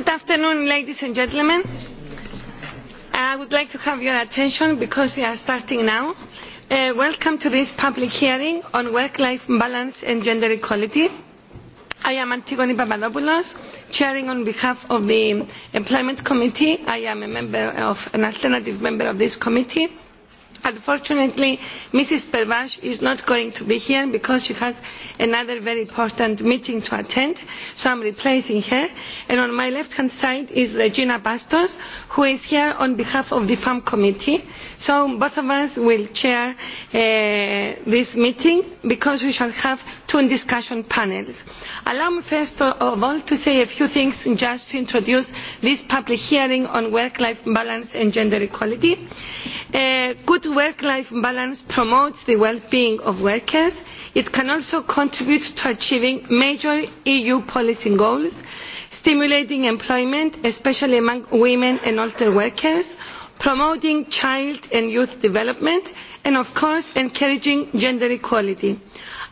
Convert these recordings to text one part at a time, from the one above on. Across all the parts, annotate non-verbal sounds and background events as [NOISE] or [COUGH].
Good afternoon, ladies and gentlemen. I would like to have your attention because we are starting now. Uh, welcome to this public hearing on work-life balance and gender equality. I am Antigone Papadopoulos, chairing on behalf of the Employment Committee. I am a member of, an alternative member of this committee unfortunately mrs pervenche is not going to be here because she has another very important meeting to attend so i am replacing her and on my left hand side is regina bastos who is here on behalf of the femm committee so both of us will chair eh, this meeting because we shall have two discussion panels. allow me first of all to say a few things just to introduce this public hearing on work life balance and gender equality. Eh, good work life balance promotes the well being of workers it can also contribute to achieving major eu policy goals stimulating employment especially among women and older workers promoting child and youth development and of course encouraging gender equality.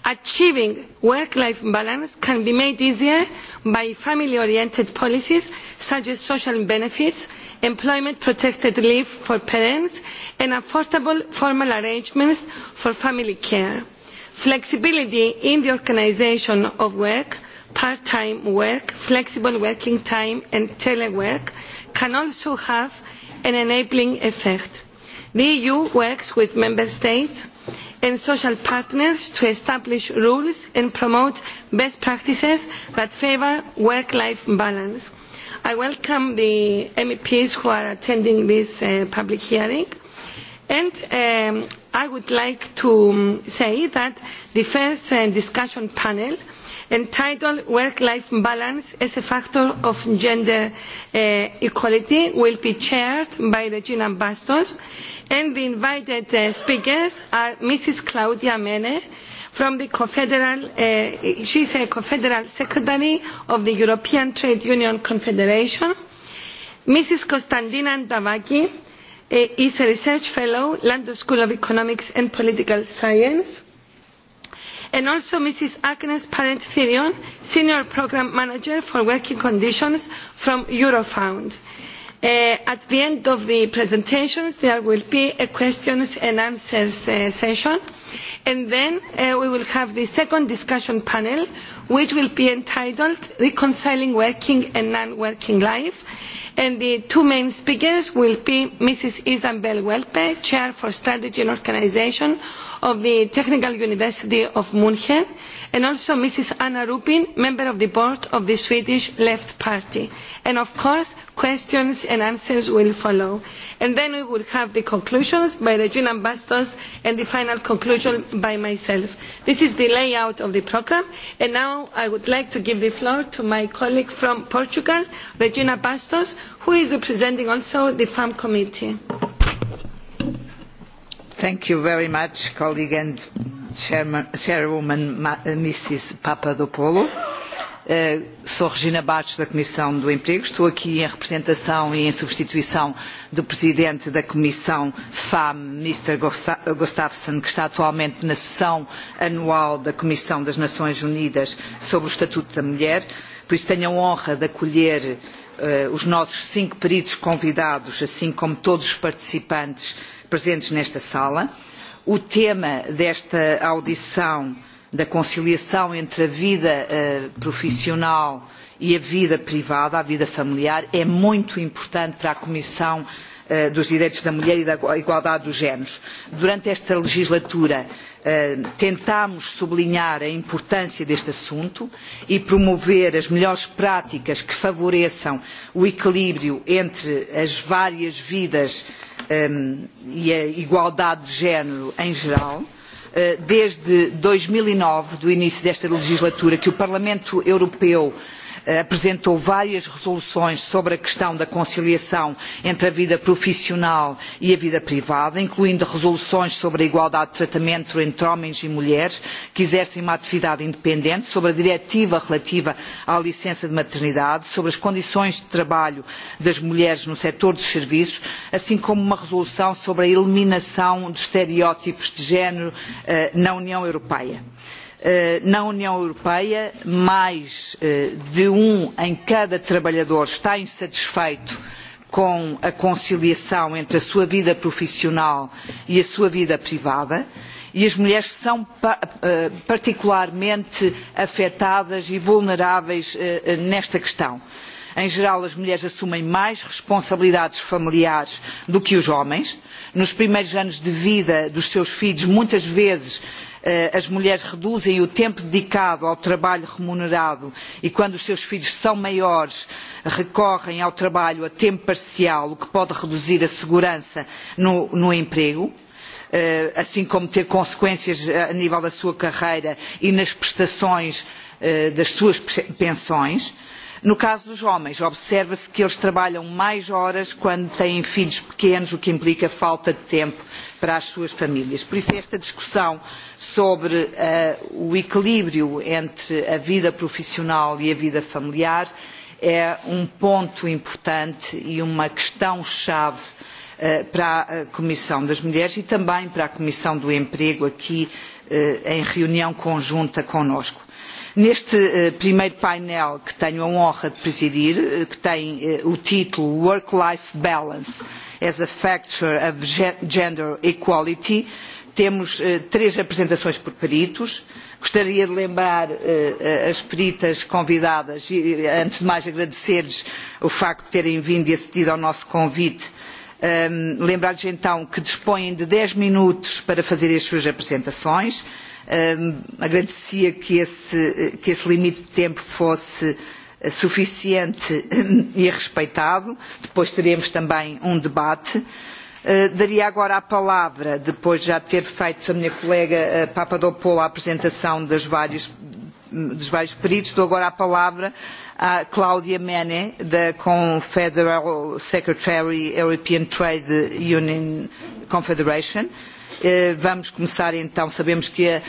achieving work life balance can be made easier by family oriented policies such as social benefits employment protected leave for parents and affordable formal arrangements for family care flexibility in the organisation of work part time work flexible working time and telework can also have an enabling effect. the eu works with member states and social partners to establish rules and promote best practices that favour work life balance. I welcome the MEPs who are attending this uh, public hearing. And um, I would like to um, say that the first uh, discussion panel entitled Work-Life Balance as a Factor of Gender uh, Equality will be chaired by Regina Bastos and the invited uh, speakers are Mrs. Claudia Mene, from the confederal, uh, she is a confederal secretary of the European Trade Union Confederation. Mrs. Konstantina Davaki uh, is a research fellow, London School of Economics and Political Science. And also Mrs. Agnes Parent Senior program Manager for Working Conditions from Eurofound. Uh, Uh, at the end of the presentations, there will be a questions and answers uh, session. And then uh, we will have the second discussion panel, which will be entitled Reconciling Working and Non-Working Life and the two main speakers will be mrs isabel welpe chair for strategy and organisation of the technical university of munchen and also mrs anna rpkin member of the board of the swedish left party and of course questions and answers will follow and then we will have the conclusions by regina bastos and the final conclusion by myself. this is the layout of the programme and now i would like to give the floor to my colleague from portugal regina bastos who is representing also the farm committee. Thank you very much, colleague and chairman, chairwoman Mrs. Eh, Papadopoulou. Uh, sou Regina Bastos da Comissão do Emprego, estou aqui em representação e em substituição do Presidente da Comissão FAM, Mr. Gustafsson, que está atualmente na sessão anual da Comissão das Nações Unidas sobre o Estatuto da Mulher, por isso tenho a honra de acolher uh, Eh, os nossos cinco peritos convidados, assim como todos os participantes presentes nesta sala. O tema desta audição da conciliação entre a vida eh, profissional e a vida privada, a vida familiar, é muito importante para a Comissão uh, Eh, dos Direitos da Mulher e da Igualdade dos Géneros. Durante esta legislatura eh, tentámos sublinhar a importância deste assunto e promover as melhores práticas que favoreçam o equilíbrio entre as várias vidas ehm, e a igualdade de género em geral eh, desde dois mil e nove do início desta legislatura que o parlamento europeu Eh, apresentou várias resoluções sobre a questão da conciliação entre a vida profissional e a vida privada incluindo resoluções sobre a igualdade de tratamento entre homens e mulheres que exercem uma atividade independente sobre a diretiva relativa à licença de maternidade sobre as condições de trabalho das mulheres no setor dos serviços assim como uma resolução sobre a eliminação de estereótipos de género eh, na união europeia. Eh, na união europeia mais eh, de um em cada trabalhador está insatisfeito com a conciliação entre a sua vida profissional e a sua vida privada e as mulheres são eh, particularmente afetadas e vulneráveis nesta questão. Em geral, as mulheres assumem mais responsabilidades familiares do que os homens. Nos primeiros anos de vida dos seus filhos, muitas vezes Eh, as mulheres reduzem o tempo dedicado ao trabalho remunerado e quando os seus filhos são maiores recorrem ao trabalho a tempo parcial o que pode reduzir a segurança no, no emprego eh, assim como ter consequências eh, a nível da sua carreira e nas prestações das suas pensões. No caso dos homens, observa-se que eles trabalham mais horas quando têm filhos pequenos, o que implica falta de tempo para as suas famílias. Por isso, esta discussão sobre uh, o equilíbrio entre a vida profissional e a vida familiar é um ponto importante e uma questão-chave uh, para a Comissão das Mulheres e também para a Comissão do Emprego aqui uh, em reunião conjunta connosco neste primeiro painel que tenho a honra de presidir que tem o título work life balance as a factor of gender equality temos eh, três apresentações por peritos gostaria de lembrar eh, eh as peritas convidadas e eh, antes de mais agradecer lhes o facto de terem vindo e acedido ao nosso convite eh, lembrar lhes então que dispõem de dez minutos para fazer as suas apresentações ehm, agradecia que esse, eh, que esse limite de tempo fosse suficiente eh, e respeitado. Depois teremos também um debate. Eh, daria agora a palavra, depois já ter feito a minha colega eh, Papadopoulou a apresentação dos vários, dos vários peritos, dou agora a palavra à Cláudia Mene, da Confederal Secretary European Trade Union Confederation Eh, vamos começar então, sabemos que a,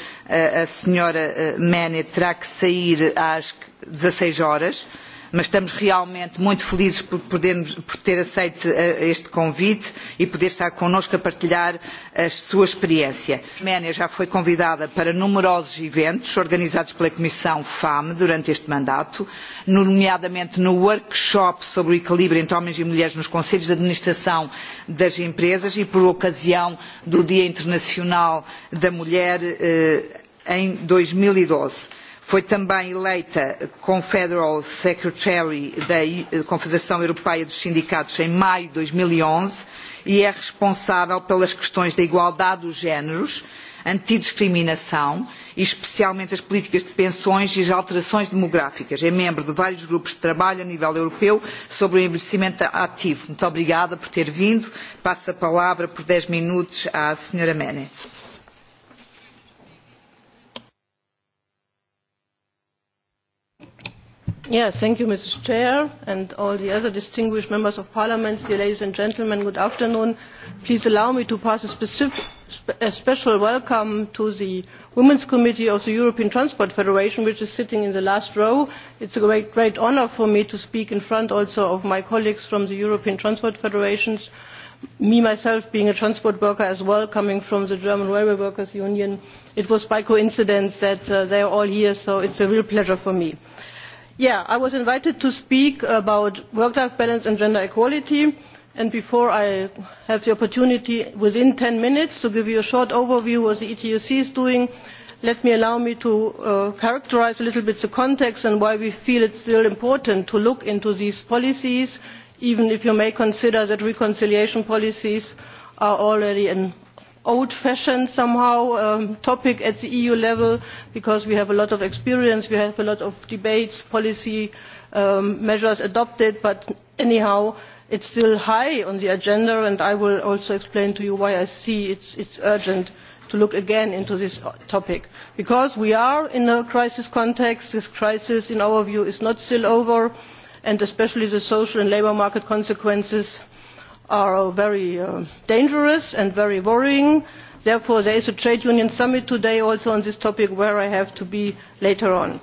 senhora eh, Ménia terá que sair às 16 horas mas estamos realmente muito felizes por, podermos, por ter aceito eh, este convite e poder estar connosco a partilhar a sua experiência. A Arménia já foi convidada para numerosos eventos organizados pela Comissão FAM durante este mandato, nomeadamente no workshop sobre o equilíbrio entre homens e mulheres nos conselhos de administração das empresas e por ocasião do Dia Internacional da Mulher eh, em 2012 Foi também eleita Confederal Secretary da Confederação Europeia dos Sindicatos em maio de 2011 e, e é responsável pelas questões da igualdade dos géneros, antidiscriminação e especialmente as políticas de pensões e as alterações demográficas. É membro de vários grupos de trabalho a nível europeu sobre o envelhecimento ativo. Muito obrigada por ter vindo. Passo a palavra por 10 minutos à senhora Mene. Yeah, thank you, Mrs. Chair, and all the other distinguished members of Parliament, dear ladies and gentlemen, good afternoon. Please allow me to pass a, specific, a special welcome to the Women's Committee of the European Transport Federation, which is sitting in the last row. It's a great, great honor for me to speak in front also of my colleagues from the European Transport Federations. Me, myself, being a transport worker as well, coming from the German Railway Workers Union, it was by coincidence that uh, they are all here, so it's a real pleasure for me i was invited to speak about work life balance and gender equality and before i have the opportunity within ten minutes to give you a short overview of what the etuc is doing let me allow me to uh, characterise a little bit the context and why we feel it is still important to look into these policies even if you may consider that reconciliation policies are already an old fashioned somehow um, topic at the eu level because we have a lot of experience we have a lot of debates policy um, measures adopted but anyhow it is still high on the agenda and i will also explain to you why i see it as urgent to look again into this uh, topic because we are in a crisis context this crisis in our view is not still over and especially the social and labour market consequences are very uh, dangerous and very worrying. therefore there is a trade union summit today also on this topic where i have to be later on.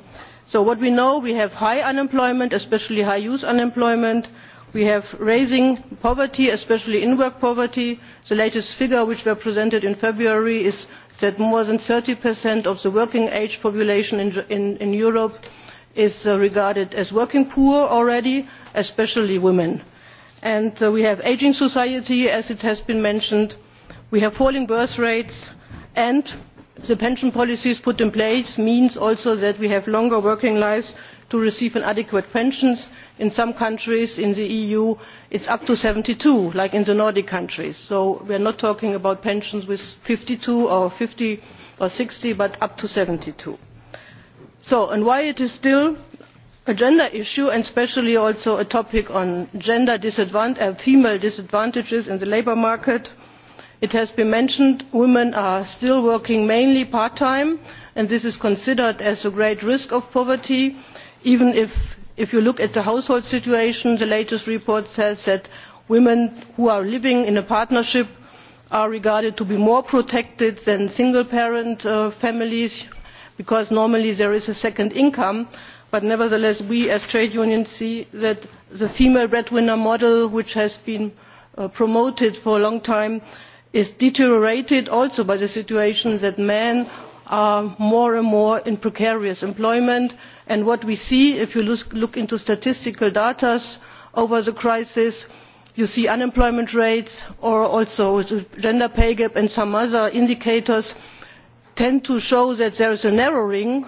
so what we know is that we have high unemployment especially high youth unemployment we have rising poverty especially in work poverty. the latest figure which was presented in february is that more than thirty of the working age population in europe is uh, regarded as working poor already especially women and uh, we have an ageing society as has been mentioned we have falling birth rates and the pension policies put in place mean also that we have longer working lives to receive adequate pensions. in some countries in the eu it is up to seventy two like in the nordic countries so we are not talking about pensions with fifty two or fifty or sixty but up to. seventy two so why is it still a gender issue and especially also a topic on disadvantage, uh, female disadvantages in the labour market. it has been mentioned that women are still working mainly part time and this is considered as a great risk of poverty even if, if you look at the household situation the latest report says that women who are living in a partnership are regarded to be more protected than single parent uh, families because normally there is a second income but nevertheless we as trade unions see that the female breadwinner model which has been uh, promoted for a long time is deteriorated also by the situation that men are more and more in precarious employment and what we see if you look into statistical data over the crisis you see unemployment rates or also the gender pay gap and some other indicators tend to show that there is a narrowing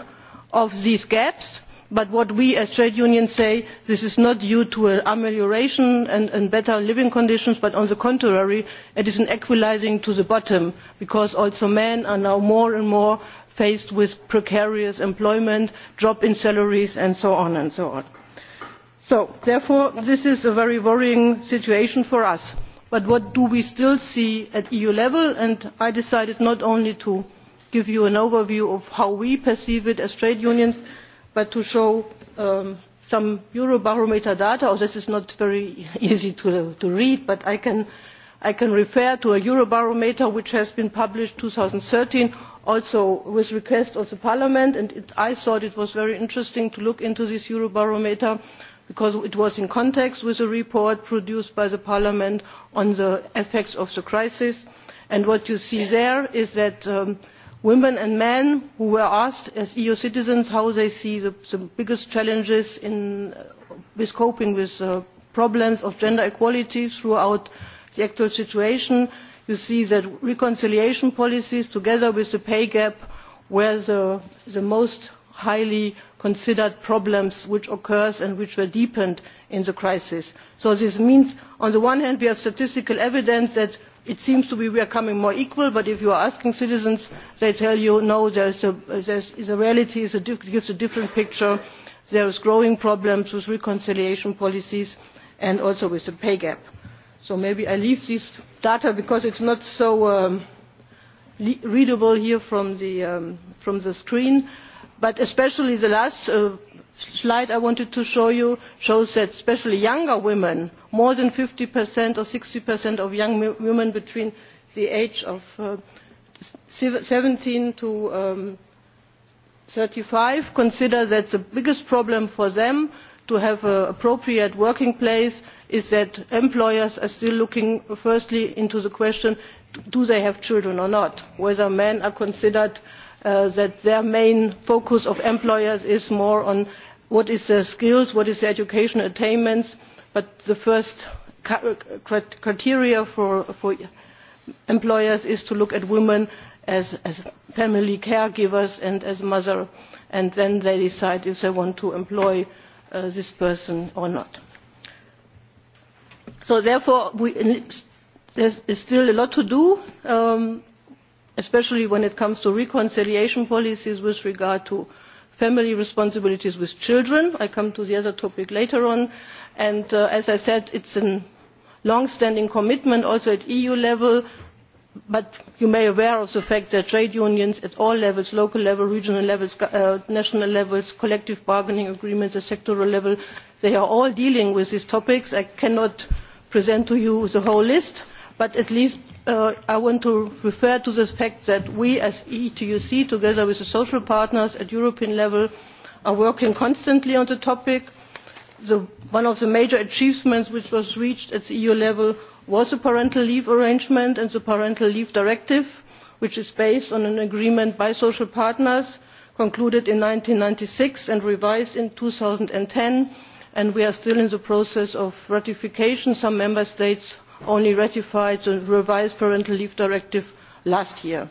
of these gaps but what we as trade unions say is that this is not due to an amelioration and, better living conditions but on the contrary it is an equalising to the bottom because also men are now more and more faced with precarious employment drop in salaries and so on and so on. So, therefore this is a very worrying situation for us but what do we still see at eu level and i decided not only to give you an overview of how we perceive it as trade unions but to show um, some eurobarometer data oh, this is not very [LAUGHS] easy to, to read but I can, i can refer to a eurobarometer which has been published two thousand and thirteen also with request of the parliament and it, i thought it was very interesting to look into this eurobarometer because it was in context with a report produced by parliament on the effects of the crisis and what you see there is that um, women and men who were asked as eu citizens how they see the, biggest challenges in uh, coping with the uh, problems of gender equality throughout the actual situation you see that reconciliation policies together with the pay gap were the, most highly considered problems which occurred and which were deepened in the crisis. so this means on the one hand we have statistical evidence that it seems to be we are becoming more equal but if you ask citizens they tell you no there is a, reality gives a different picture there are growing problems with reconciliation policies and also with the pay gap. so maybe i leave this data because it is not so um, readable here um, from the, screen but especially the last uh, slide i wanted to show you shows that especially younger women more than fifty or sixty of young women between the age of uh, seventeen to um, thirty five consider that the biggest problem for them to have an appropriate working place is that employers are still looking firstly into the question do they have children or not whether men are considered uh, that their main focus of employers is more on what is their skills what is their educational attainments, but the first criteria for, for employers is to look at women as, as family caregivers and as mothers and then they decide if they want to employ uh, this person or not. So therefore we, there is still a lot to do um, especially when it comes to reconciliation policies with regard to family responsibilities with children i will come to the other topic later on and uh, as i said it is a long standing commitment also at eu level but you may be aware of the fact that trade unions at all levels local level regional level uh, national level collective bargaining agreements at sectoral level they are all dealing with these topics. i cannot present to you the whole list but at least Uh, i want to refer to the fact that we as the etuc together with the social partners at european level are working constantly on the topic. one of the major achievements which was reached at eu e level was the parental leave arrangement and the parental leave directive which is based on an agreement by social partners concluded in one thousand nine hundred and ninety six and revised in two thousand and ten and we are still in the process of ratification some member states only ratified the revised parental leave directive last year.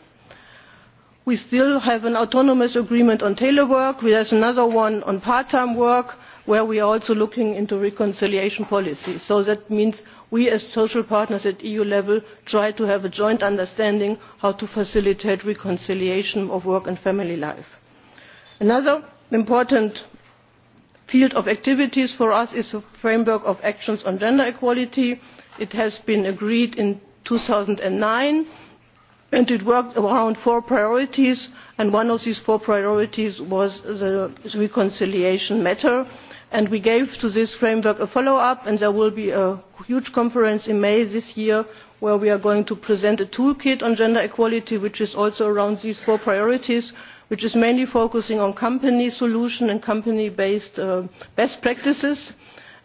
we still have an autonomous agreement on tailor work there is another one on part time work where we are also looking into reconciliation policy so that means we as social partners at eu level try to have a joint understanding of how to facilitate reconciliation of work and family life. another important field of activities for us is the framework of actions on gender equality it was agreed in two thousand and nine and it worked around four priorities and one of these four priorities was the reconciliation matter and we gave to this framework a follow up and there will be a huge conference in may this year where we are going to present a toolkit on gender equality which is also around these four priorities which is mainly focusing on company solutions and company based uh, best practices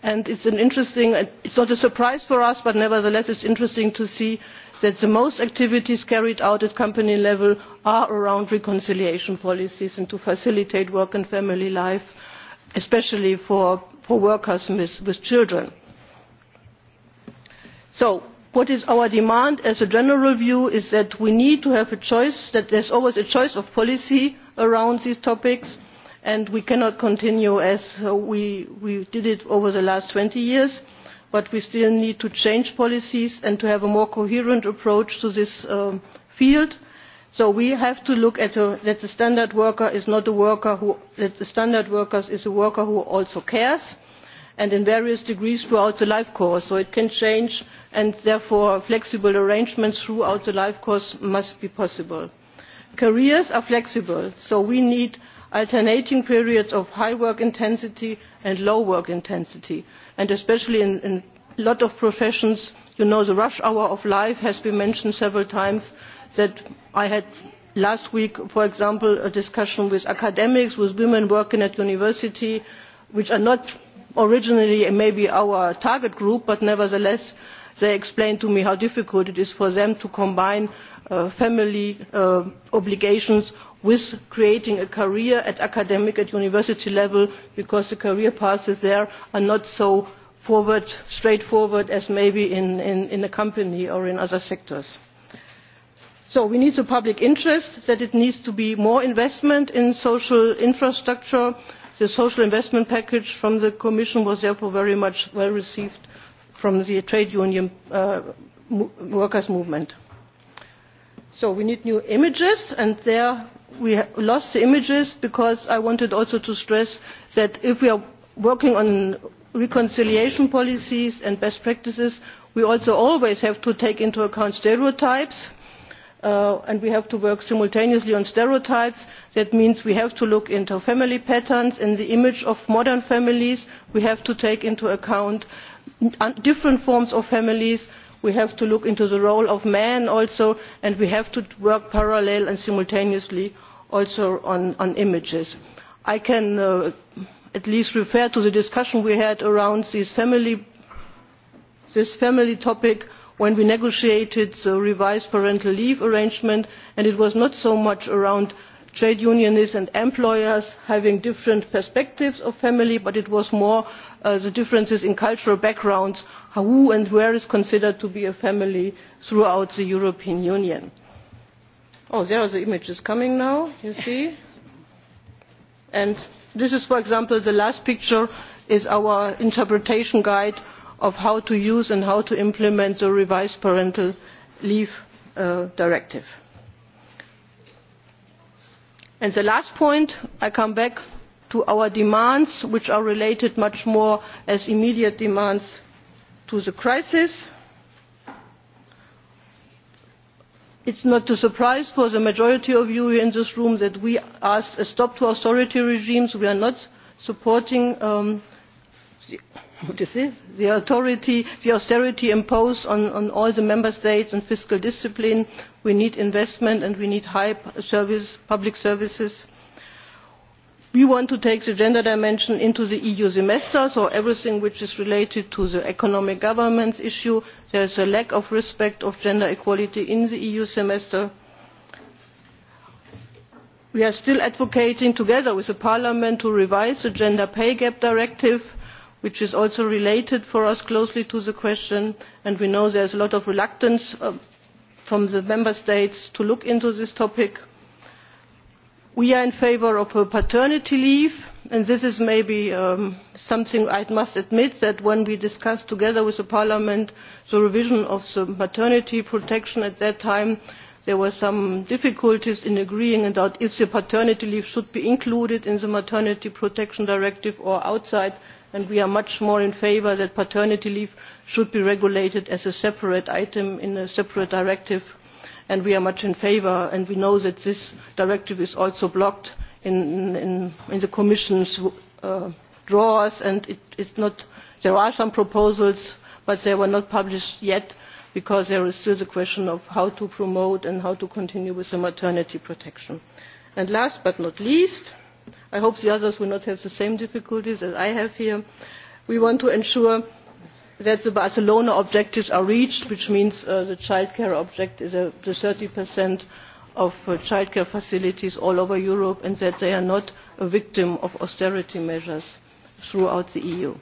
and it is not a surprise for us but nevertheless it is interesting to see that the most activities carried out at company level are around reconciliation policies and to facilitate work and family life especially for, workers with, with children. so what is our demand as a general view is that we need to have a choice that there is always a choice of policy around these topics and we cannot continue as uh, we, did it over the last twenty years but we still need to change policies and to have a more coherent approach to this uh, field so we have to look at that the standard worker is not a worker who that the standard worker is a worker who also cares and in various degrees throughout the life course so it can change and therefore flexible arrangements throughout the life course must be possible. careers are flexible so we need alternating periods of high work intensity and low work intensity and especially in a lot of professions you know the rush hour of life has been mentioned several times that i had last week for example a discussion with academics with women working at university which are not originally maybe our target group but nevertheless they explained to me how difficult it is for them to combine uh, family uh, obligations with creating a career at academic and university level because the career paths there are not so straightforward as maybe in, in, in a company or in other sectors. So we need the public interest that it needs to be more investment in social infrastructure. The social investment package from the Commission was therefore very much well received from the trade union uh, workers' movement. So we need new images and there we lost the images because i wanted also to stress that if we are working on reconciliation policies and best practices we also always have to take into account stereotypes uh, and we have to work simultaneously on stereotypes. that means we have to look into family patterns and the image of modern families we have to take into account different forms of families we have to look into the role of men also and we have to work parallel and simultaneously also on, images. i can uh, at least refer to the discussion we had around this family, topic when we negotiated the revised parental leave arrangement and it was not so much around trade unionists and employers having different perspectives of family but it was more uh, the differences in cultural backgrounds who and where is considered to be a family throughout the european union. oh there are the images coming now you see and this is for example the last picture is our interpretation guide of how to use and how to implement the revised parental leave uh, directive. And the last point i come back to our demands which are related much more as immediate demands to the crisis it is not a surprise for the majority of you in this room that we asked a stop to austerity regimes. we are not supporting um, the, the, the austerity imposed on, on all the member states and fiscal discipline. we need investment and we need high service, public services we want to take the gender dimension into the eu semester so everything which is related to the economic governance issue there is a lack of respect for gender equality in the eu semester. we are still advocating together with parliament to revise the gender pay gap directive which is also related for us closely to the question and we know there is a lot of reluctance uh, from the member states to look into this topic we are in favour of paternity leave and this is maybe um, something i must admit that when we discussed together with parliament the revision of the maternity protection at that time there were some difficulties in agreeing about whether paternity leave should be included in the maternity protection directive or outside and we are much more in favour that paternity leave should be regulated as a separate item in a separate directive and we are much in favour and we know that this directive is also blocked in, the commission's uh, drawers and there are some proposals but they were not published yet because there is still the question of how to promote and how to continue with the maternity protection. And last but not least i hope the others will not have the same difficulties as i have here we want to ensure that the barcelona objectives are reached which means uh, the childcare objective the thirty of uh, childcare facilities all over europe and that they are not a victim of austerity measures throughout the eu.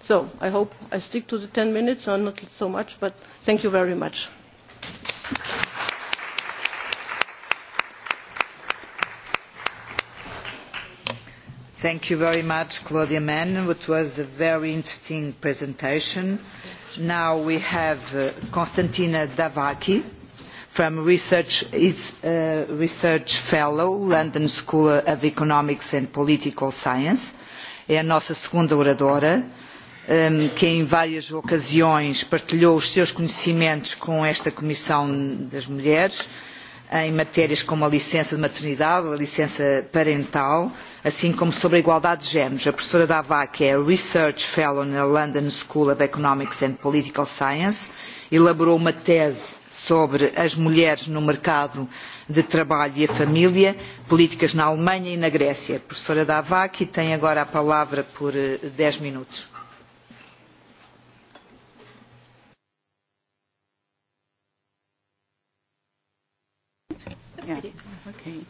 so i hope i stick to the ten minutes or not so much but thank you very much. Thank you very much, Claudia Mann. It was a very interesting presentation. Now we have uh, Konstantina Davaki from research, is a research fellow, London School of Economics and Political Science. É a nossa segunda oradora, um, que em várias ocasiões partilhou os seus conhecimentos com esta Comissão das Mulheres Eh, em matérias como a licença de maternidade, ou a licença parental, assim como sobre a igualdade de géneros. A professora que é Research Fellow na London School of Economics and Political Science, elaborou uma tese sobre as mulheres no mercado de trabalho e a família, políticas na Alemanha e na Grécia. A professora Davaki tem agora a palavra por 10 eh, minutos. Yeah. Okay.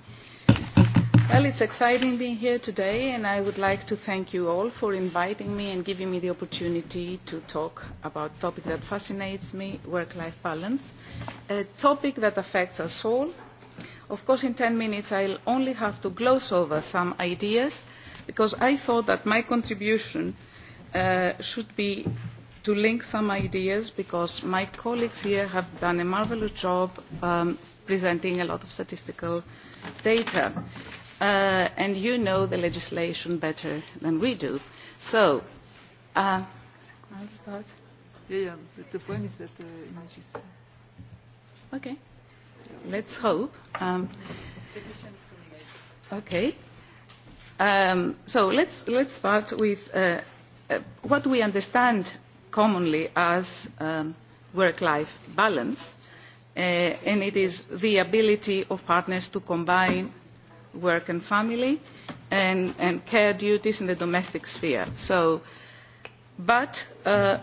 Well, it's exciting being here today, and I would like to thank you all for inviting me and giving me the opportunity to talk about a topic that fascinates me, work-life balance, a topic that affects us all. Of course, in 10 minutes, I'll only have to gloss over some ideas because I thought that my contribution uh, should be to link some ideas because my colleagues here have done a marvelous job um, presenting a lot of statistical data. Uh, and you know the legislation better than we do. So, uh, I'll start. Yeah, yeah, but the point is that the uh, image is... Uh, okay. Let's hope. Um, okay. Um, so let's, let's start with uh, uh, what we understand commonly as um, work-life balance Uh, and it is the ability of partners to combine work and family and, and care duties in the domestic sphere. So, but uh,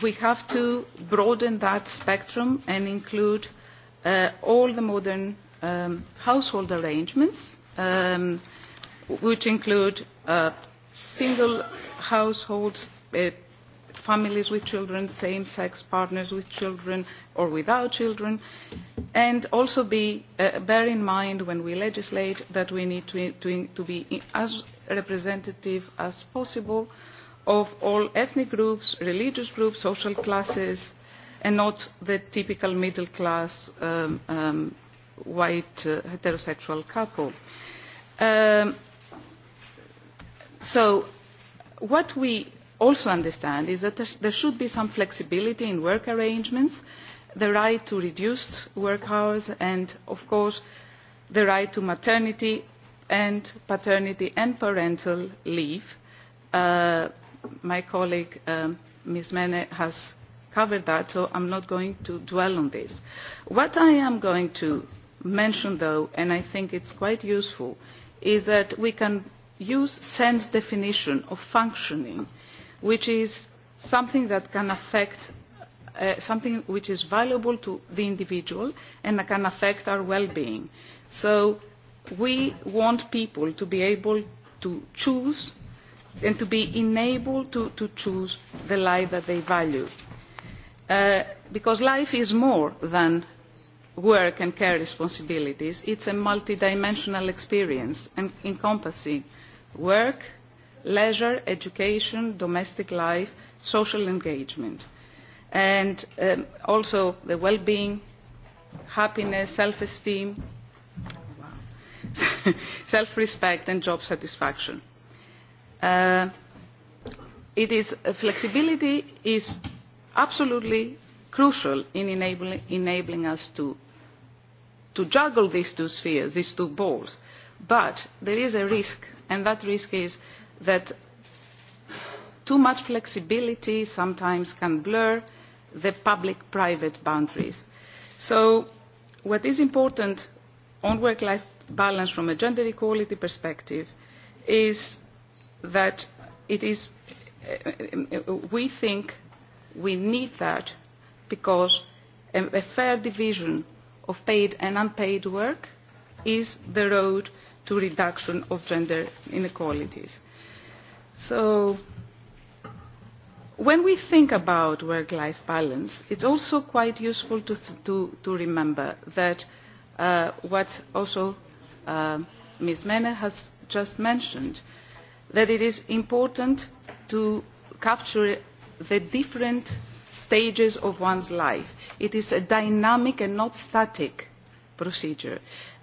we have to broaden that spectrum and include uh, all the modern um, household arrangements, um, which include uh, single households, uh, families with children, same-sex partners with children or without children, and also be, uh, bear in mind when we legislate that we need to, to, to be as representative as possible of all ethnic groups, religious groups, social classes, and not the typical middle class um, um, white uh, heterosexual couple. Um, so what we also understand is that there should be some flexibility in work arrangements the right to reduced work hours and of course the right to maternity and paternity and parental leave. Uh, my colleague um, ms mene has covered that so i am not going to dwell on this. what i am going to mention though and i think it is quite useful is that we can use sense definition of functioning' which is something that can affect uh, something which is valuable to the individual and can affect our well-being. So we want people to be able to choose and to be enabled to, to choose the life that they value. Uh, because life is more than work and care responsibilities. It's a multidimensional experience encompassing work, leisure, education, domestic life, social engagement. And um, also the well-being, happiness, self-esteem, [LAUGHS] self-respect and job satisfaction. Uh, it is, uh, flexibility is absolutely crucial in enabling, enabling us to, to juggle these two spheres, these two balls. But there is a risk, and that risk is that too much flexibility sometimes can blur the public private boundaries. so what is important on work life balance from a gender equality perspective is that it is uh, we think we need that because a fair division of paid and unpaid work is the road to reduction of gender inequalities So when we think about work-life balance, it's also quite useful to, to, to remember that uh, what also uh, Ms. Mene has just mentioned, that it is important to capture the different stages of one's life. It is a dynamic and not static procedure.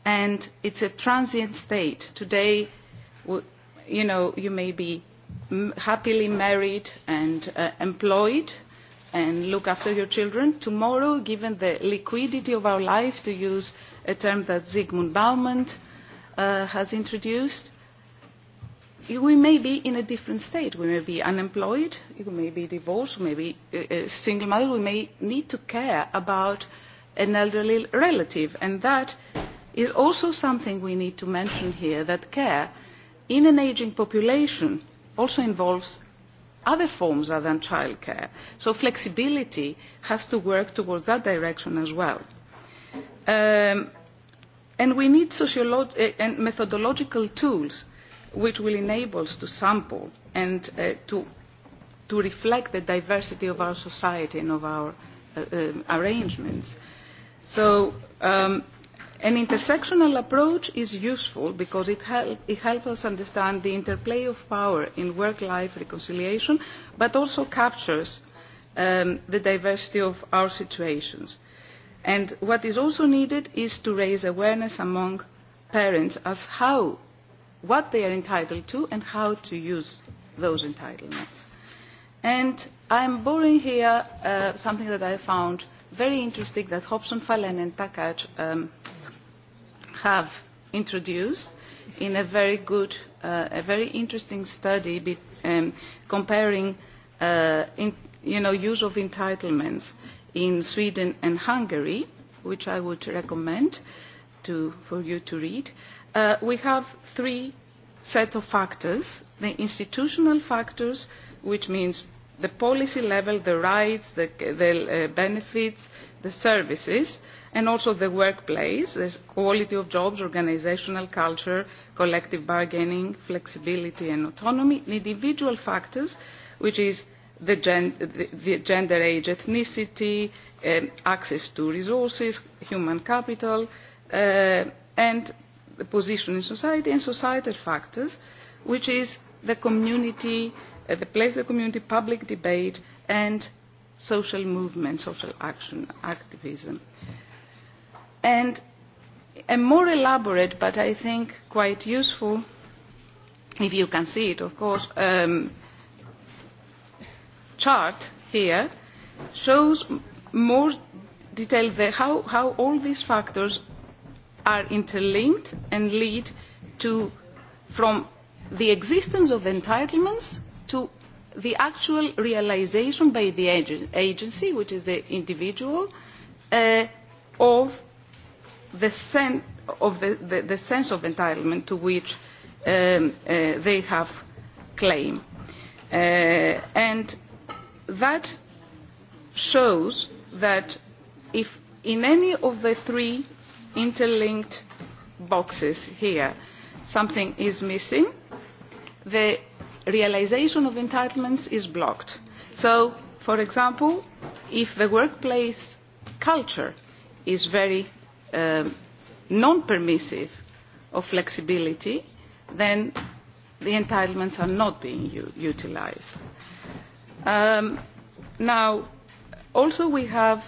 And it's a transient state. Today, you know, you may be happily married and uh, employed and look after your children. Tomorrow, given the liquidity of our life, to use a term that Zygmunt Bauman uh, has introduced, we may be in a different state. We may be unemployed, we may be divorced, we may be a uh, uh, single mother, we may need to care about an elderly relative. And that is also something we need to mention here, that care in an aging population also involves other forms other than childcare. So flexibility has to work towards that direction as well. Um, and we need sociolog- eh, and methodological tools which will enable us to sample and uh, to, to reflect the diversity of our society and of our uh, uh, arrangements. So um, An intersectional approach is useful because it, help, it helps us understand the interplay of power in work-life reconciliation, but also captures um, the diversity of our situations. And what is also needed is to raise awareness among parents as how, what they are entitled to and how to use those entitlements. And I'm borrowing here uh, something that I found very interesting that Hobson, Fallen and Takac um, have introduced in a very good, uh, a very interesting study be, um, comparing uh, in, you know, use of entitlements in Sweden and Hungary, which I would recommend to, for you to read. Uh, we have three set of factors, the institutional factors, which means the policy level the rights the, the uh, benefits the services and also the workplace the quality of jobs organisational culture collective bargaining flexibility and autonomy and individual factors which is the, gen the, the gender age ethnicity um, access to resources human capital uh, and the position in society and societal factors which is the community at uh, the place of the community, public debate, and social movement, social action, activism. And a more elaborate, but I think quite useful, if you can see it, of course, um, chart here shows more detail the, how, how all these factors are interlinked and lead to, from the existence of entitlements to the actual realisation by the agency which is the individual uh, of, the, sen of the, the, the sense of entitlement to which um, uh, they have claim. Uh, and that shows that if in any of the three interlinked boxes here something is missing, the realisation of entitlements is blocked. So, for example, if the workplace culture is very um, non-permissive of flexibility, then the entitlements are not being utilised. Um, now, also we have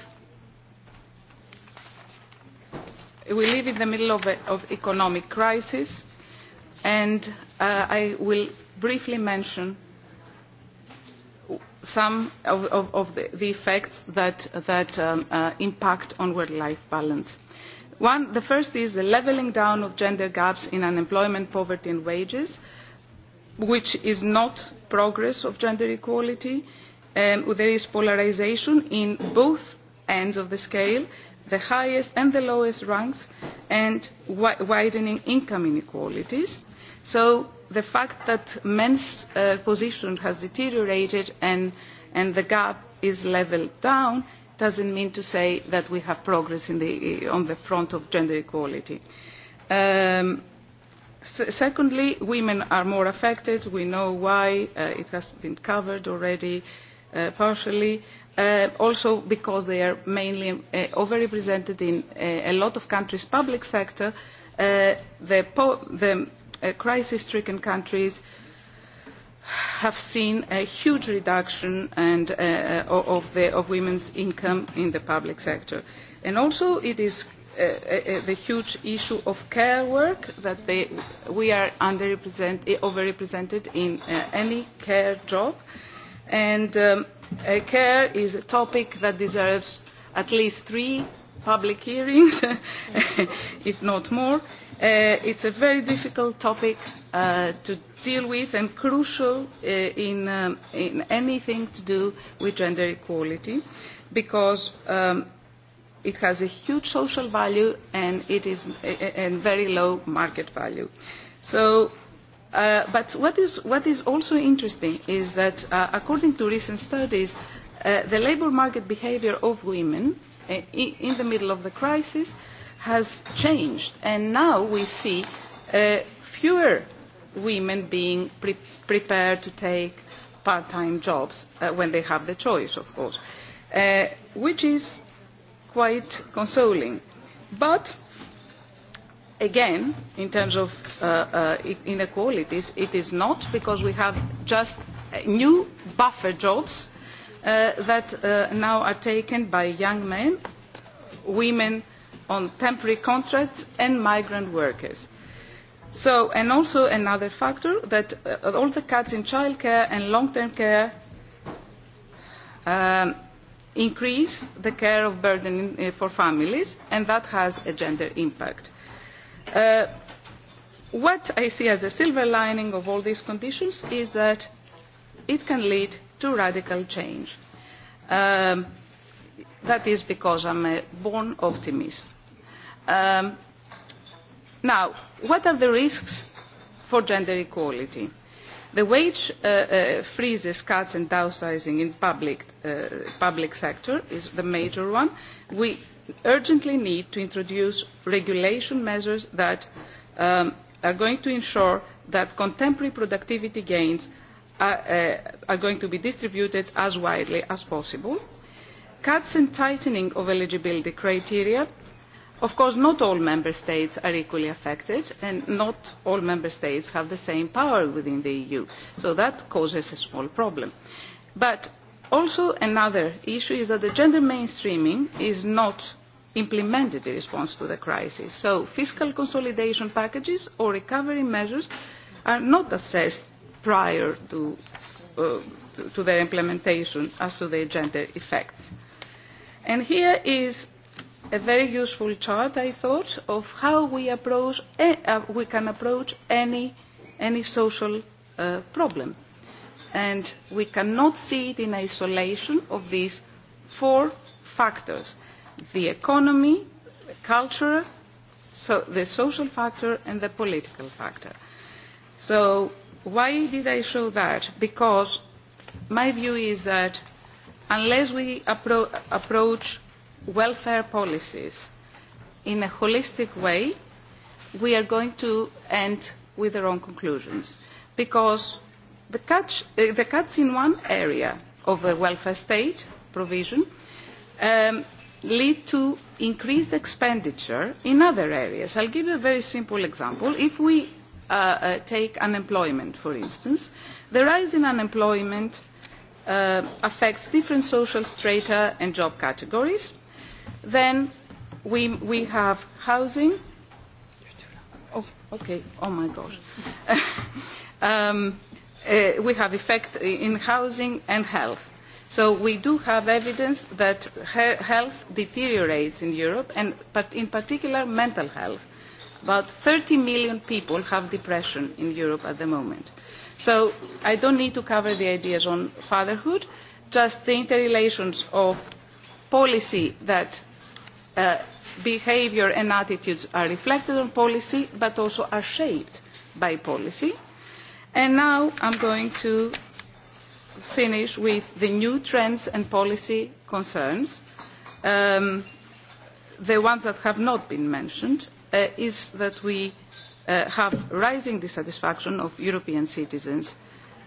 we live in the middle of an economic crisis and uh, i will briefly mention some of, of, of the, the effects that, that um, uh, impact on work-life balance. One, the first is the levelling down of gender gaps in unemployment, poverty and wages, which is not progress of gender equality. Um, there is polarisation in both ends of the scale, the highest and the lowest ranks, and wi widening income inequalities. So the fact that men's uh, position has deteriorated and, the gap is levelled down doesn't mean to say that we have progress in the, uh, on the front of gender equality. Um, secondly, women are more affected. We know why. Uh, it has been covered already uh, partially. Uh, also because they are mainly uh, overrepresented in uh, a lot of countries' public sector. Uh, the, po the Uh, crisis stricken countries have seen a huge reduction uh, uh, of, women's income in the public sector. And also it is uh, the huge issue of care work that we are eh, over represented in any care job. And um, care is a topic that deserves at least three public hearings, [LAUGHS] if not more. Uh, it's a very difficult topic uh, to deal with and crucial uh, in, um, in anything to do with gender equality because um, it has a huge social value and it is uh, and very low market value. So, uh, but what is, what is also interesting is that uh, according to recent studies, uh, the labour market behaviour of women Uh, in the middle of the crisis has changed and now we see uh, fewer women being pre prepared to take part-time jobs uh, when they have the choice, of course, uh, which is quite consoling. But again, in terms of uh, uh, inequalities, it is not because we have just new buffer jobs Uh, that uh, now are taken by young men women on temporary contracts and migrant workers. So, and also another factor that uh, all the cuts in childcare and long term care um, increase the care of burden for families and that has a gender impact. Uh, what I see as a silver lining of all these conditions is that it can lead to radical change. Um, that is because I'm a born optimist. Um, now, what are the risks for gender equality? The wage uh, uh, freezes, cuts and downsizing in public, uh, public sector is the major one. We urgently need to introduce regulation measures that um, are going to ensure that contemporary productivity gains Uh, are, going to be distributed as widely as possible. Cuts and tightening of eligibility criteria. Of course, not all member states are equally affected, and not all member states have the same power within the EU. So that causes a small problem. But also another issue is that the gender mainstreaming is not implemented in response to the crisis. So fiscal consolidation packages or recovery measures are not assessed prior to, uh, to, to their implementation as to their gender effects. And here is a very useful chart, I thought, of how we, approach, eh, uh, we can approach any, any social uh, problem. And we cannot see it in isolation of these four factors, the economy, the culture, so the social factor and the political factor. So Why did I show that? Because my view is that unless we appro approach welfare policies in a holistic way, we are going to end with the wrong conclusions. Because the, catch, uh, the cuts in one area of the welfare state provision um, lead to increased expenditure in other areas. I'll give you a very simple example. If we Uh, uh, take unemployment for instance the rise in unemployment uh, affects different social strata and job categories then we, we have housing oh, okay oh my gosh [LAUGHS] um, we have effect in housing and health so we do have evidence that health deteriorates in europe and in particular mental health about thirty million people have depression in europe at the moment so i do not need to cover the ideas on fatherhood just the interrelations of policy that uh, behaviour and attitudes are reflected on policy but also are shaped by policy. And now I'm going to finish with the new trends and policy concerns, um, the ones that have not been mentioned. Uh, is that we uh, have rising dissatisfaction of european citizens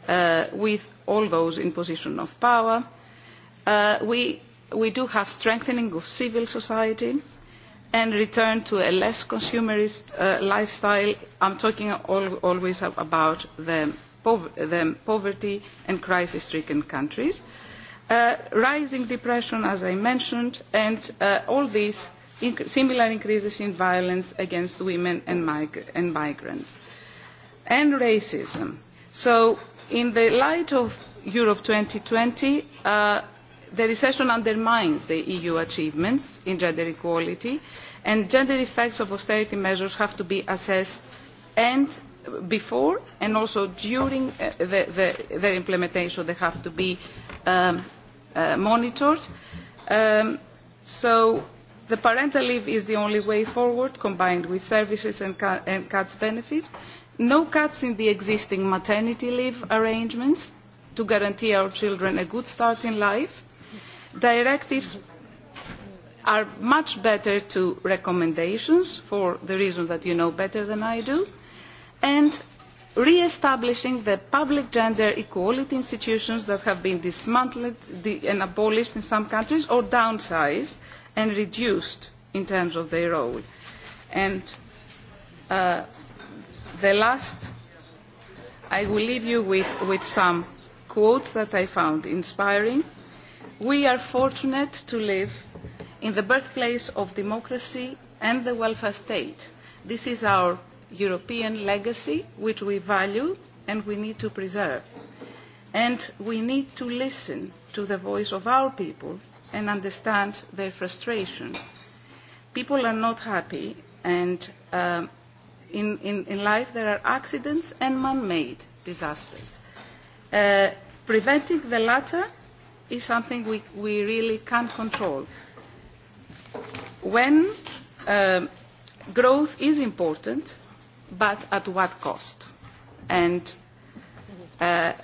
uh, with all those in positions of power. We, do have strengthening of civil society and return to a less consumerist lifestyle lifestyle. I'm talking always about the, poverty and crisis-stricken countries. rising depression, as I mentioned, and all these similar increases in violence against women and, mig and migrants. And racism. So in the light of Europe 2020, uh, the recession undermines the EU achievements in gender equality and gender effects of austerity measures have to be assessed and before and also during uh, the, the, their implementation they have to be um, uh, monitored. Um, so the parental leave is the only way forward combined with services and, and cuts benefit no cuts in the existing maternity leave arrangements to guarantee our children a good start in life directives are much better to recommendations for the reasons that you know better than i do and re establishing the public gender equality institutions that have been dismantled and abolished in some countries or downsized and reduced in terms of their role. And uh, the last, I will leave you with, with some quotes that I found inspiring. We are fortunate to live in the birthplace of democracy and the welfare state. This is our European legacy, which we value and we need to preserve. And we need to listen to the voice of our people and understand their frustration. People are not happy, and um, in, in, in life there are accidents and man-made disasters. Uh, preventing the latter is something we, we really can't control. When um, growth is important, but at what cost? And uh,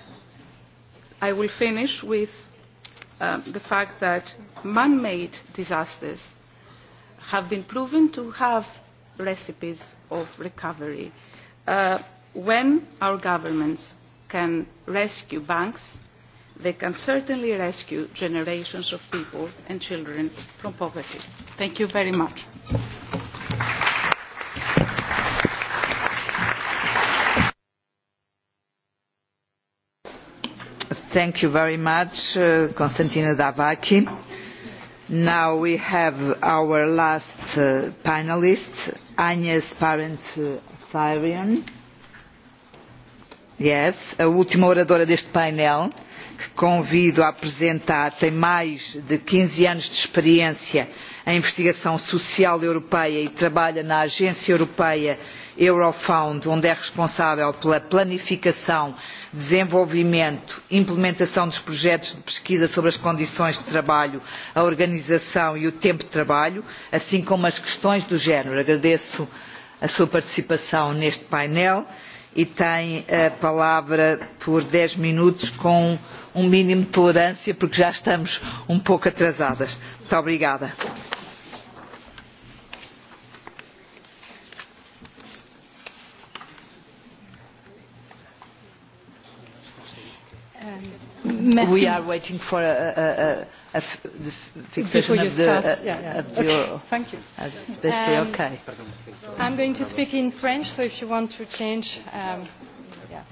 I will finish with Um, the fact that man-made disasters have been proven to have recipes of recovery. Uh, when our governments can rescue banks, they can certainly rescue generations of people and children from poverty. Thank you very much. Thank you very much, uh, Davaki. Now we have our last uh, panelist, Agnes Parent-Thyrion. Yes, a última oradora deste painel que convido a apresentar, tem mais de 15 anos de experiência em investigação social europeia e trabalha na Agência Europeia Eurofound, onde é responsável pela planificação, desenvolvimento, implementação dos projetos de pesquisa sobre as condições de trabalho, a organização e o tempo de trabalho, assim como as questões do género. Agradeço a sua participação neste painel e tem a palavra por 10 minutos com um mínimo de tolerância, porque já estamos um pouco atrasadas. Muito obrigada. Merci. Um, We are waiting for a, a, a, a the fixation of the. Start, uh, yeah, yeah. Of the okay. Thank you. Uh, um, okay. I'm going to speak in French, so if you want to change. Um, yeah.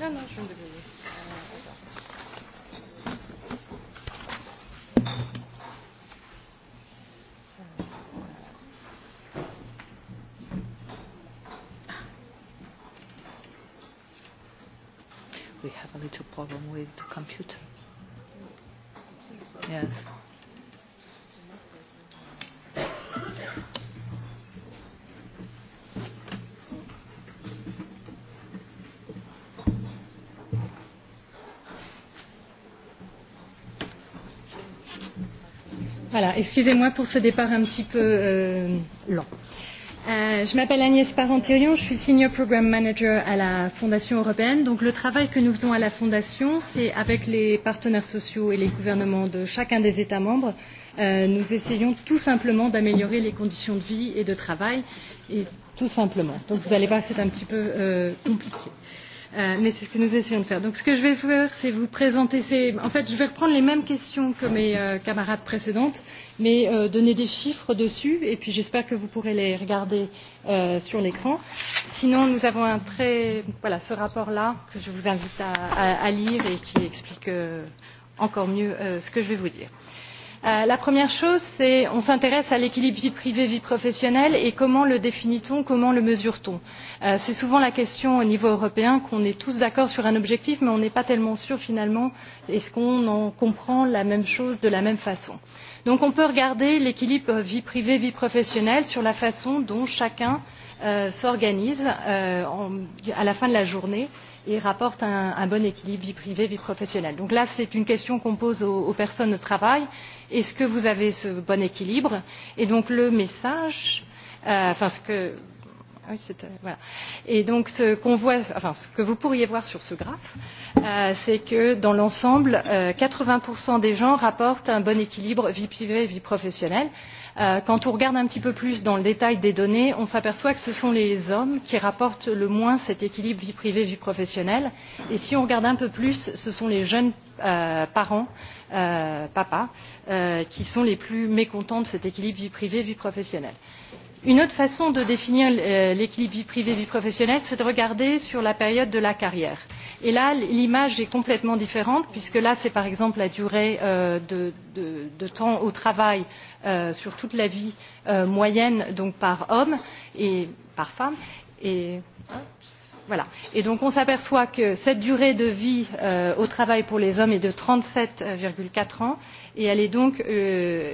Non, non, je viens We have a little problem with the computer. Yes. Voilà, excusez-moi pour ce départ un petit peu euh, lent. Euh, je m'appelle Agnès Parentillon, je suis Senior Program Manager à la Fondation européenne. Donc le travail que nous faisons à la Fondation, c'est avec les partenaires sociaux et les gouvernements de chacun des États membres, euh, nous essayons tout simplement d'améliorer les conditions de vie et de travail, et tout simplement. Donc vous allez voir, c'est un petit peu euh, compliqué. Euh, Euh, mais c'est ce que nous essayons de faire. Donc ce que je vais faire, c'est vous présenter ces... En fait, je vais reprendre les mêmes questions que mes euh, camarades précédentes, mais euh, donner des chiffres dessus, et puis j'espère que vous pourrez les regarder euh, sur l'écran. Sinon, nous avons un très... Voilà, ce rapport-là, que je vous invite à, à, à lire et qui explique euh, encore mieux euh, ce que je vais vous dire. Euh, Euh, la première chose, c'est on s'intéresse à l'équilibre vie privée-vie professionnelle et comment le définit-on, comment le mesure-t-on euh, C'est souvent la question au niveau européen qu'on est tous d'accord sur un objectif, mais on n'est pas tellement sûr finalement est-ce qu'on en comprend la même chose de la même façon. Donc on peut regarder l'équilibre vie privée-vie professionnelle sur la façon dont chacun euh, s'organise à la fin de la journée et rapporte un, un bon équilibre vie privée vie professionnelle. donc là c'est une question qu'on pose aux, aux personnes au travail est ce que vous avez ce bon équilibre? et donc le message euh, enfin ce que oui, euh, voilà. Et donc, ce, qu'on voit, enfin, ce que vous pourriez voir sur ce graphe, euh, c'est que dans l'ensemble, euh, 80% des gens rapportent un bon équilibre vie privée et vie professionnelle. Euh, Euh, quand on regarde un petit peu plus dans le détail des données on s'aperçoit que ce sont les hommes qui rapportent le moins cet équilibre vie privée vie professionnelle et si on regarde un peu plus ce sont les jeunes euh, parents euh, papas euh, qui sont les plus mécontents de cet équilibre vie privée vie professionnelle une autre façon de définir euh, l'équilibre vie privée vie professionnelle c'est de regarder sur la période de la carrière et là l'image est complètement différente puisque là c'est par exemple la durée euh, de, de, de temps au travail euh, sur toute la vie moyenne donc par homme et par femme et voilà. Et donc on s'aperçoit que cette durée de vie au travail pour les hommes est de 37,4 ans et elle est donc euh,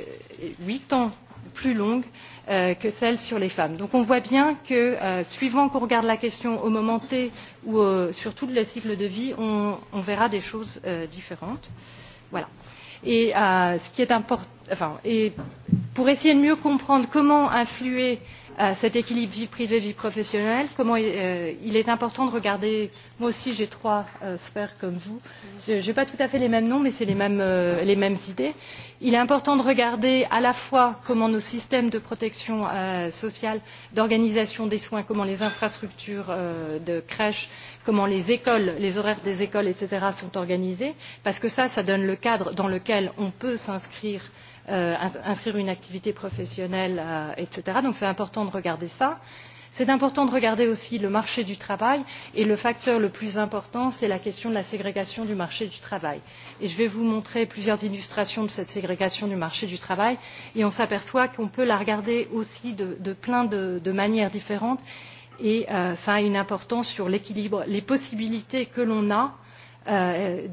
8 ans plus longue euh, que celle sur les femmes. donc on voit bien que euh, suivant qu'on regarde la question au moment t ou euh, sur tout le cycle de vie on, on verra des choses euh, différentes. Voilà. Et, euh, ce qui est important enfin, et pour essayer de mieux comprendre comment influer Euh, cet équilibre vie privée vie professionnelle comment euh, il est important de regarder moi aussi j'ai trois euh, sphères comme vous je n'ai pas tout à fait les mêmes noms mais c'est les mêmes euh, les mêmes idées il est important de regarder à la fois comment nos systèmes de protection euh, sociale d'organisation des soins comment les infrastructures euh, de crèches comment les écoles les horaires des écoles etc. sont organisés parce que ça ça donne le cadre dans lequel on peut s'inscrire euh, Euh, inscrire une activité professionnelle, euh, etc. Donc c'est important de regarder ça. C'est important de regarder aussi le marché du travail et le facteur le plus important, c'est la question de la ségrégation du marché du travail. Et je vais vous montrer plusieurs illustrations de cette ségrégation du marché du travail et on s'aperçoit qu'on peut la regarder aussi de, plein de, manières différentes et cela euh, ça a une importance sur l'équilibre, les possibilités que l'on a Euh,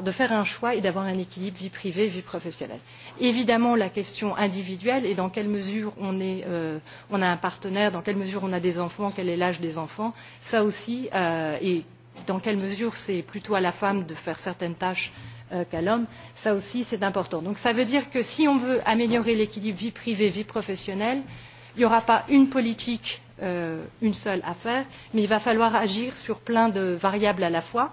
de faire un choix et d'avoir un équilibre vie privée vie professionnelle. évidemment la question individuelle est dans quelle mesure euh, on, a un partenaire dans quelle mesure on a des enfants quel est l'âge des enfants cela aussi euh, et dans quelle mesure c'est plutôt à la femme de faire certaines tâches qu'à l'homme cela aussi c'est important. donc ça veut dire que si on veut améliorer l'équilibre vie privée vie professionnelle il n'y aura pas une politique une seule à faire mais il va falloir agir sur plein de variables à la fois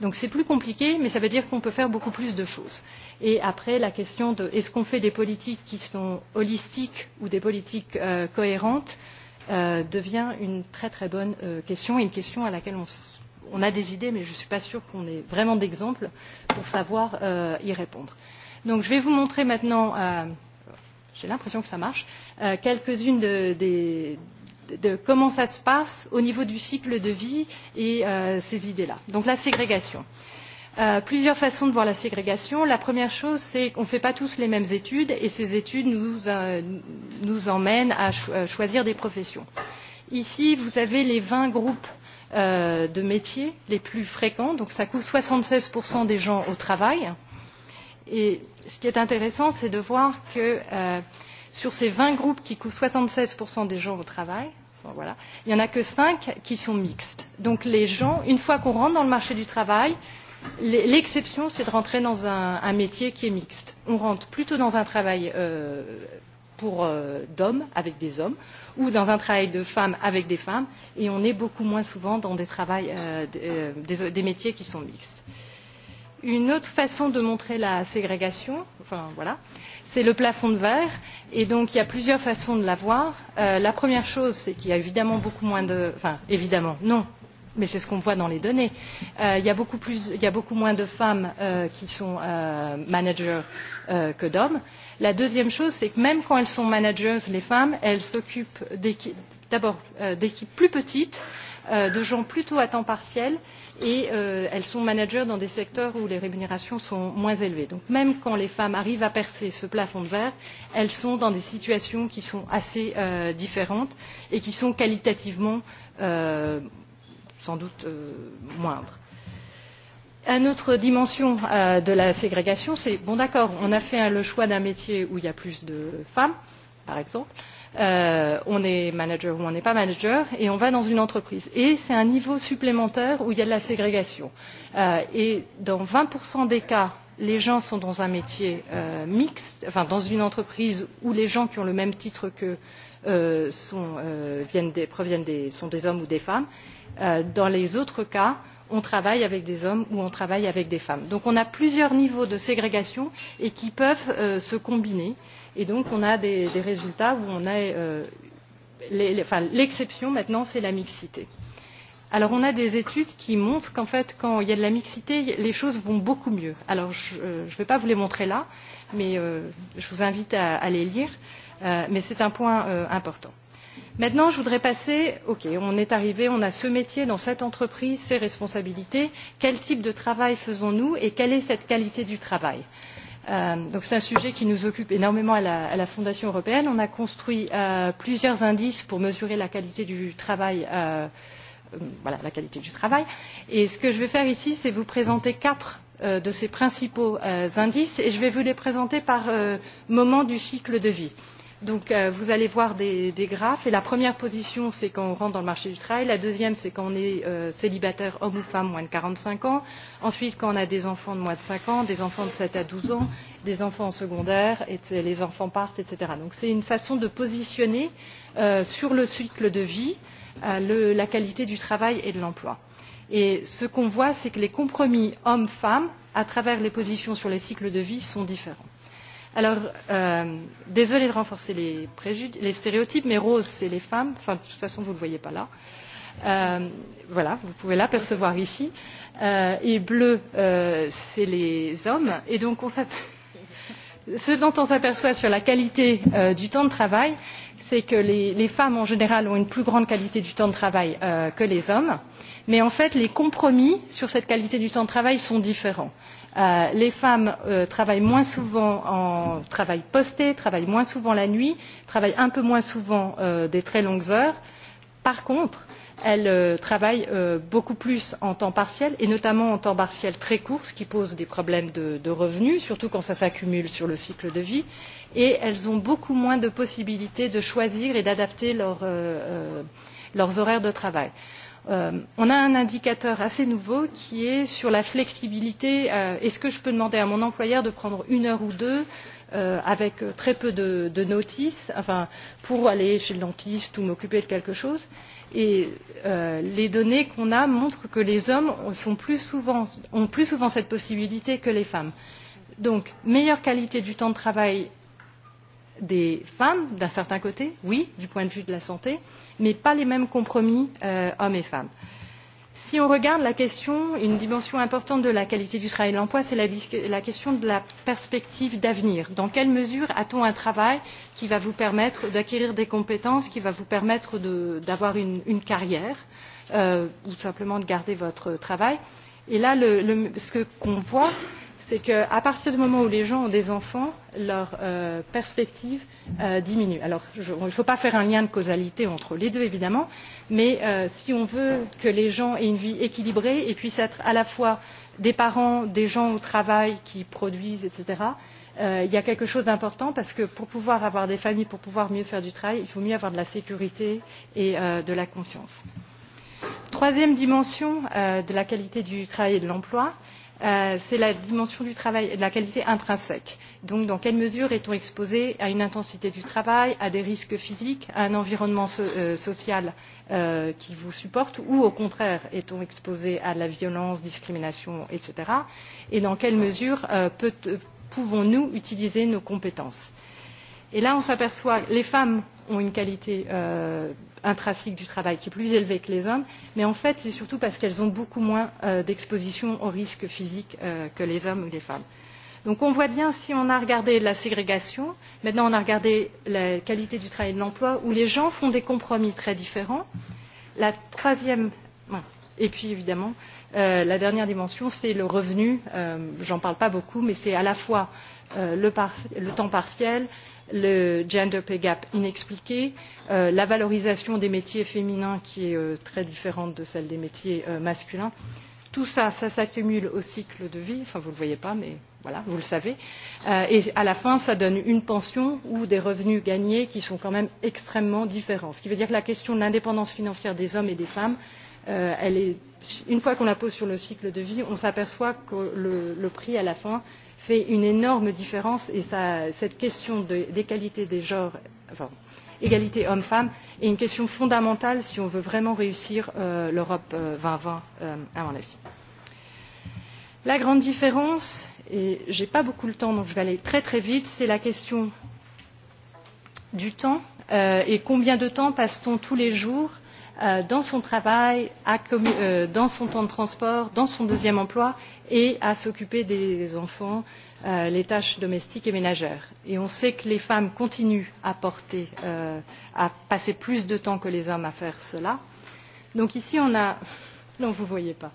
Donc c'est plus compliqué, mais ça veut dire qu'on peut faire beaucoup plus de choses. Et après, la question de est-ce qu'on fait des politiques qui sont holistiques ou des politiques euh, cohérentes euh, devient une très très bonne euh, question et une question à laquelle on, on a des idées, mais je ne suis pas sûre qu'on ait vraiment d'exemples pour savoir euh, y répondre. Donc je vais vous montrer maintenant, euh, j'ai l'impression que ça marche, euh, quelques-unes de, des de comment ça se passe au niveau du cycle de vie et euh, ces idées là. donc la ségrégation. Euh, plusieurs façons de voir la ségrégation. La première chose, c'est qu'on ne fait pas tous les mêmes études et ces études nous, euh, nous emmènent à cho euh, choisir des professions. Ici, vous avez les 20 groupes euh, de métiers les plus fréquents, donc ça couvre 76% des gens au travail. Et ce qui est intéressant, c'est de voir que euh, sur ces 20 groupes qui couvrent 76% des gens au travail, Bon, voilà. Il n'y en a que cinq qui sont mixtes. Donc les gens, une fois qu'on rentre dans le marché du travail, l'exception, c'est de rentrer dans un, un métier qui est mixte. On rentre plutôt dans un travail euh, pour euh, d'hommes avec des hommes ou dans un travail de femmes avec des femmes et on est beaucoup moins souvent dans des, travails, euh, euh des, des métiers qui sont mixtes. Une autre façon de montrer la ségrégation, enfin voilà, c'est le plafond de verre Et donc, il y a plusieurs façons de la voir. Euh, la première chose, c'est qu'il y a évidemment beaucoup moins de... Enfin, évidemment, non, mais c'est ce qu'on voit dans les données. Euh, il, y a beaucoup plus, il y a beaucoup moins de femmes euh, qui sont euh, managers euh, que d'hommes. La deuxième chose, c'est que même quand elles sont managers, les femmes, elles s'occupent d'équipes, d'abord euh, d'équipes plus petites, euh, Euh, de gens plutôt à temps partiel et euh, elles sont managers dans des secteurs où les rémunérations sont moins élevées. donc même quand les femmes arrivent à percer ce plafond de verre elles sont dans des situations qui sont assez euh, différentes et qui sont qualitativement sans doute moindres une autre dimension euh, de la ségrégation c'est bon d'accord on a fait le choix d'un métier où il y a plus de femmes par exemple euh, on est manager ou on n'est pas manager, et on va dans une entreprise. Et c'est un niveau supplémentaire où il y a de la ségrégation. Euh, et dans 20% des cas, les gens sont dans un métier euh, mixte, enfin dans une entreprise où les gens qui ont le même titre qu'eux euh, sont, euh, viennent des, proviennent des, sont des hommes ou des femmes. Euh, dans les autres cas, on travaille avec des hommes ou on travaille avec des femmes. Donc on a plusieurs niveaux de ségrégation et qui peuvent euh, se combiner. Et donc on a des, des résultats où on a euh, l'exception enfin, maintenant, c'est la mixité. Alors on a des études qui montrent qu'en fait, quand il y a de la mixité, les choses vont beaucoup mieux. Alors je ne euh, vais pas vous les montrer là, mais euh, je vous invite à, à les lire. Euh, mais c'est un point euh, important maintenant je voudrais passer ok on est arrivé on a ce métier dans cette entreprise ces responsabilités quel type de travail faisons nous et quelle est cette qualité du travail? Euh, c'est un sujet qui nous occupe énormément à la, fondation européenne. on a construit euh, plusieurs indices pour mesurer la qualité du travail euh, voilà, la qualité du travail et ce que je vais faire ici c'est vous présenter quatre de ces principaux indices et je vais vous les présenter par moment du cycle de vie. Donc euh, vous allez voir des, des graphes et la première position c'est quand on rentre dans le marché du travail, la deuxième c'est quand on est euh, célibataire homme ou femme moins de 45 ans, ensuite quand on a des enfants de moins de 5 ans, des enfants de 7 à 12 ans, des enfants en secondaire, et les enfants partent, etc. Donc c'est une façon de positionner euh, sur le cycle de vie euh, le, la qualité du travail et de l'emploi. Et ce qu'on voit c'est que les compromis hommes-femmes à travers les positions sur les cycles de vie sont différents Alors, euh, désolé de renforcer les, les stéréotypes, mais rose, c'est les femmes. Enfin, de toute façon, vous ne le voyez pas là. Euh, voilà, vous pouvez l'apercevoir ici. Euh, et bleu, euh, c'est les hommes. Et donc, on [LAUGHS] ce dont on s'aperçoit sur la qualité euh, du temps de travail, c'est que les, les femmes, en général, ont une plus grande qualité du temps de travail euh, que les hommes. Mais en fait, les compromis sur cette qualité du temps de travail sont différents Euh, les femmes euh, travaillent moins souvent en travail posté, travaillent moins souvent la nuit, travaillent un peu moins souvent euh, des très longues heures. Par contre, elles euh, travaillent beaucoup plus en temps partiel et notamment en temps partiel très court ce qui pose des problèmes de, revenus surtout quand cela s'accumule sur le cycle de vie et elles ont beaucoup moins de possibilités de choisir et d'adapter leurs horaires de travail. donc euh, on a un indicateur assez nouveau qui est sur la flexibilité. Euh, Est-ce que je peux demander à mon employeur de prendre une heure ou deux euh, avec euh, très peu de, de notice, enfin, pour aller chez le dentiste ou m'occuper de quelque chose Et euh, les données qu'on a montrent que les hommes sont plus souvent, ont plus souvent cette possibilité que les femmes. Donc, meilleure qualité du temps de travail des femmes d'un certain côté, oui, du point de vue de la santé, mais pas les mêmes compromis euh, hommes et femmes. Si on regarde la question, une dimension importante de la qualité du travail et de l'emploi, c'est la, la question de la perspective d'avenir. Dans quelle mesure a-t-on un travail qui va vous permettre d'acquérir des compétences, qui va vous permettre d'avoir une, une carrière euh, ou simplement de garder votre travail Et là, le, le, ce qu'on qu voit, c'est qu'à partir du moment où les gens ont des enfants leur euh, perspective euh, diminue. Alors, je, il ne faut pas faire un lien de causalité entre les deux évidemment mais euh, si on veut que les gens aient une vie équilibrée et puissent être à la fois des parents des gens au travail qui produisent etc. euh, il y a quelque chose d'important parce que pour pouvoir avoir des familles pour pouvoir mieux faire du travail il faut mieux avoir de la sécurité et euh, de la confiance. troisième dimension euh, de la qualité du travail et de l'emploi euh, Euh, c'est la dimension du travail et de la qualité intrinsèque. donc dans quelle mesure est on exposé à une intensité du travail à des risques physiques à un environnement so euh, social euh, qui vous supporte ou au contraire est on exposé à la violence discrimination etc. et dans quelle mesure euh, pouvons nous utiliser nos compétences? Et là, on s'aperçoit que les femmes ont une qualité euh, intrinsèque du travail qui est plus élevée que les hommes, mais en fait, c'est surtout parce qu'elles ont beaucoup moins euh, d'exposition aux risques physiques euh, que les hommes ou les femmes. Donc on voit bien si on a regardé la ségrégation, maintenant on a regardé la qualité du travail et de l'emploi, où les gens font des compromis très différents. La troisième, et puis évidemment, euh, la dernière dimension, c'est le revenu. Euh, J'en parle pas beaucoup, mais c'est à la fois euh, le, par, le temps partiel, euh, le gender pay gap inexpliqué euh, la valorisation des métiers féminins qui est euh, très différente de celle des métiers euh, masculins tout ça s'accumule au cycle de vie enfin vous ne le voyez pas mais voilà vous le savez euh, et à la fin ça donne une pension ou des revenus gagnés qui sont quand même extrêmement différents ce qui veut dire que la question de l'indépendance financière des hommes et des femmes euh, elle est, une fois qu'on la pose sur le cycle de vie on s'aperçoit que le, le prix à la fin fait une énorme différence et cette question de, l'égalité des genres enfin, égalité hommes femmes est une question fondamentale si on veut vraiment réussir euh, l'europe deux mille vingt euh, à mon avis. la grande différence et je n'ai pas beaucoup de temps donc je vais aller très très vite c'est la question du temps euh, et combien de temps passe t on tous les jours Euh, dans son travail, euh, dans son temps de transport, dans son deuxième emploi et à s'occuper des, enfants, euh, les tâches domestiques et ménagères. Et on sait que les femmes continuent à, porter, euh, à passer plus de temps que les hommes à faire cela. Donc ici, on a non, vous ne voyez pas.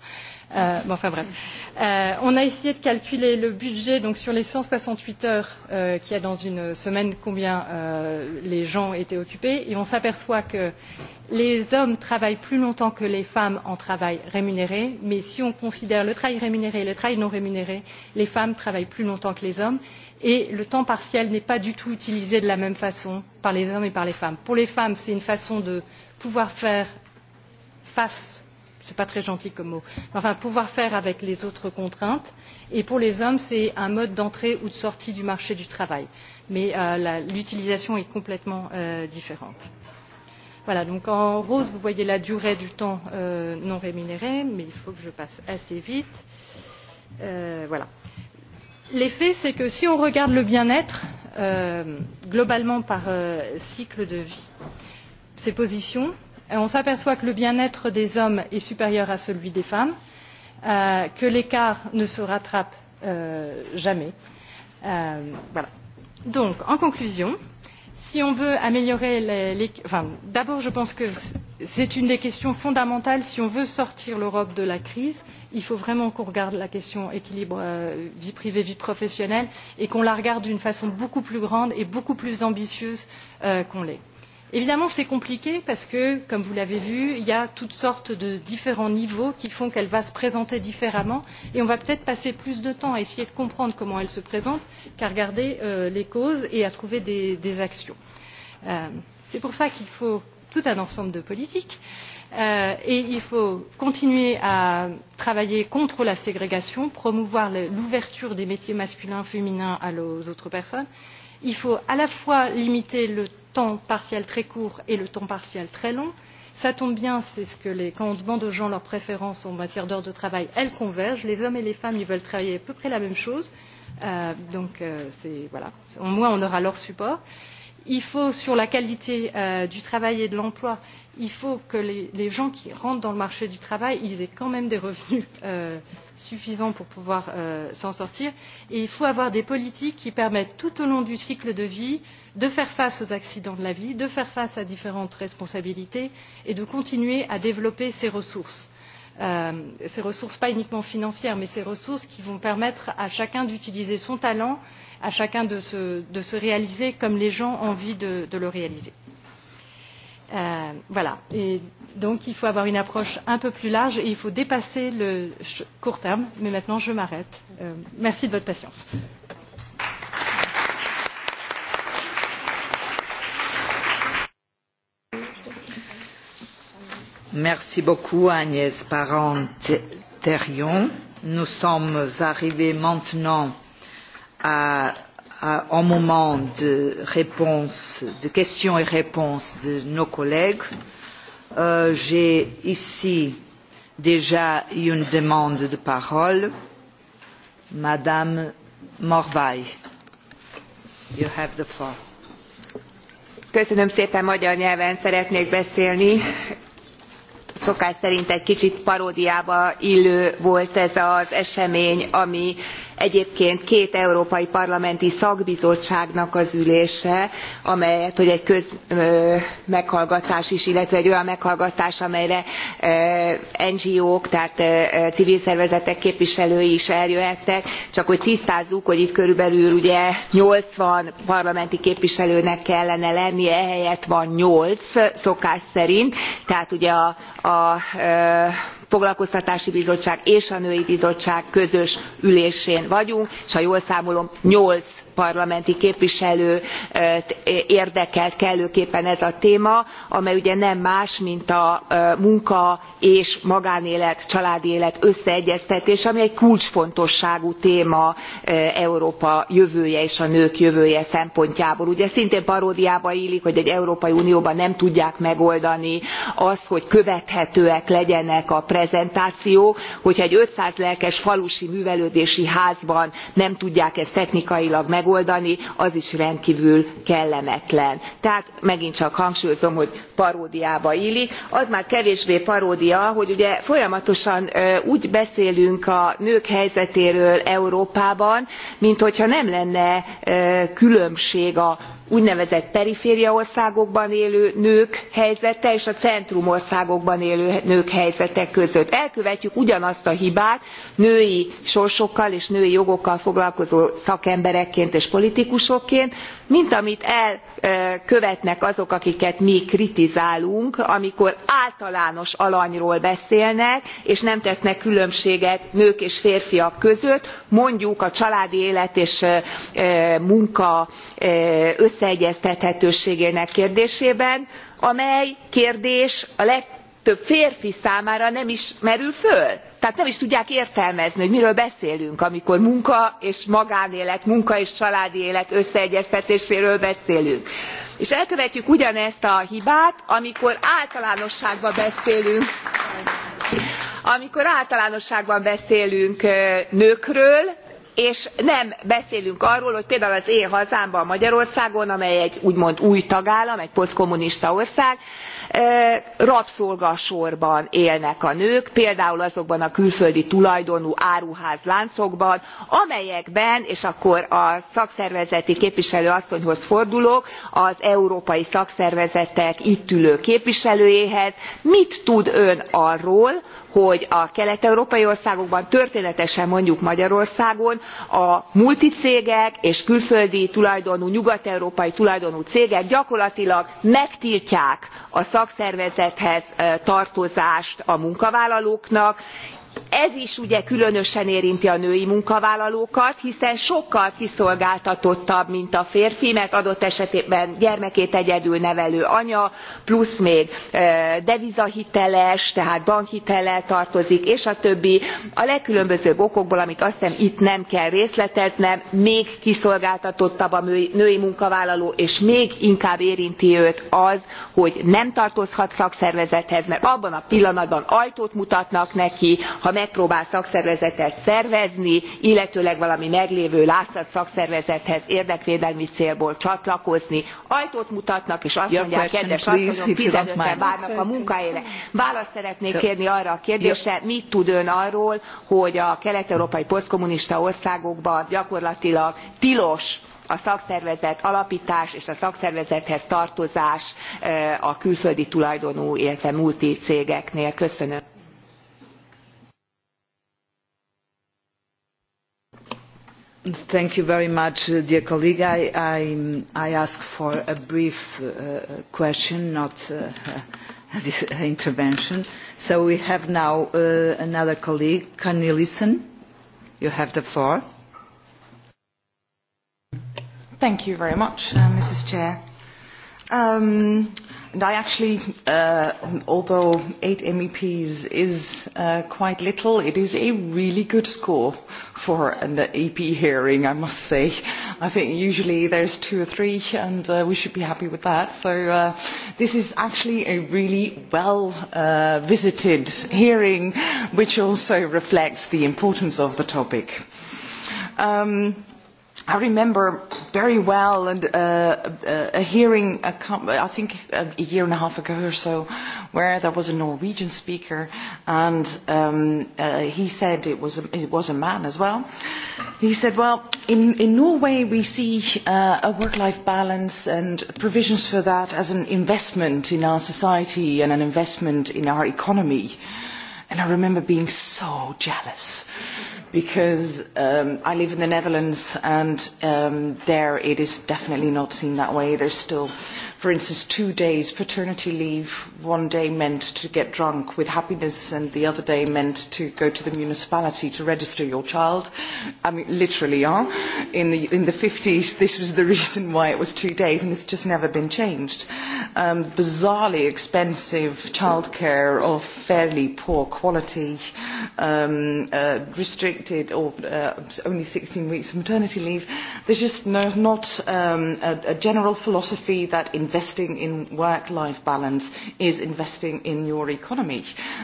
Euh, bon, enfin bref. Euh, on a essayé de calculer le budget donc, sur les 168 heures euh, qu'il y a dans une semaine, combien euh, les gens étaient occupés. Et on s'aperçoit que les hommes travaillent plus longtemps que les femmes en travail rémunéré. Mais si on considère le travail rémunéré et le travail non rémunéré, les femmes travaillent plus longtemps que les hommes et le temps partiel n'est pas du tout utilisé de la même façon par les hommes et par les femmes. pour les femmes c'est une façon de pouvoir faire face ce n'est pas très gentil comme mot mais enfin pouvoir faire avec les autres contraintes et pour les hommes c'est un mode d'entrée ou de sortie du marché du travail mais euh, l'utilisation est complètement euh, différente. Voilà, donc en rose, vous voyez la durée du temps euh, non rémunéré, mais il faut que je passe assez vite. Euh, voilà. L'effet, c'est que si on regarde le bien-être euh, globalement par euh, cycle de vie, ces positions, Euh, on s'aperçoit que le bien être des hommes est supérieur à celui des femmes euh, que l'écart ne se rattrape euh, jamais. Euh, voilà. donc en conclusion si on veut améliorer les, les enfin, d'abord je pense que c'est une des questions fondamentales si on veut sortir l'europe de la crise il faut vraiment qu'on regarde la question équilibre euh, vie privée vie professionnelle et qu'on la regarde d'une façon beaucoup plus grande et beaucoup plus ambitieuse euh, qu'on l'est évidemment c'est compliqué parce que comme vous l'avez vu il y a toutes sortes de différents niveaux qui font qu'elle va se présenter différemment et on va peut être passer plus de temps à essayer de comprendre comment elle se présente qu'à regarder euh, les causes et à trouver des, des actions. Euh, c'est pour ça qu'il faut tout un ensemble de politiques euh, et il faut continuer à travailler contre la ségrégation promouvoir l'ouverture des métiers masculins féminins à aux autres personnes. il faut à la fois limiter le temps partiel très court et le temps partiel très long. cela tombe bien, c'est ce que les, quand on demande aux gens leurs préférences en matière d'heures de travail, elles convergent. Les hommes et les femmes, veulent travailler à peu près la même chose. Euh, donc, euh, voilà. Au moins, on aura leur support il faut sur la qualité euh, du travail et de l'emploi il faut que les, les gens qui rentrent dans le marché du travail ils aient quand même des revenus euh, suffisants pour pouvoir euh, s'en sortir et il faut avoir des politiques qui permettent tout au long du cycle de vie de faire face aux accidents de la vie de faire face à différentes responsabilités et de continuer à développer ces ressources Euh, ces ressources pas uniquement financières mais ces ressources qui vont permettre à chacun d'utiliser son talent à chacun de se, de se réaliser comme les gens ont envie de, de le réaliser. Euh, voilà. Et donc, il faut avoir une approche un peu plus large et il faut dépasser le court terme. Mais maintenant, je m'arrête. Euh, merci de votre patience. Merci beaucoup Agnès Parent-Terrion. Nous sommes arrivés maintenant à, à, au moment de réponse, de questions et réponses de nos collègues. Euh, J'ai ici déjà une demande de parole. Madame Morvai, you have the floor. Köszönöm szépen, magyar nyelven szeretnék beszélni szokás szerint egy kicsit paródiába illő volt ez az esemény ami egyébként két európai parlamenti szakbizottságnak az ülése amelyet egy közmeghallgatás is illetve egy olyan meghallgatás amelyre ngo k tehát civil szervezetek képviselői is eljöhettek csak hogy tisztázzuk hogy itt körülbelül ugye eighty parlamenti képviselőnek kellene lennie ehelyett van eight szokás szerint tehát ugye a foglalkoztatási bizottság és a női bizottság közös ülésén vagyunk s ha jól számolom nyolc parlamenti képviselőt érdekelt kellőképpen ez a téma amely ugye nem más mint a munka és magánélet családi élet összeegyeztetése ami egy kulcsfontosságú téma európa jövője és a nők jövője szempontjából. ugye szintén paródiába illik hogy egy európai unióban nem tudják megoldani azt hogy követhetőek legyenek a prezentációk hogyha egy five hundred lelkes falusi művelődési házban nem tudják ezt technikailag megoldani az is rendkvül kellemetlen. tehát megint csak hangsúlyozom hogy paródiába illik. az már kevésbé paródia hogy ugye folyamatosan úgy beszélünk a nők helyzetéről európában minthogyha nem lenne különbség a úgynevezett perifériaországokban élő nők helyzete és a centrumországokban élő nők helyzete között. elkövetjük ugyanazt a hibát női sorsokkal és női jogokkal foglalkozó szakemberekként és politikusokként mint amit elkövetnek azok akiket mi kritizálunk amikor általános alanyról beszélnek és nem tesznek különbséget nők és férfiak között mondjuk a családi élet és munka összeegyeztethetőségének kérdésében amely kérdés a legtöbb férfi számára nem is merül föl tehát nem is tudják értelmezni hogy miről beszélünk amikor munka és magánélet munka és családi élet összeegyeztetéséről beszélünk és elkövetjük ugyanezt a hibát amikor általánosságban beszélünk amikor általánosságban beszélünk nőkről és nem beszélünk arról hogy például az én hazámban magyarországon amely egy úgymond új tagállam egy posztkommunista ország E, rabszolgasorban élnek a nők például azokban a külföldi tulajdonú áruházláncokban amelyekben és akkor a szakszervezeti képviselő asszonyhoz fordulok az európai szakszervezetek itt ülő képviselőjéhez mit tud ön arról hogy hogy a kelet európai országokban történetesen mondjuk magyarországon a multicégek és külföldi tulajdonú nyugat európai tulajdonú cégek gyakorlatilag megtiltják a szakszervezethez eh, tartozást a munkavállalóknak és ez is ugye különösen érinti a női munkavállalókat hiszen sokkal kiszolgáltatottabb mint a férfi mert adott esetben gyermekét egyedül nevelő anya plusz még devizahiteles tehát bankhitellel tartozik és a többi a legkülönbözőbb okokból amit azt hiszem itt nem kell részleteznem még kiszolgáltatottabb a női munkavállaló és még inkább érinti őt az hogy nem tartozhat szakszervezethez mert abban a pillanatban ajtót mutatnak neki ha megpróbál szakszervezetet szervezni illetőleg valami meglévő látszat szakszervezethez érdekvédelmi célból csatlakozni ajtót mutatnak és azt mondják kedves asszonyok fifteen en várnak a munkahelyre. választ szeretnék kérni arra a kérdésre mit tud ön arról hogy a kelet európai posztkommunista országokban gyakorlatilag tilos a szakszervezet alaptás és a szakszervezethez tartozás eh, a külföldi tulajdonú illetve multicégeknél. köszönöm. Thank you very much, uh, dear colleague. I, I, I ask for a brief uh, question, not uh, [LAUGHS] this intervention. So we have now uh, another colleague, cornelison You have the floor. Thank you very much, uh, Mrs. Chair. Um, And I actually, uh, although eight MEPs is uh, quite little, it is a really good score for an EP hearing, I must say. I think usually there's two or three, and uh, we should be happy with that. So uh, this is actually a really well-visited uh, hearing, which also reflects the importance of the topic. Um, i remember very well and, uh, uh, a hearing, a com- I think a year and a half ago or so, where there was a Norwegian speaker, and um, uh, he said it was, a, it was a man as well. He said, "Well, in, in Norway we see uh, a work-life balance and provisions for that as an investment in our society and an investment in our economy." Uh, And I remember being so jealous because um, I live in the Netherlands and um, there it is definitely not seen that way. There's still for instance, two days paternity leave, one day meant to get drunk with happiness and the other day meant to go to the municipality to register your child. I mean, literally, huh? In the, in the 50s, this was the [LAUGHS] reason why it was two days and it's just never been changed. Um, bizarrely expensive childcare of fairly poor quality, um, uh, restricted or uh, only 16 weeks of maternity leave. There's just no, not um, a, a general philosophy that in investing in work-life balance is investing in your economy.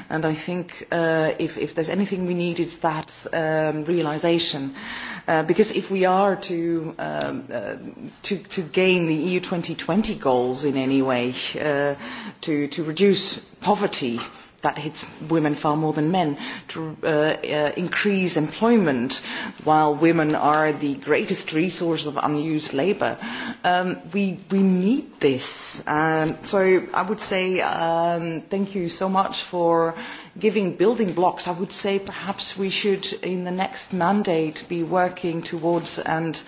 And I think uh, if, if there's anything we need, it's that um, realization. Uh, because if we are to, um, uh, to, to gain the EU 2020 goals in any way, uh, to, to reduce poverty, that hits women far more than men, to uh, uh, increase employment while women are the greatest resource of unused labour. Um, we, we need this. Um, so I would say um, thank you so much for giving building blocks. I would say perhaps we should, in the next mandate, be working towards and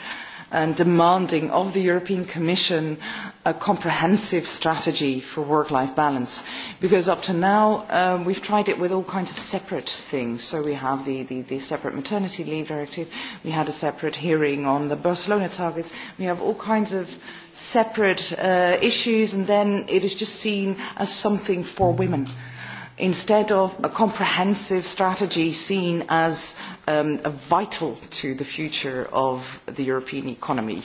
and demanding of the European Commission a comprehensive strategy for work-life balance. Because up to now, um, we've tried it with all kinds of separate things. So we have the, the, the separate maternity leave directive, we had a separate hearing on the Barcelona targets, we have all kinds of separate uh, issues, and then it is just seen as something for women. Mm-hmm instead of a comprehensive strategy seen as um, vital to the future of the European economy.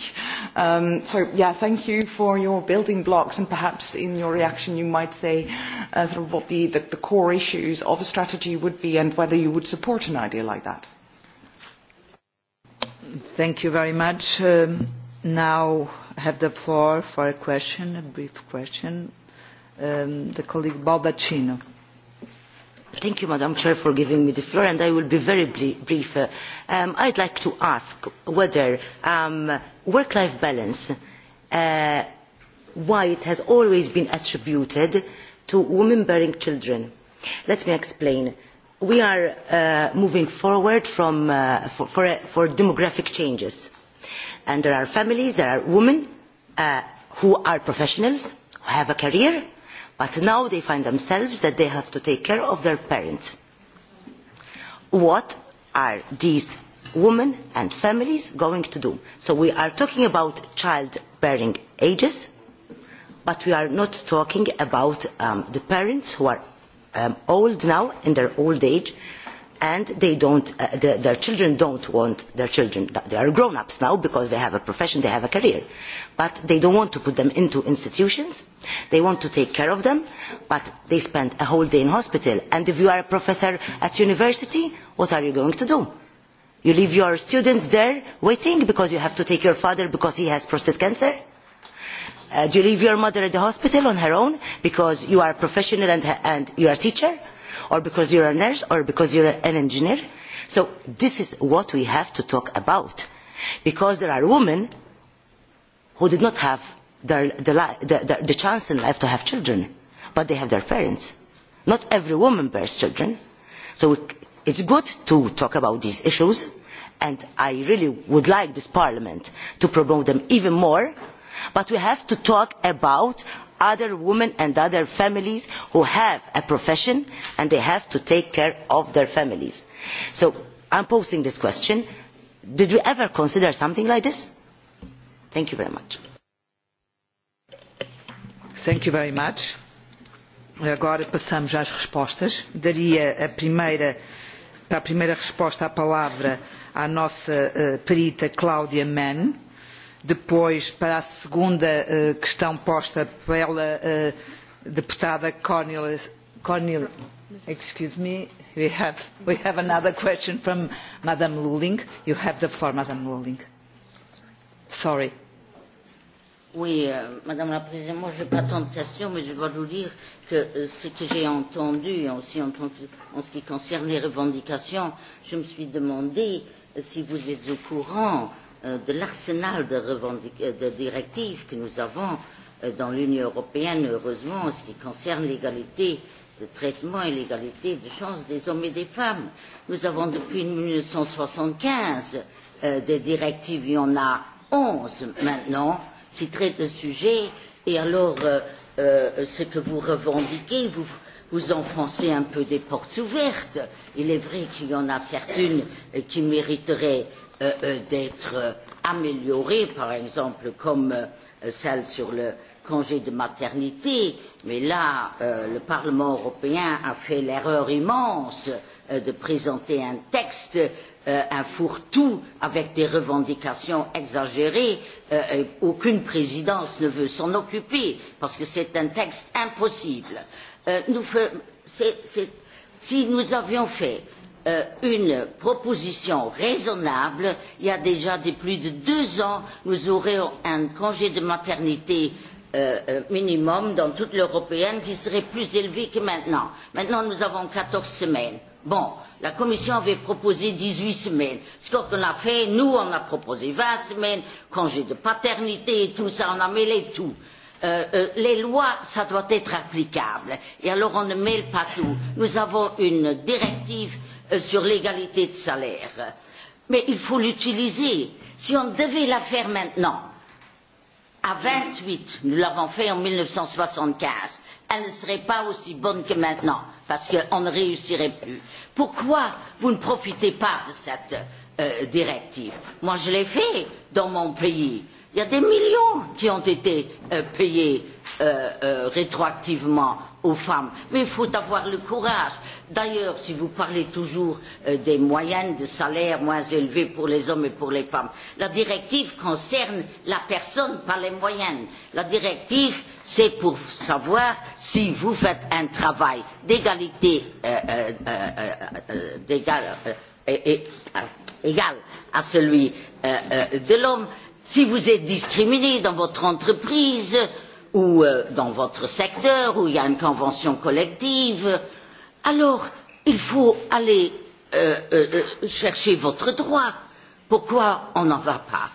Um, so, yeah, thank you for your building blocks, and perhaps in your reaction you might say uh, sort of what the, the, the core issues of a strategy would be and whether you would support an idea like that. Thank you very much. Um, now I have the floor for a question, a brief question. Um, the colleague Baldacino. Thank you, Madam president for giving me the floor, and I will be very brief. Um, i would like to ask whether um, work-life balance, uh, why it has always been attributed to women bearing children. Let me explain. We are uh, moving forward from, uh, for, demographic changes. And there are families, there are women who are professionals, who have a career, but now they find themselves that they have to take care of their parents. what are these women and families going to do? so we are talking about childbearing ages but we are not talking about um, the parents who are um, old now in their old age and uh, their children do not want their children, they are grown ups now because they have a profession, they have a career, but they do not want to put them into institutions, they want to take care of them, but they spend a whole day in hospital. And if you are a professor at university, what are you going to do? You leave your students there waiting because you have to take your father because he has prostate cancer? Uh, do you leave your mother at the hospital on her own because you are a professional and, and you are a teacher? or because you are a nurse or because you are an engineer. so this is what we have to talk about because there are women who did not have their, the, the, the chance in life to have children but they have their parents. not every woman bears children so it is good to talk about these issues and i really would like this parliament to promote them even more but we have to talk about other women and other families who have a profession and they have to take care of their families. so i am posing this question did we ever consider something like this? thank you very much. thank you very much. agora passamos às respostas. daria a primeira, para a primeira resposta a palavra à nossa uh, perita cláudia mann Depois, para a segunda eh, questão posta pela eh, deputada Cornelia, excuse me, we have, we have another question from Madam Luling. You have the floor, Madam Luling. Sorry. Oui, euh, Madame la Présidente, moi je n'ai pas tant de questions, mais je dois vous dire que euh, ce que j'ai entendu, aussi entendu en ce qui concerne les revendications, je me suis demandé euh, si vous êtes au courant euh, Euh, de l'arsenal de, de directives que nous avons euh, dans l'Union européenne, heureusement, en ce qui concerne l'égalité de traitement et l'égalité de chance des hommes et des femmes. Nous avons depuis 1975 euh, des directives, il y en a 11 maintenant, qui traitent le sujet, et alors euh, euh, ce que vous revendiquez, vous, vous enfoncez un peu des portes ouvertes. Il est vrai qu'il y en a certaines euh, qui mériteraient Euh, euh, d'être euh, améliorée par exemple comme celle sur le congé de maternité mais là le parlement européen a fait l'erreur immense de présenter un texte un fourre tout avec des revendications exagérées et aucune présidence ne veut s'en occuper parce que c'est un texte impossible. si nous avions fait Euh, une proposition raisonnable. Il y a déjà plus de deux ans, nous aurions un congé de maternité euh, euh, minimum dans toute l'union européenne qui serait plus élevé que maintenant. Maintenant, nous avons quatorze semaines. la Commission avait proposé dix huit semaines. Ce que nous avons fait, nous, c'est a proposé 20 semaines, congé de paternité et tout cela on a mêlé tout. les lois, ça doit être applicable. Et alors, on ne mêle pas tout. Nous avons une directive sur l'égalité de salaire. Mais il faut l'utiliser. Si on devait la faire maintenant, à 28, nous l'avons fait en 1975, elle ne serait pas aussi bonne que maintenant parce qu'on ne réussirait plus. pourquoi vous ne profitez pas de cette euh, directive? moi je l'ai fait dans mon pays il y a des millions qui ont été euh, payés euh, euh rétroactivement aux femmes mais il faut avoir le courage. D'ailleurs, si vous parlez toujours euh, des moyennes de salaire moins élevées pour les hommes et pour les femmes, la directive concerne la personne, pas les moyennes. La directive, c'est pour savoir si vous faites un travail d'égalité égal, à celui euh, euh, de l'homme, si vous êtes discriminé dans votre entreprise ou dans votre secteur où il y a une convention collective, ou alors il faut aller euh, euh, euh chercher votre droit. Pourquoi on n'en va pas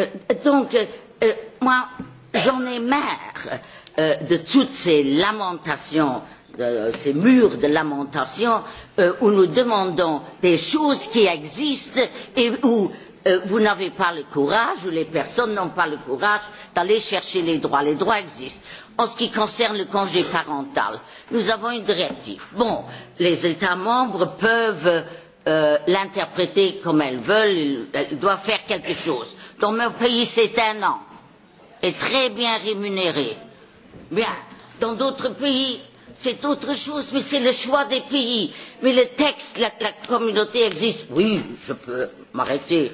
euh, Donc, euh, euh, moi, j'en ai marre euh, de toutes ces lamentations, de ces murs de lamentations euh, où nous demandons des choses qui existent et où euh, vous n'avez pas le courage, où les personnes n'ont pas le courage d'aller chercher les droits. Les droits existent en ce qui concerne le congé parental nous avons une directive bon les états membres peuvent euh, l'interpréter comme ils veulent ils doivent faire quelque chose dans mon pays c'est un an et très bien rémunéré bien dans d'autres pays c'est autre chose mais c'est le choix des pays mais le texte la communauté existe oui je peux m'arrêter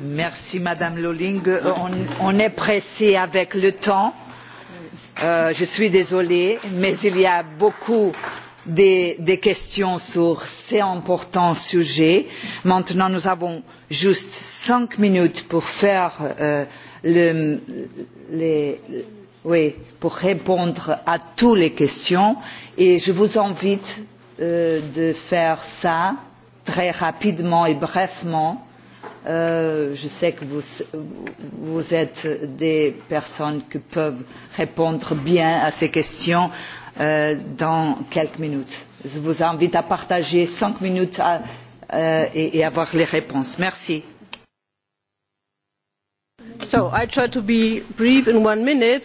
Merci Madame Lolling. Euh, on, on est pressé avec le temps. Euh, je suis désolée, mais il y a beaucoup de, des questions sur ces importants sujets. Maintenant, nous avons juste cinq minutes pour faire euh, le, les, oui, pour répondre à toutes les questions et je vous invite euh, de faire ça très rapidement et brièvement Euh, je sais que vous, vous êtes des personnes qui peuvent répondre bien à ces questions euh, dans quelques minutes. Je vous invite à partager cinq minutes à, euh, et, et avoir les réponses. Merci i try to be brief in one minute. [LAUGHS]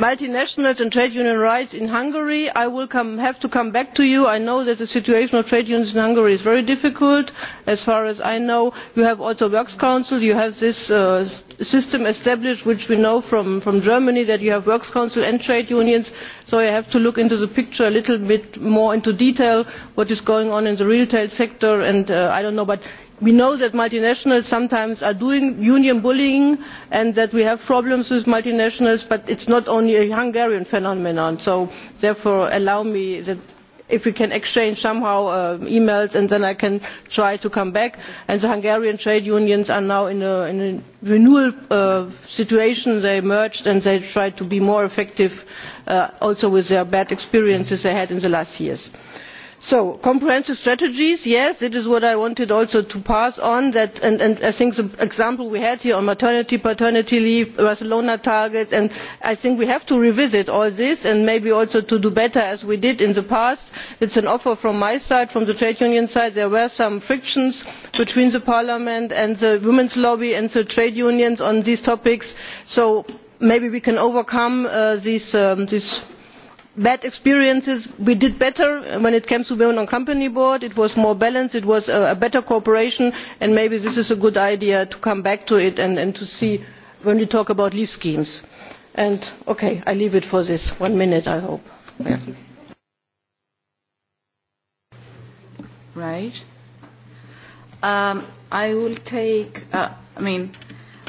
multinationals and trade union rights in hungary i will have to come back to you. i know that the situation of trade unions in hungary is very difficult. as far as i know you have also the works council you have this uh, system established which we know from, germany that you have works council and trade unions so i have to look into the picture a little bit more in detail what is going on in the retail sector and uh, i do not know but we know that multinationals sometimes are doing union bullying and that we have problems with multinationals but it is not only a hungarian phenomenon so therefore allow me if we can exchange somehow uh, e mails and then I can try to come back. And the Hungarian trade unions are now in a, renewal uh, situation. They merged and they try to be more effective uh, also with their bad experiences they had in the last years so comprehensive strategies yes that is what i wanted also to pass on and, i think the example we had here on maternity and paternity leave barcelona targets and i think we have to revisit all this and maybe also to do better as we did in the past. it is an offer from my side from the trade union side. there were some frictions between parliament and the women's lobby and the trade unions on these topics so maybe we can overcome uh, these um, bad experiences we did better when it came to women on company boards it was more balanced it was a better cooperation and maybe this is a good idea to come back to it and, to see when we talk about leave schemes. And, okay, i leave it for this one minute i hope. right. Um, i will take uh, i mean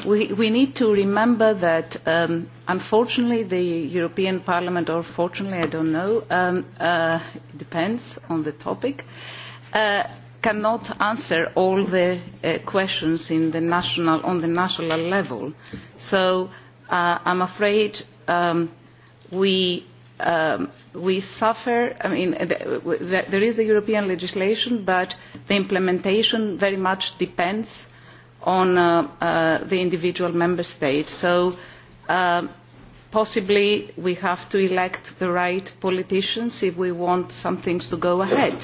we, we need to remember that um, Unfortunately, the European Parliament, or fortunately, I don't know, it um, uh, depends on the topic, uh, cannot answer all the uh, questions on the national level. So I am afraid um, um, we, suffer, I mean, there is the European legislation, but the implementation very much depends on the individual member state. So Um, possibly we have to elect the right politicians if we want some things to go ahead.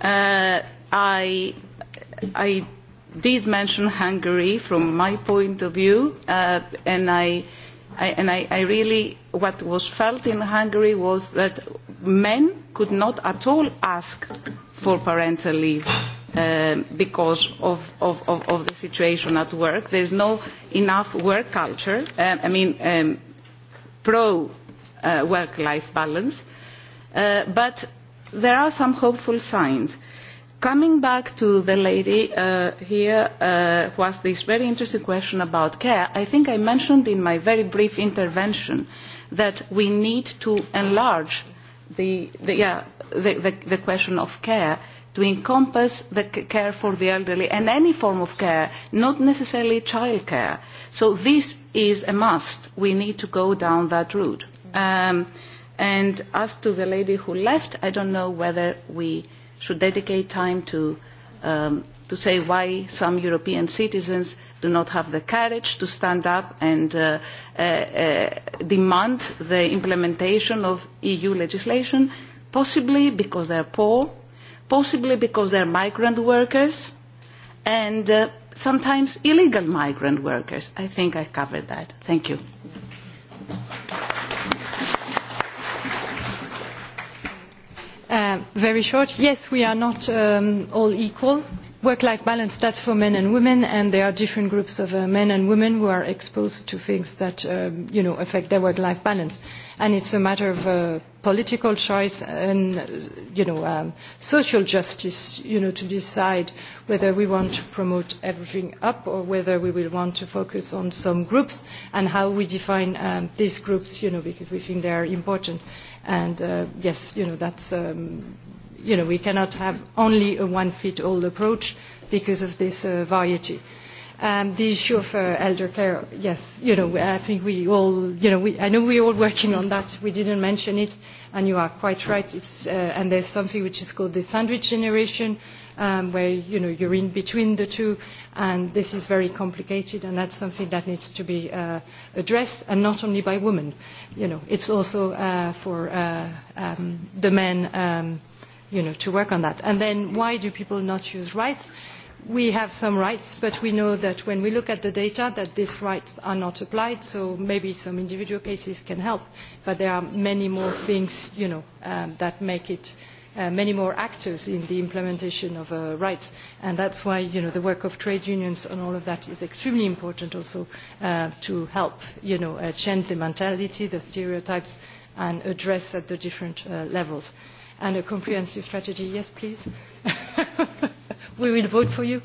Uh, I, I did mention Hungary from my point of view, uh, and, I, I, and I, I really, what was felt in Hungary was that men could not at all ask for parental leave Uh, because of, of, of, the situation at work. There is no enough work culture, uh, I mean, um, pro uh, work life balance. Uh, but there are some hopeful signs. Coming back to the lady uh, here who asked this very interesting question about care, I think I mentioned in my very brief intervention that we need to enlarge the, the, yeah, the, the question of care to encompass the care for the elderly and any form of care, not necessarily childcare. So this is a must. We need to go down that route. Um, and as to the lady who left, I don't know whether we should dedicate time to, um, to say why some European citizens do not have the courage to stand up and uh, uh, uh, demand the implementation of EU legislation, possibly because they are poor, possibly because they are migrant workers and uh, sometimes illegal migrant workers. I think I covered that. Thank you. Uh, very short. Yes, we are not um, all equal. Work-life balance, that's for men and women, and there are different groups of uh, men and women who are exposed to things that, um, you know, affect their work-life balance. And it's a matter of uh, political choice and you know um, social justice you know to decide whether we want to promote everything up or whether we will want to focus on some groups and how we define um, these groups you know because we think they are important and uh, yes you know that's um, you know we cannot have only a one fit all approach because of this uh, variety Um, the issue of uh, elder care, yes, you know, I think we all, you know, we, I know we're all working on that. We didn't mention it, and you are quite right. It's, uh, and there's something which is called the sandwich generation, um, where, you know, you're in between the two, and this is very complicated, and that's something that needs to be uh, addressed, and not only by women. You know, it's also uh, for uh, um, the men, um, you know, to work on that. And then why do people not use rights? we have some rights, but we know that when we look at the data that these rights are not applied, so maybe some individual cases can help, but there are many more things you know, um, that make it uh, many more actors in the implementation of uh, rights. And that's why you know, the work of trade unions and all of that is extremely important also uh, to help you know, uh, change the mentality, the stereotypes, and address at the different uh, levels and a comprehensive strategy. Yes, please. [LAUGHS] we will vote for you.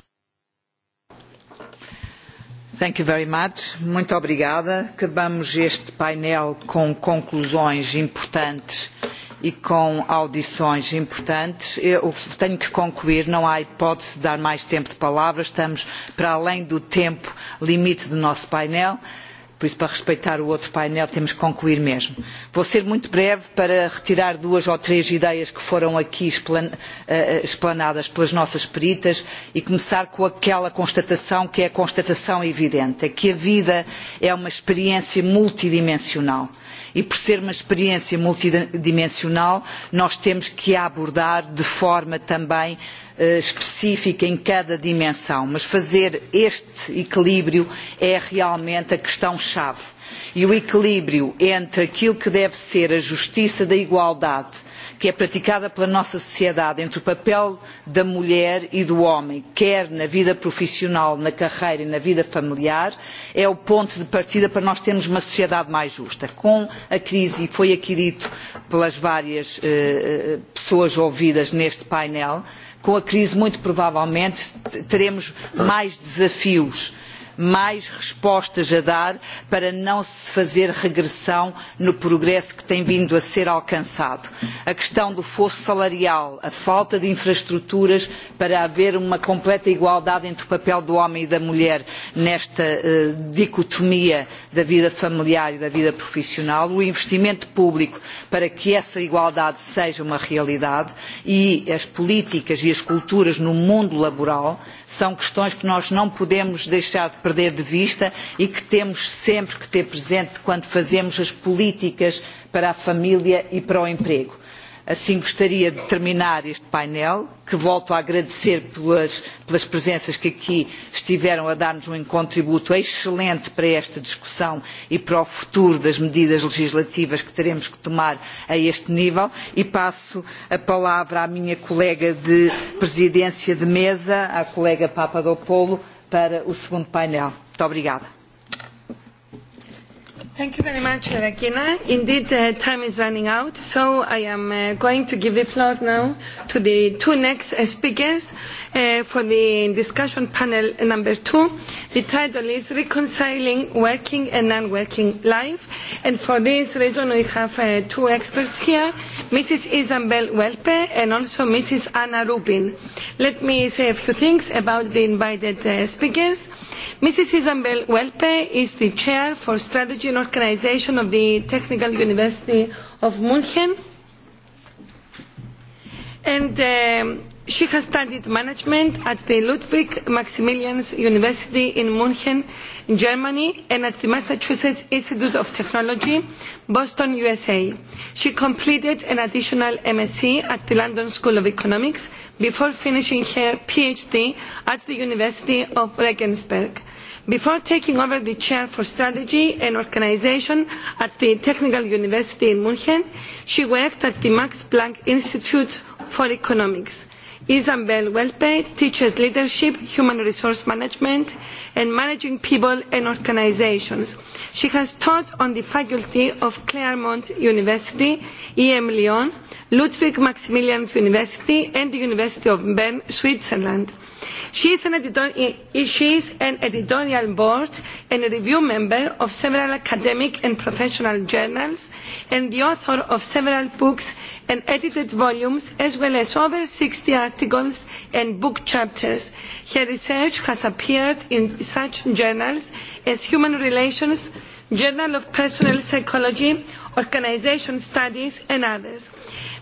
Thank you very much. Muito obrigada. Acabamos este painel com conclusões importantes e com audições importantes. Eu tenho que concluir, não há hipótese de dar mais tempo de palavra, estamos para além do tempo limite do nosso painel. Por isso, para respeitar o outro painel, temos que concluir mesmo. Vou ser muito breve para retirar duas ou três ideias que foram aqui explan eh, eh, explanadas pelas nossas peritas e começar com aquela constatação que é a constatação evidente, é que a vida é uma experiência multidimensional e por ser uma experiência multidimensional nós temos que a abordar de forma também Eh, específica em cada dimensão, mas fazer este equilíbrio é realmente a questão-chave. E o equilíbrio entre aquilo que deve ser a justiça da igualdade que é praticada pela nossa sociedade entre o papel da mulher e do homem quer na vida profissional na carreira e na vida familiar é o ponto de partida para nós termos uma sociedade mais justa. com a crise e foi aqui dito pelas várias eh, eh pessoas ouvidas neste painel com a crise muito provavelmente teremos mais desafios mais respostas a dar para não se fazer regressão no progresso que tem vindo a ser alcançado. A questão do fosso salarial, a falta de infraestruturas para haver uma completa igualdade entre o papel do homem e da mulher nesta eh, dicotomia da vida familiar e da vida profissional, o investimento público para que essa igualdade seja uma realidade e as políticas e as culturas no mundo laboral são questões que nós não podemos deixar de perder de vista e que temos sempre que ter presente quando fazemos as políticas para a família e para o emprego Assim gostaria de terminar este painel, que volto a agradecer pelas, pelas presenças que aqui estiveram a dar-nos um contributo excelente para esta discussão e para o futuro das medidas legislativas que teremos que tomar a este nível e passo a palavra à minha colega de presidência de mesa, à colega Papadopoulou, para o segundo painel. Muito obrigada. Thank you very much, Rakina. Indeed, uh, time is running out, so I am uh, going to give the floor now to the two next uh, speakers uh, for the discussion panel number two. The title is Reconciling Working and Non-Working Life, and for this reason we have uh, two experts here, Mrs. Isabel Welpe and also Mrs. Anna Rubin. Let me say a few things about the invited uh, speakers. Mrs. Isabel Welpe is the Chair for Strategy and Organization of the Technical University of Munchen. And um, she has studied management at the ludwig maximilian university in munchen in germany and at the massachusetts institute of technology boston usa. she completed an additional msc at the london school of economics before finishing her phd at the university of regensburg. before taking over the chair for strategy and organisation at the technical university in munchen she worked at the max planck institute for economics isabel welpe teaches leadership human resource management and managing people and organisations. she has taught on the faculty of claremont university em lyon ludwig maximilian university and the university of bern switzerland. She is, an she is an editorial board and a review member of several academic and professional journals and the author of several books and edited volumes as well as over 60 articles and book chapters. Her research has appeared in such journals as Human Relations, Journal of Personal Psychology, Organization Studies and others.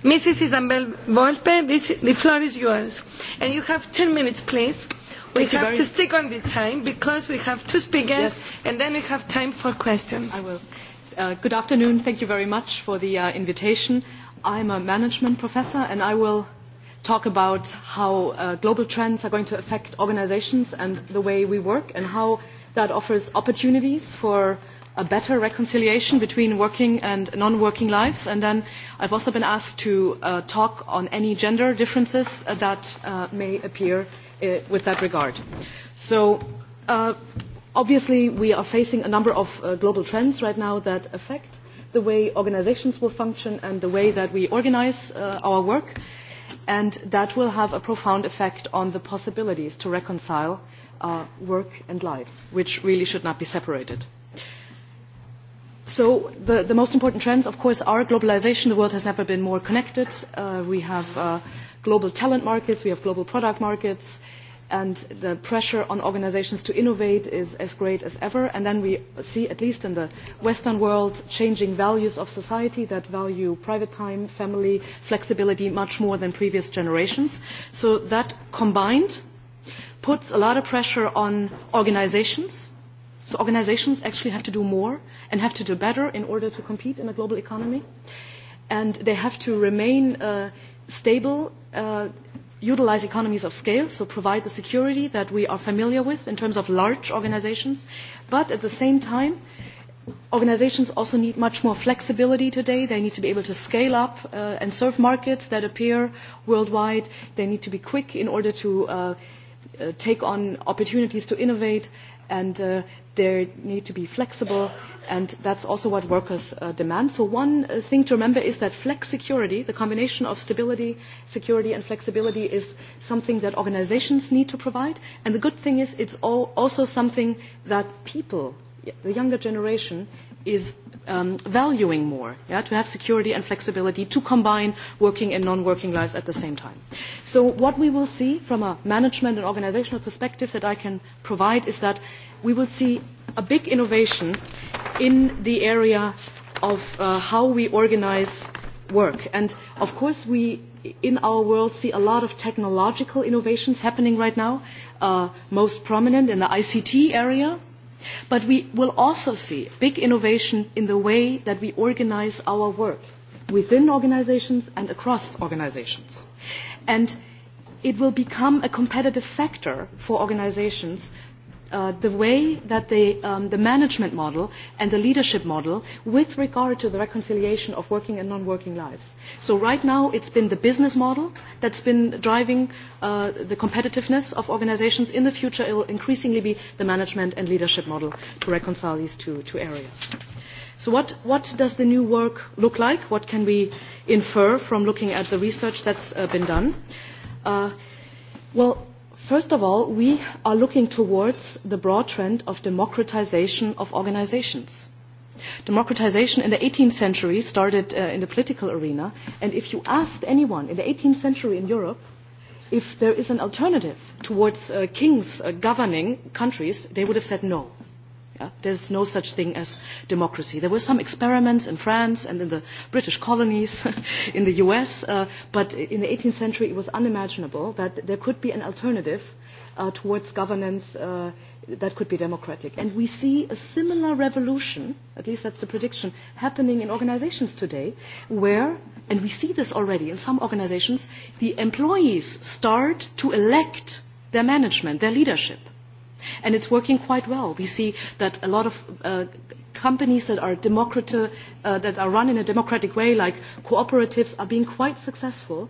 Mrs. Isabel Volpe, the floor is yours. And you have 10 minutes, please. We have to stick on the time because we have two speakers and then we have time for questions. Uh, good afternoon. Thank you very much for the uh, invitation. I am a management professor and I will talk about how uh, global trends are going to affect organisations and the way we work and how that offers opportunities for a better reconciliation between working and non-working lives. And then I've also been asked to uh, talk on any gender differences uh, that uh, may appear uh, with that regard. So uh, obviously we are facing a number of uh, global trends right now that affect the way organizations will function and the way that we organize uh, our work. And that will have a profound effect on the possibilities to reconcile uh, work and life, which really should not be separated. So the, the most important trends, of course, are globalization. The world has never been more connected. Uh, we have uh, global talent markets, we have global product markets, and the pressure on organizations to innovate is as great as ever. And then we see, at least in the Western world, changing values of society that value private time, family, flexibility much more than previous generations. So that combined puts a lot of pressure on organizations So organizations actually have to do more and have to do better in order to compete in a global economy. And they have to remain uh, stable, uh, utilize economies of scale, so provide the security that we are familiar with in terms of large organizations. But at the same time, organizations also need much more flexibility today. They need to be able to scale up uh, and serve markets that appear worldwide. They need to be quick in order to uh, uh, take on opportunities to innovate and uh, they need to be flexible, and that's also what workers uh, demand. So one uh, thing to remember is that flex security, the combination of stability, security, and flexibility is something that organizations need to provide. And the good thing is it's all also something that people, the younger generation, is um, valuing more, yeah, to have security and flexibility to combine working and non-working lives at the same time. So what we will see from a management and organizational perspective that I can provide is that we will see a big innovation in the area of uh, how we organize work. And of course we in our world see a lot of technological innovations happening right now, uh, most prominent in the ICT area, But we will also see big innovation in the way that we organize our work within organizations and across organizations. And it will become a competitive factor for organizations uh, the way that the, um, the management model and the leadership model with regard to the reconciliation of working and non-working lives. So right now it's been the business model that's been driving uh, the competitiveness of organizations. In the future it will increasingly be the management and leadership model to reconcile these two, two areas. So what, what does the new work look like? What can we infer from looking at the research that's uh, been done? Uh, well, First of all, we are looking towards the broad trend of democratization of organizations. Democratization in the 18th century started uh, in the political arena, and if you asked anyone in the 18th century in Europe if there is an alternative towards uh, kings uh, governing countries, they would have said no. Yeah? There's no such thing as democracy. There were some experiments in France and in the British colonies, [LAUGHS] in the US, uh, but in the 18th century it was unimaginable that there could be an alternative uh, towards governance uh, that could be democratic. And we see a similar revolution, at least that's the prediction, happening in organizations today, where, and we see this already in some organizations, the employees start to elect their management, their leadership And it's working quite well. We see that a lot of uh, companies that are, uh, that are run in a democratic way, like cooperatives, are being quite successful.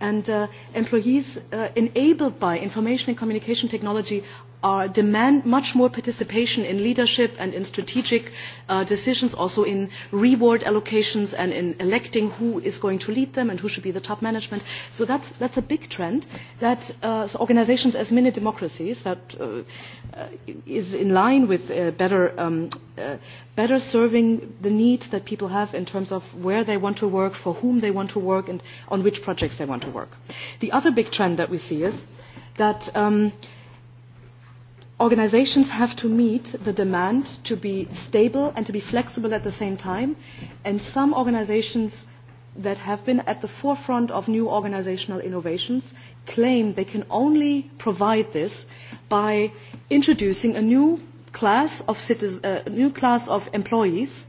And uh, employees uh, enabled by information and communication technology are uh, demand much more participation in leadership and in strategic uh, decisions, also in reward allocations and in electing who is going to lead them and who should be the top management. So that's, that's a big trend that uh, so organizations as mini democracies that uh, uh, is in line with uh, better, um, uh, better serving the needs that people have in terms of where they want to work, for whom they want to work, and on which projects they want to work. The other big trend that we see is that um, organizations have to meet the demand to be stable and to be flexible at the same time. And some organizations that have been at the forefront of new organizational innovations claim they can only provide this by introducing a new class of, citizens, uh, a new class of employees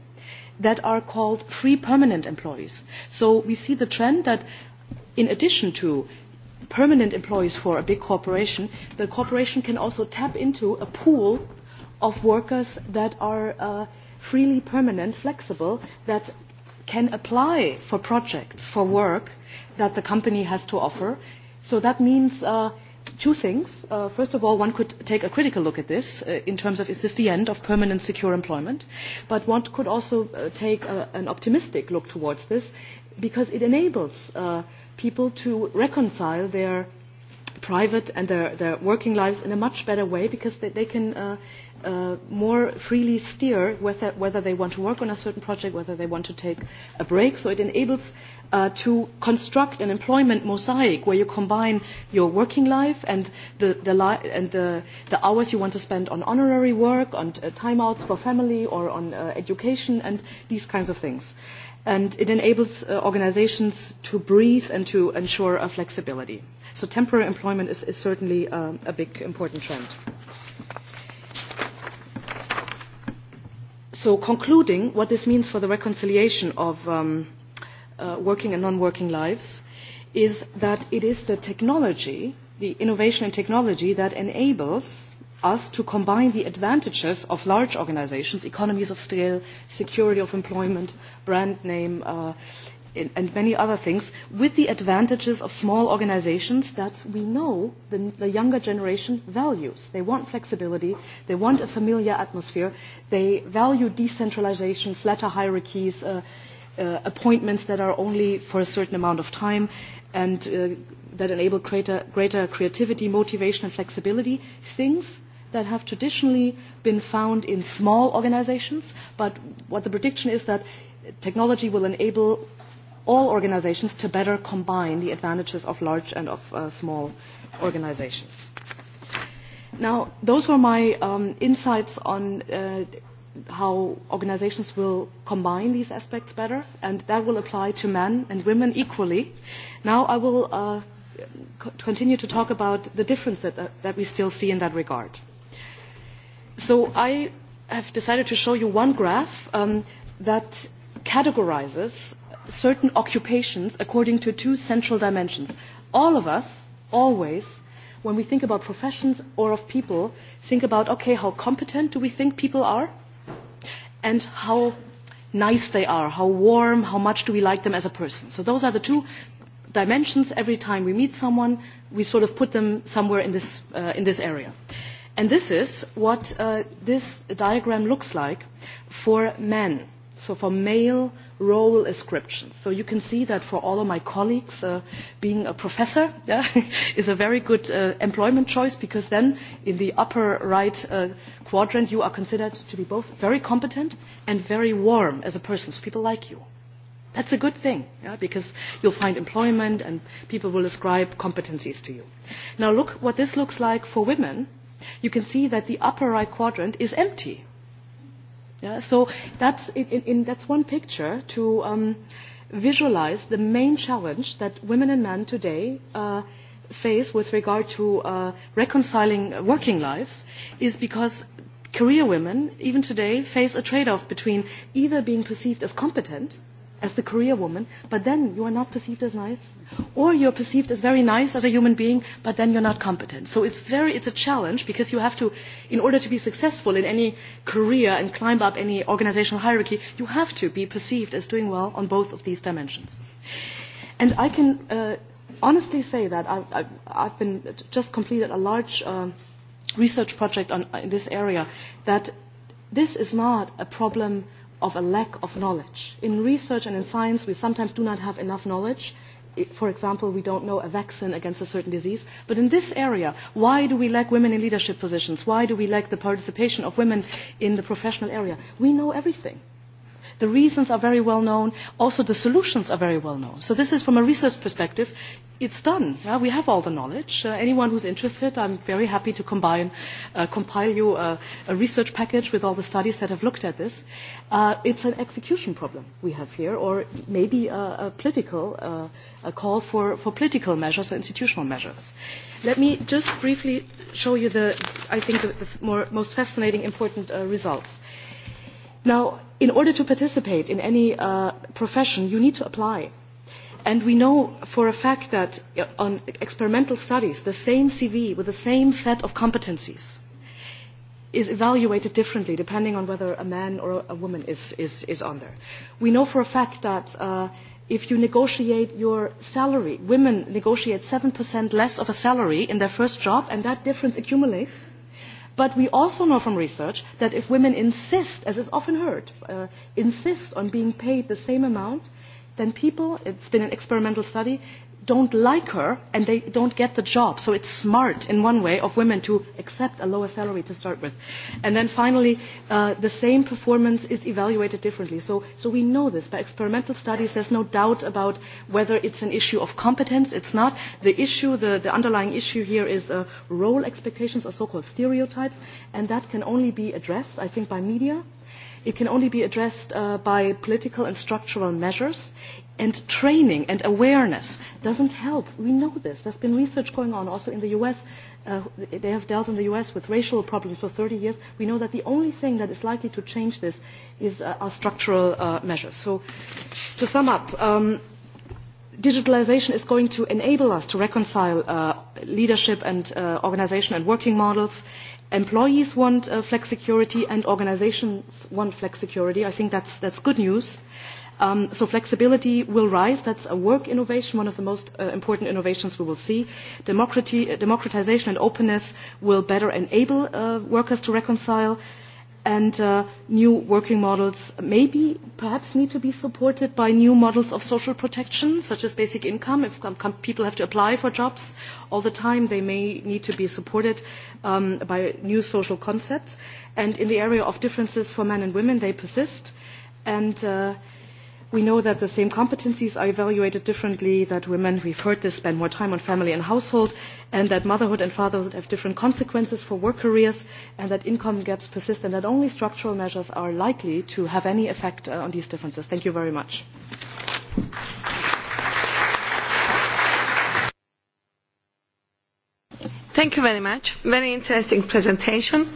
that are called free permanent employees. So we see the trend that in addition to permanent employees for a big corporation, the corporation can also tap into a pool of workers that are uh, freely permanent, flexible, that can apply for projects, for work that the company has to offer. So that means uh, two things. Uh, first of all, one could take a critical look at this uh, in terms of is this the end of permanent secure employment? But one could also uh, take a, uh, an optimistic look towards this because it enables uh, people to reconcile their private and their, their working lives in a much better way because they, they can uh, uh, more freely steer whether, whether they want to work on a certain project, whether they want to take a break. So it enables uh, to construct an employment mosaic where you combine your working life and the, the, li- and the, the hours you want to spend on honorary work, on uh, timeouts for family or on uh, education and these kinds of things. Uh, and it enables uh, organizations to breathe and to ensure a uh, flexibility. So temporary employment is, is certainly uh, a big important trend. So concluding what this means for the reconciliation of um, uh, working and non-working lives is that it is the technology, the innovation in technology that enables us to combine the advantages of large organizations, economies of scale, security of employment, brand name, uh, and many other things, with the advantages of small organizations that we know the, the younger generation values. They want flexibility, they want a familiar atmosphere, they value decentralization, flatter hierarchies, uh, uh, appointments that are only for a certain amount of time, and uh, that enable greater, greater creativity, motivation, and flexibility, things that have traditionally been found in small organizations, but what the prediction is that technology will enable all organizations to better combine the advantages of large and of uh, small organizations. Now, those were my um, insights on uh, how organizations will combine these aspects better, and that will apply to men and women equally. Now I will uh, continue to talk about the difference that, uh, that we still see in that regard. So I have decided to show you one graph um, that categorizes certain occupations according to two central dimensions. All of us, always, when we think about professions or of people, think about, okay, how competent do we think people are? And how nice they are, how warm, how much do we like them as a person. So those are the two dimensions. Every time we meet someone, we sort of put them somewhere in this, uh, in this area. Uh, And this is what uh, this diagram looks like for men, so for male role descriptions. So you can see that for all of my colleagues, uh, being a professor [LAUGHS] yeah, is a very good uh, employment choice because then in the upper right uh, quadrant you are considered to be both very competent and very warm as a person, so people like you. That's a good thing, yeah, because you'll find employment and people will ascribe competencies to you. Now look what this looks like for women you can see that the upper right quadrant is empty. Yeah, so that's, in, in, that's one picture to um, visualize the main challenge that women and men today uh, face with regard to uh, reconciling working lives is because career women, even today, face a trade-off between either being perceived as competent – as the career woman, but then you are not perceived as nice, or you're perceived as very nice as a human being, but then you're not competent. So it's very, it's a challenge because you have to, in order to be successful in any career and climb up any organizational hierarchy, you have to be perceived as doing well on both of these dimensions. And I can uh, honestly say that I've, I've, I've been just completed a large uh, research project on in this area that this is not a problem of a lack of knowledge. In research and in science, we sometimes do not have enough knowledge. For example, we don't know a vaccine against a certain disease. But in this area, why do we lack women in leadership positions? Why do we lack the participation of women in the professional area? We know everything. The reasons are very well known. Also, the solutions are very well known. So this is from a research perspective. It's done. Yeah? We have all the knowledge. Uh, anyone who's interested, I'm very happy to combine, uh, compile you a, a research package with all the studies that have looked at this. Uh, it's an execution problem we have here, or maybe a, a political uh, a call for, for political measures or institutional measures. Let me just briefly show you the, I think, the, the more, most fascinating, important uh, results. Now, in order to participate in any uh, profession, you need to apply. And we know for a fact that uh, on experimental studies, the same CV with the same set of competencies is evaluated differently depending on whether a man or a woman is, is, is on there. We know for a fact that uh, if you negotiate your salary, women negotiate 7% less of a salary in their first job, and that difference accumulates But we also know from research that if women insist, as is often heard, uh, insist on being paid the same amount, then people, it's been an experimental study, don't like her and they don't get the job. So it's smart in one way of women to accept a lower salary to start with. And then finally, uh, the same performance is evaluated differently. So, so we know this by experimental studies. There's no doubt about whether it's an issue of competence. It's not. The issue, the, the underlying issue here is uh, role expectations or so-called stereotypes. And that can only be addressed, I think, by media It can only be addressed uh, by political and structural measures and training and awareness doesn't help. We know this. There's been research going on also in the US. Uh, they have dealt in the US with racial problems for 30 years. We know that the only thing that is likely to change this is uh, our structural uh, measures. So to sum up, um, digitalization is going to enable us to reconcile uh, leadership and uh, organization and working models. Uh, employees want uh, security and organizations want flex security. I think that's, that's good news. Um, so flexibility will rise. That's a work innovation, one of the most uh, important innovations we will see. Democracy, democratization and openness will better enable uh, workers to reconcile and uh, new working models maybe perhaps need to be supported by new models of social protection such as basic income if com- com- people have to apply for jobs all the time they may need to be supported um, by new social concepts and in the area of differences for men and women they persist and uh, We know that the same competencies are evaluated differently, that women, we've heard this, spend more time on family and household, and that motherhood and fatherhood have different consequences for work careers, and that income gaps persist, and that only structural measures are likely to have any effect uh, on these differences. Thank you very much. Thank you very much. Very interesting presentation.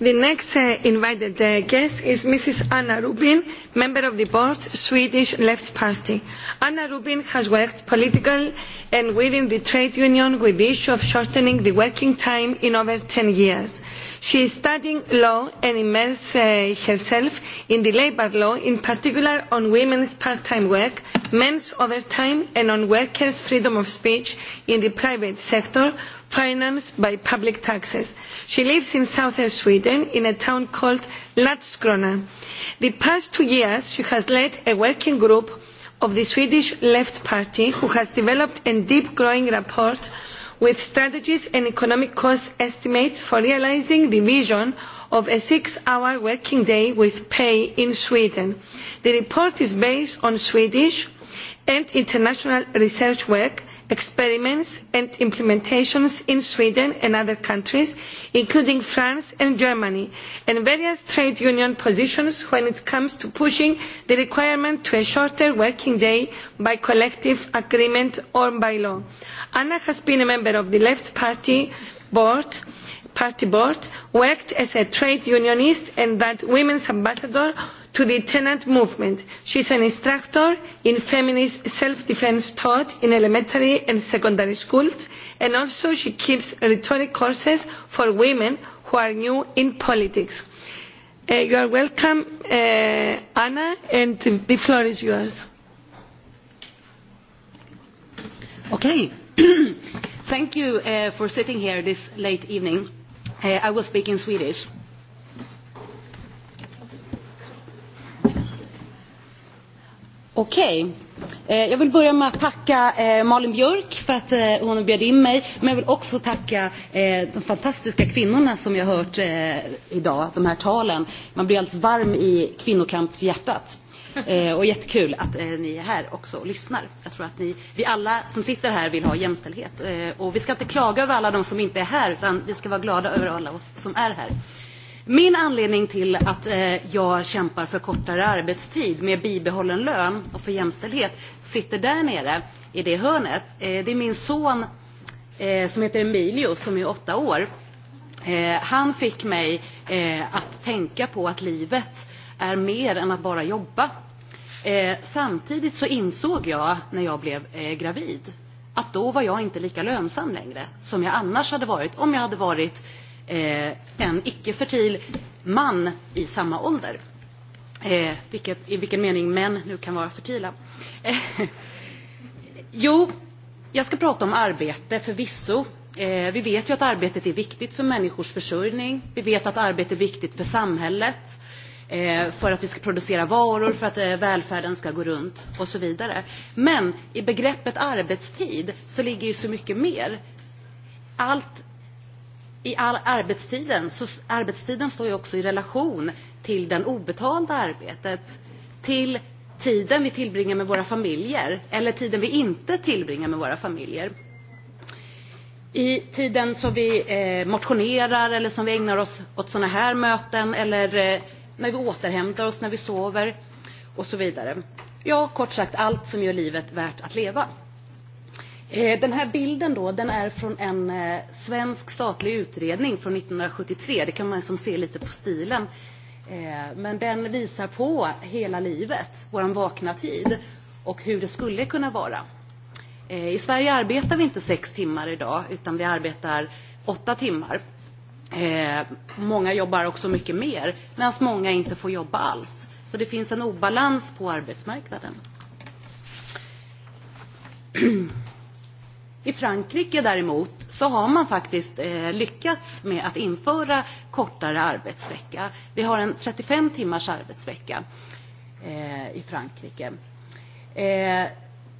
The next uh, invited uh, guest is Mrs. Anna Rubin, member of the board, Swedish Left Party. Anna Rubin has worked political and within the trade union with the issue of shortening the working time in over 10 years. She is studying law and immerses uh, herself in the labour law, in particular on women's part-time work, men's overtime and on workers' freedom of speech in the private sector, financed by public taxes. She lives in southern Sweden in a town called Latskrona. The past two years she has led a working group of the Swedish Left Party who has developed a deep growing rapport with strategies and economic cost estimates for realising the vision of a six hour working day with pay in Sweden. The report is based on Swedish and international research work experiments and implementations in sweden and other countries including france and germany and various trade union positions when it comes to pushing the requirement for a shorter working day by collective agreement or by law. anna has been a member of the left party board party board worked as a trade unionist and that women's ambassador to the tenant movement. She is an instructor in feminist self-defense taught in elementary and secondary schools, and also she keeps rhetoric courses for women who are new in politics. Uh, you are welcome, uh, Anna, and the floor is yours. Okay. [CLEARS THROAT] Thank you uh, for sitting here this late evening. Uh, I will speak in Swedish. Okej. Okay. Eh, jag vill börja med att tacka eh, Malin Björk för att eh, hon bjöd in mig. Men jag vill också tacka de fantastiska kvinnorna som jag hört idag, de här talen. Man blir alldeles varm i kvinnokampshjärtat. Och jättekul att ni är här också och lyssnar. Jag tror att ni, vi alla som sitter här vill ha jämställdhet. Och vi ska inte klaga över alla de som inte är här, utan vi ska vara glada över alla oss som är här. Min anledning till att eh, jag kämpar för kortare arbetstid med bibehållen lön och för jämställdhet sitter där nere i det hörnet. Eh, det är min son eh, som heter Emilio som är åtta år. Eh, han fick mig eh, att tänka på att livet är mer än att bara jobba. Eh, samtidigt så insåg jag när jag blev eh, gravid att då var jag inte lika lönsam längre som jag annars hade varit om jag hade varit eh, en icke-fertil man i samma ålder. Eh, vilket, I vilken mening män nu kan vara fertila. Eh, [LAUGHS] jo, jag ska prata om arbete förvisso. Eh, vi vet ju att arbetet är viktigt för människors försörjning. Vi vet att arbete är viktigt för samhället, eh, för att vi ska producera varor, för att eh, välfärden ska gå runt och så vidare. Men i begreppet arbetstid så ligger ju så mycket mer. Allt i arbetstiden, så arbetstiden står ju också i relation till det obetalda arbetet, till tiden vi tillbringar med våra familjer eller tiden vi inte tillbringar med våra familjer. I tiden som vi eh, motionerar eller som vi ägnar oss åt sådana här möten eller eh, när vi återhämtar oss när vi sover och så vidare. Ja, kort sagt allt som gör livet värt att leva. Eh, den här bilden då, den är från en eh, svensk statlig utredning från 1973. Det kan man som se lite på stilen. Eh, men den visar på hela livet, vår vakna tid och hur det skulle kunna vara. I Sverige arbetar vi inte sex timmar idag, utan vi arbetar åtta timmar. många jobbar också mycket mer, medan många inte får jobba alls. Så det finns en obalans på arbetsmarknaden. [CLEARS THROAT] I Frankrike däremot så har man faktiskt eh, lyckats med att införa kortare arbetsvecka. Vi har en 35 timmars arbetsvecka eh, i Frankrike. Eh,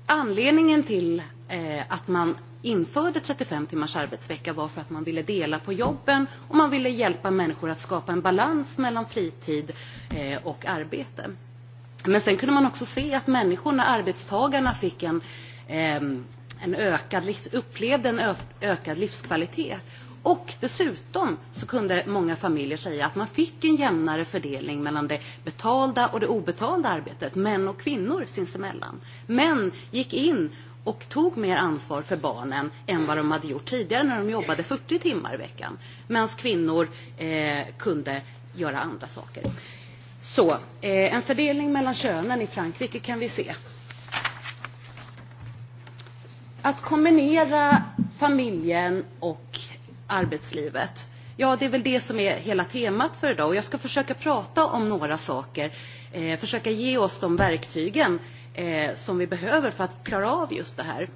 anledningen till eh, att man införde 35 timmars arbetsvecka var för att man ville dela på jobben och man ville hjälpa människor att skapa en balans mellan fritid eh, och arbete. Men sen kunde man också se att människorna, arbetstagarna, fick en eh, en ökad, upplevde en ökad livskvalitet. Och dessutom så kunde många familjer säga att man fick en jämnare fördelning mellan det betalda och det obetalda arbetet, män och kvinnor sinsemellan. Män gick in och tog mer ansvar för barnen än vad de hade gjort tidigare när de jobbade 40 timmar i veckan. Medan kvinnor eh, kunde göra andra saker. Så, eh, en fördelning mellan könen i Frankrike kan vi se. Att kombinera familjen och arbetslivet. Ja, det är väl det som är hela temat för idag. Och jag ska försöka prata om några saker, eh, försöka ge oss de verktygen eh, som vi behöver för att klara av just det här.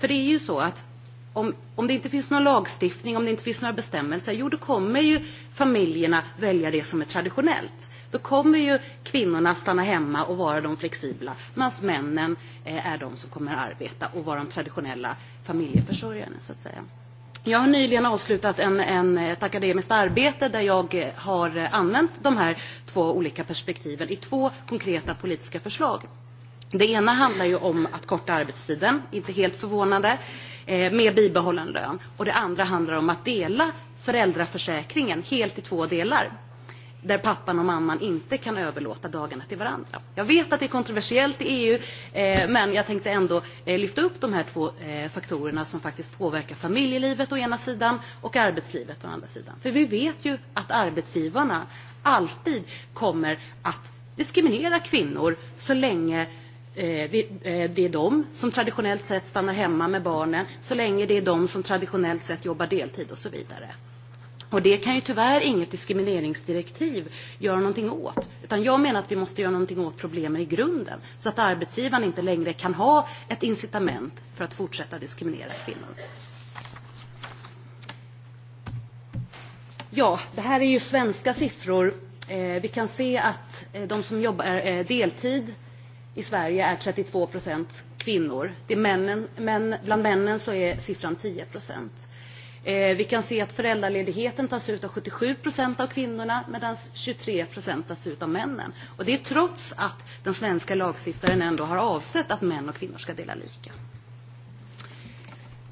För det är ju så att om, om det inte finns någon lagstiftning, om det inte finns några bestämmelser, jo då kommer ju familjerna välja det som är traditionellt. Då kommer ju kvinnorna stanna hemma och vara de flexibla, medan männen eh, är de som kommer att arbeta och vara de traditionella familjeförsörjarna, så att säga. Jag har nyligen avslutat en, en, ett akademiskt arbete där jag eh, har använt de här två olika perspektiven i två konkreta politiska förslag. Det ena handlar ju om att korta arbetstiden, inte helt förvånande, eh, med bibehållen lön. Och det andra handlar om att dela föräldraförsäkringen helt i två delar där pappan och mamman inte kan överlåta dagarna till varandra. Jag vet att det är kontroversiellt i EU, eh, men jag tänkte ändå eh, lyfta upp de här två eh, faktorerna som faktiskt påverkar familjelivet å ena sidan och arbetslivet å andra sidan. För vi vet ju att arbetsgivarna alltid kommer att diskriminera kvinnor så länge eh, eh, det är de som traditionellt sett stannar hemma med barnen, så länge det är de som traditionellt sett jobbar deltid och så vidare. Och det kan ju tyvärr inget diskrimineringsdirektiv göra någonting åt. Utan jag menar att vi måste göra någonting åt problemen i grunden. Så att arbetsgivaren inte längre kan ha ett incitament för att fortsätta diskriminera kvinnor. Ja, det här är ju svenska siffror. Eh, vi kan se att eh, de som jobbar eh, deltid i Sverige är 32 procent kvinnor. Det är männen, men bland männen så är siffran 10 procent. Eh, Eh, vi kan se att föräldraledigheten tas ut av 77 procent av kvinnorna medan 23 procent tas ut av männen. Och det är trots att den svenska lagstiftaren ändå har avsett att män och kvinnor ska dela lika.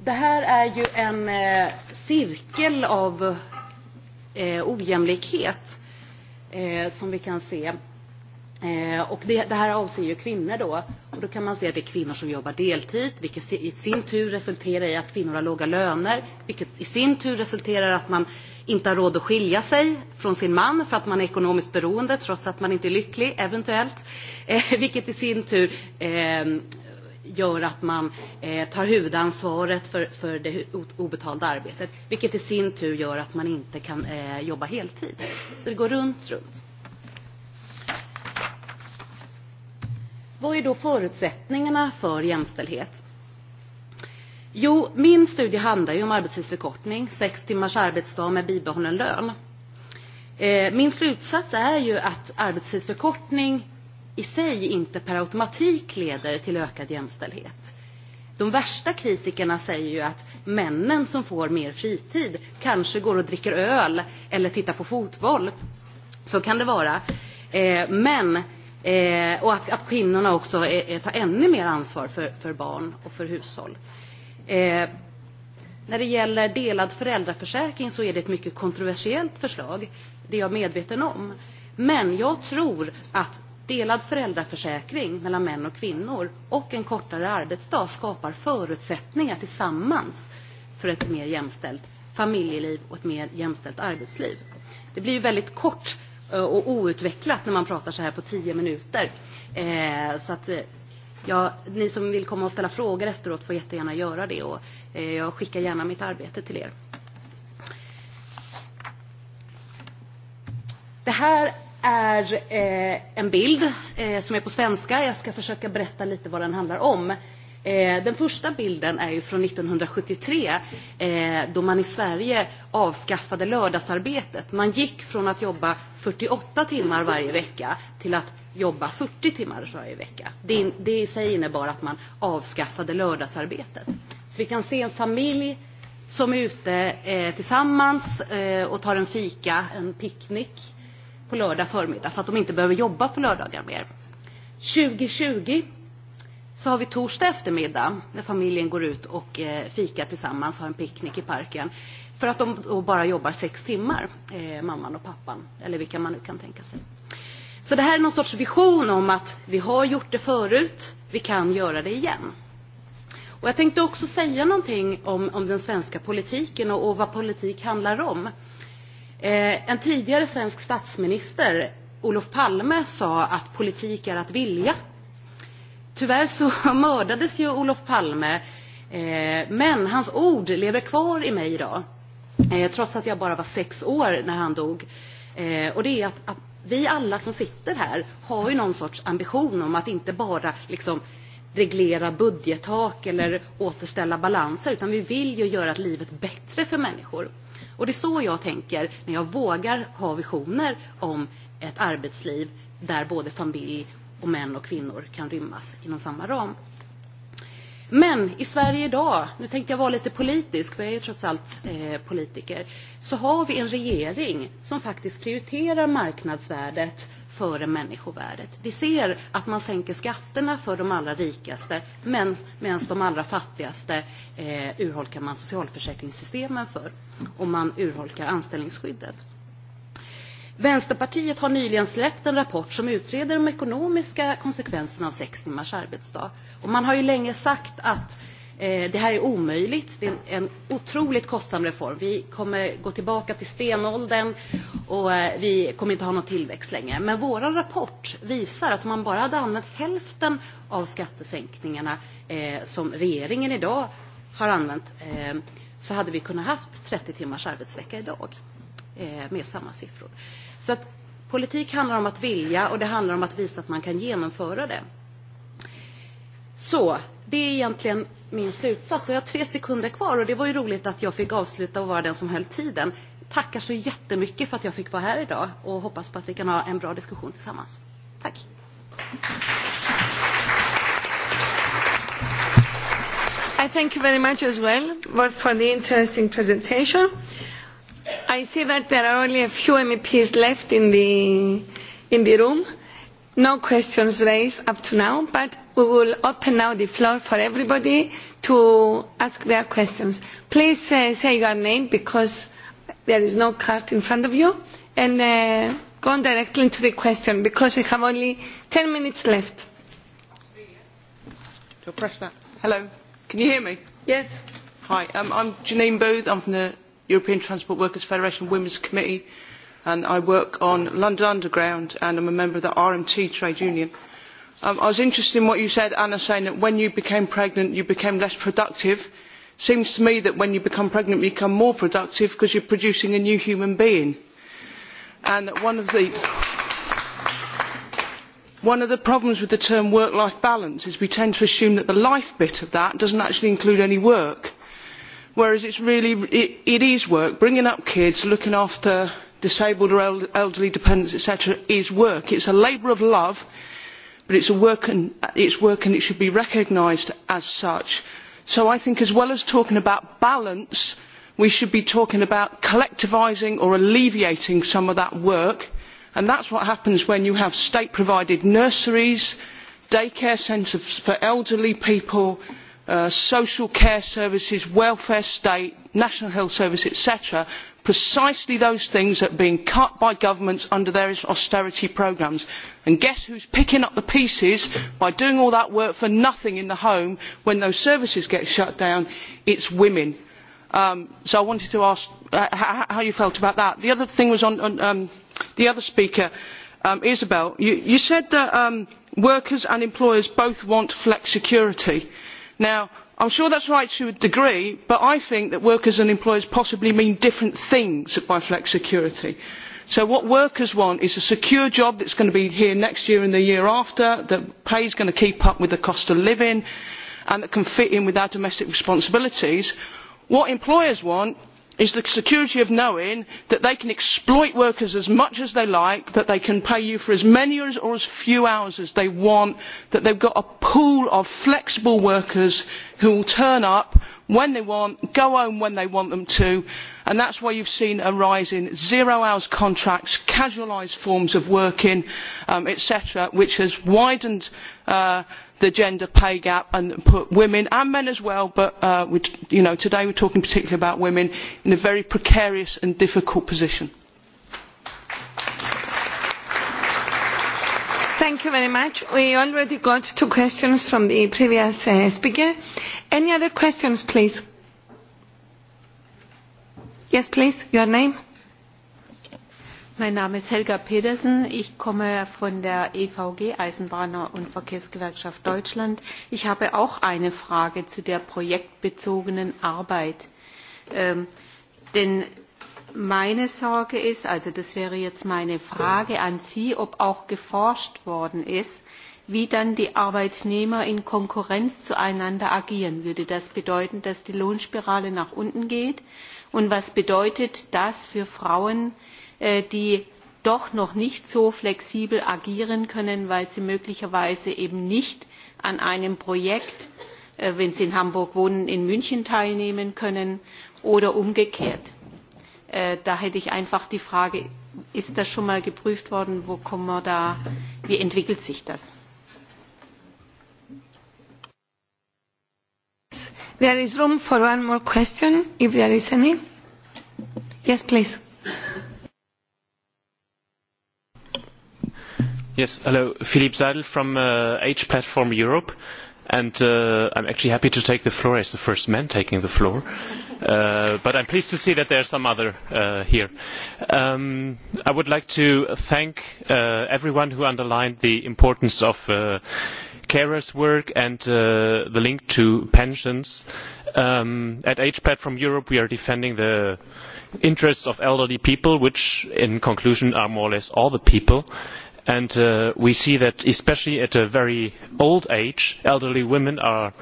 Det här är ju en eh, cirkel av eh, ojämlikhet som vi kan se. Eh, och det, det här avser ju kvinnor då. Och då kan man se att det är kvinnor som jobbar deltid, vilket i sin tur resulterar i att kvinnor har låga löner, vilket i sin tur resulterar i att man inte har råd att skilja sig från sin man för att man är ekonomiskt beroende trots att man inte är lycklig, eventuellt. Eh, [LAUGHS] vilket i sin tur eh, gör att man eh, tar huvudansvaret för, för det obetalda arbetet, vilket i sin tur gör att man inte kan eh, jobba heltid. Så det går runt, runt. Vad är då förutsättningarna för jämställdhet? Jo, min studie handlar ju om arbetstidsförkortning, sex timmars arbetsdag med bibehållen lön. Eh, min slutsats är ju att arbetstidsförkortning i sig inte per automatik leder till ökad jämställdhet. De värsta kritikerna säger ju att männen som får mer fritid kanske går och dricker öl eller tittar på fotboll. Så kan det vara. Eh, men Eh, och att, att kvinnorna också är, tar ännu mer ansvar för, för barn och för hushåll. Eh, när det gäller delad föräldraförsäkring så är det ett mycket kontroversiellt förslag. Det är jag medveten om. Men jag tror att delad föräldraförsäkring mellan män och kvinnor och en kortare arbetsdag skapar förutsättningar tillsammans för ett mer jämställt familjeliv och ett mer jämställt arbetsliv. Det blir väldigt kort Eh, och outvecklat när man pratar så här på tio minuter. Eh, så att, eh, ja, ni som vill komma och ställa frågor efteråt får jättegärna göra det och eh, jag skickar gärna mitt arbete till er. Det här är eh, en bild eh, som är på svenska. Jag ska försöka berätta lite vad den handlar om. Eh, den första bilden är ju från 1973 eh, då man i Sverige avskaffade lördagsarbetet. Man gick från att jobba 48 timmar varje vecka till att jobba 40 timmar varje vecka. Det, det i sig innebar att man avskaffade lördagsarbetet. Så vi kan se en familj som är ute eh, tillsammans eh, och tar en fika, en picknick på lördag förmiddag för att de inte behöver jobba på lördagar mer. 2020 så har vi torsdag eftermiddag när familjen går ut och eh, fikar tillsammans, har en picknick i parken. För att de då bara jobbar sex timmar, eh, mamman och pappan, eller vilka man nu kan tänka sig. Så det här är någon sorts vision om att vi har gjort det förut, vi kan göra det igen. Och jag tänkte också säga någonting om, om den svenska politiken och, och vad politik handlar om. Eh, en tidigare svensk statsminister, Olof Palme, sa att politik är att vilja. Tyvärr så [LAUGHS] mördades ju Olof Palme, eh, men hans ord lever kvar i mig idag, eh, trots att jag bara var sex år när han dog. Eh, och det är att, att vi alla som sitter här har ju någon sorts ambition om att inte bara liksom reglera budgettak eller återställa balanser, utan vi vill ju göra att livet bättre för människor. Och det är så jag tänker när jag vågar ha visioner om ett arbetsliv där både familj och män och kvinnor kan rymmas inom samma ram. Men i Sverige idag, nu tänkte jag vara lite politisk, för jag är ju trots allt eh, politiker, så har vi en regering som faktiskt prioriterar marknadsvärdet före människovärdet. Vi ser att man sänker skatterna för de allra rikaste men, medan de allra fattigaste eh, urholkar man socialförsäkringssystemen för och man urholkar anställningsskyddet. Vänsterpartiet har nyligen släppt en rapport som utreder de ekonomiska konsekvenserna av sex timmars arbetsdag. Och man har ju länge sagt att eh, det här är omöjligt. Det är en otroligt kostsam reform. Vi kommer gå tillbaka till stenåldern och eh, vi kommer inte ha någon tillväxt längre. Men vår rapport visar att om man bara hade använt hälften av skattesänkningarna eh, som regeringen idag har använt eh, så hade vi kunnat haft 30 timmars arbetsvecka idag eh, med samma siffror. Så att politik handlar om att vilja och det handlar om att visa att man kan genomföra det. Så, det är egentligen min slutsats. Och jag har tre sekunder kvar och det var ju roligt att jag fick avsluta och vara den som höll tiden. Tackar så jättemycket för att jag fick vara här idag och hoppas på att vi kan ha en bra diskussion tillsammans. Tack! I thank you very much as well for the interesting presentation. I see that there are only a few MEPs left in the, in the room. No questions raised up to now, but we will open now the floor for everybody to ask their questions. Please uh, say your name because there is no card in front of you and uh, go on directly to the question because we have only 10 minutes left. To press that. Hello, can you hear me? Yes. Hi, um, I'm Janine Booth. I'm from the European Transport Workers Federation Women's Committee and I work on London Underground and I'm a member of the RMT trade union. Um, I was interested in what you said, Anna, saying that when you became pregnant you became less productive. Seems to me that when you become pregnant you become more productive because you're producing a new human being. And that one of the one of the problems with the term work life balance is we tend to assume that the life bit of that doesn't actually include any work whereas it, is work. Bringing up kids, looking after disabled or elderly dependents, etc., is work. it is a labour of love, but it is work and it should be recognised as such. So I think as well as talking about balance, we should be talking about collectivising or alleviating some of that work and that is what happens when you have state provided nurseries day care centres for elderly people Uh, social care services welfare state national health service etc precisely those things that are being cut by governments under their austerity programmes and guess who is picking up the pieces by doing all that work for nothing in the home when those services get shut down? it is women. Um, so i wanted to ask uh, how you felt about that. the other thing was on, on um, the other speaker um, isabel you, you said that um, workers and employers both want flexicurity. security now i am sure that is right to a degree but i think that workers and employers possibly mean different things by flexicurity. so what workers want is a secure job that is going to be here next year and the year after that pay is going to keep up with the cost of living and that can fit in with our domestic responsibilities. what employers want is the security of knowing that they can exploit workers as much as they like that they can pay you for as many or as few hours as they want that they have got a pool of flexible workers who will turn up when they want go home when they want them to and that is why you have seen a rise in zero hours contracts casualised forms of working um, etc which has widened uh, the gender pay gap and put women and men as well but uh, you know, today we're talking particularly about women in a very precarious and difficult position. Thank you very much. We already got two questions from the previous uh, speaker. Any other questions, please? Yes, please, your name. Mein Name ist Helga Pedersen. Ich komme von der EVG Eisenbahner und Verkehrsgewerkschaft Deutschland. Ich habe auch eine Frage zu der projektbezogenen Arbeit. Ähm, denn meine Sorge ist, also das wäre jetzt meine Frage an Sie, ob auch geforscht worden ist, wie dann die Arbeitnehmer in Konkurrenz zueinander agieren. Würde das bedeuten, dass die Lohnspirale nach unten geht? Und was bedeutet das für Frauen, Äh, die doch noch nicht so flexibel agieren können weil sie möglicherweise eben nicht an einem projekt äh, wenn sie in hamburg wohnen in münchen teilnehmen können oder umgekehrt. Äh, da hätte ich einfach die frage ist das schon mal geprüft worden wo kommen wir da wie entwickelt sich das? There is room for one more question, if there is any. Yes, please. Yes, hello. Philippe Seidel from uh, H Platform Europe. And uh, I'm actually happy to take the floor as the first man taking the floor. Uh, but I'm pleased to see that there are some other uh, here. Um, I would like to thank uh, everyone who underlined the importance of uh, carers' work and uh, the link to pensions. Um, at HPAD from Europe, we are defending the interests of elderly people, which in conclusion are more or less all the people and uh, we see that especially at a very old age elderly women are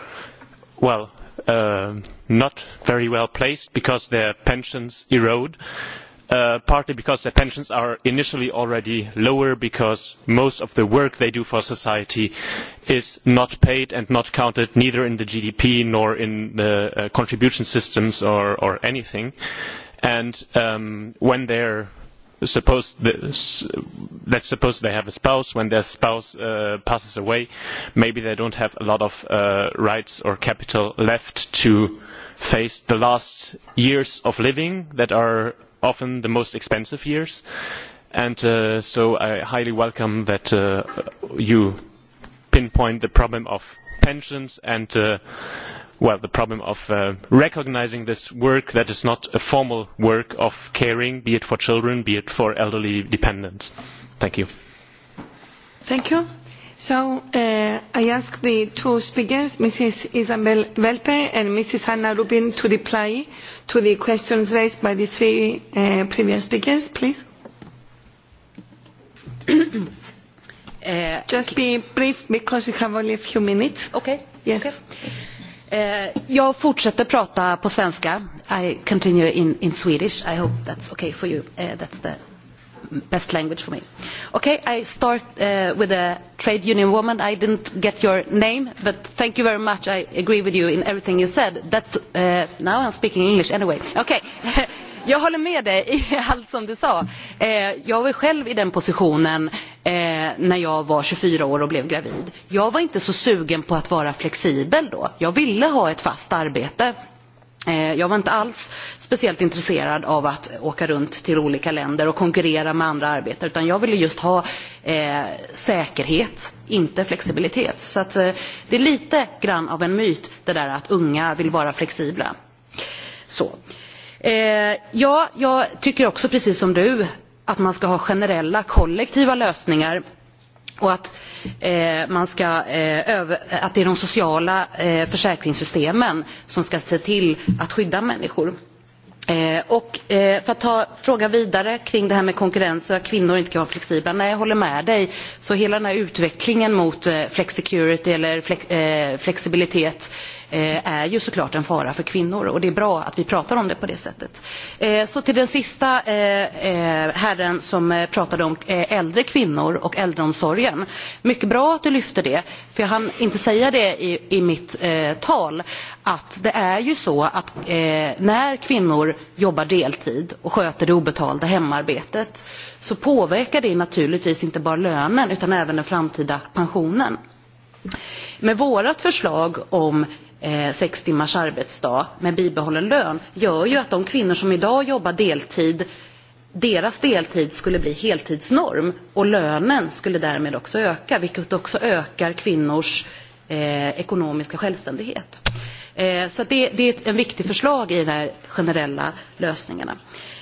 uh, not very well placed because their pensions erode uh, partly because their pensions are initially already lower because most of the work they do for society is not paid and not counted neither in the gdp nor in the contribution systems or, or anything and um, when they are suppose let's suppose they have a spouse when their spouse uh, passes away maybe they don't have a lot of uh, rights or capital left to face the last years of living that are often the most expensive years and uh, so i highly welcome that you pinpoint the problem of pensions and well, the problem of uh, recognizing this work that is not a formal work of caring, be it for children, be it for elderly dependents. Thank you. Thank you. So uh, I ask the two speakers, Mrs. Isabel Velpe and Mrs. Anna Rubin, to reply to the questions raised by the three uh, previous speakers, please. [COUGHS] uh, Just be brief because we have only a few minutes. Okay. Yes. Okay Eh, jag fortsätter prata på svenska. I continue in, in Swedish. I hope that's okay for you. Uh, that's the best language for me. Okay, I start uh, with a trade union woman. I didn't get your name, but thank you very much. I agree with you in everything you said. That's uh, now I'm speaking English anyway. Okay. [LAUGHS] jag håller med dig i [LAUGHS] allt som du sa. Eh, jag var själv i den positionen eh, när jag var 24 år och blev gravid. Jag var inte så sugen på att vara flexibel då. Jag ville ha ett fast arbete. Eh, jag var inte alls speciellt intresserad av att åka runt till olika länder och konkurrera med andra arbetare utan jag ville just ha eh, säkerhet, inte flexibilitet. Så att, eh, det är lite grann av en myt det där att unga vill vara flexibla. Så. Eh, Eh, ja, jag tycker också precis som du att man ska ha generella kollektiva lösningar och att, eh, man ska, eh, över, att det är de sociala eh, försäkringssystemen som ska se till att skydda människor. Eh, och, eh, för att ta frågan vidare kring det här med konkurrens och att kvinnor inte kan vara flexibla. Nej, jag håller med dig. Så hela den här utvecklingen mot eh, flexicurity eller flex, eh, flexibilitet Eh, är ju såklart en fara för kvinnor och det är bra att vi pratar om det på det sättet. Eh, så till den sista eh, herren som pratade om äldre kvinnor och äldreomsorgen. Mycket bra att du lyfter det, för jag hann inte säga det i, i mitt tal att det är ju så att när kvinnor jobbar deltid och sköter det obetalda hemarbetet så påverkar det naturligtvis inte bara lönen utan även den framtida pensionen. Med vårt förslag om eh, sex timmars arbetsdag med bibehållen lön gör ju att de kvinnor som idag jobbar deltid deras deltid skulle bli heltidsnorm och lönen skulle därmed också öka vilket också ökar kvinnors eh, ekonomiska självständighet. Eh, så det, det är ett en viktigt förslag i de här generella lösningarna.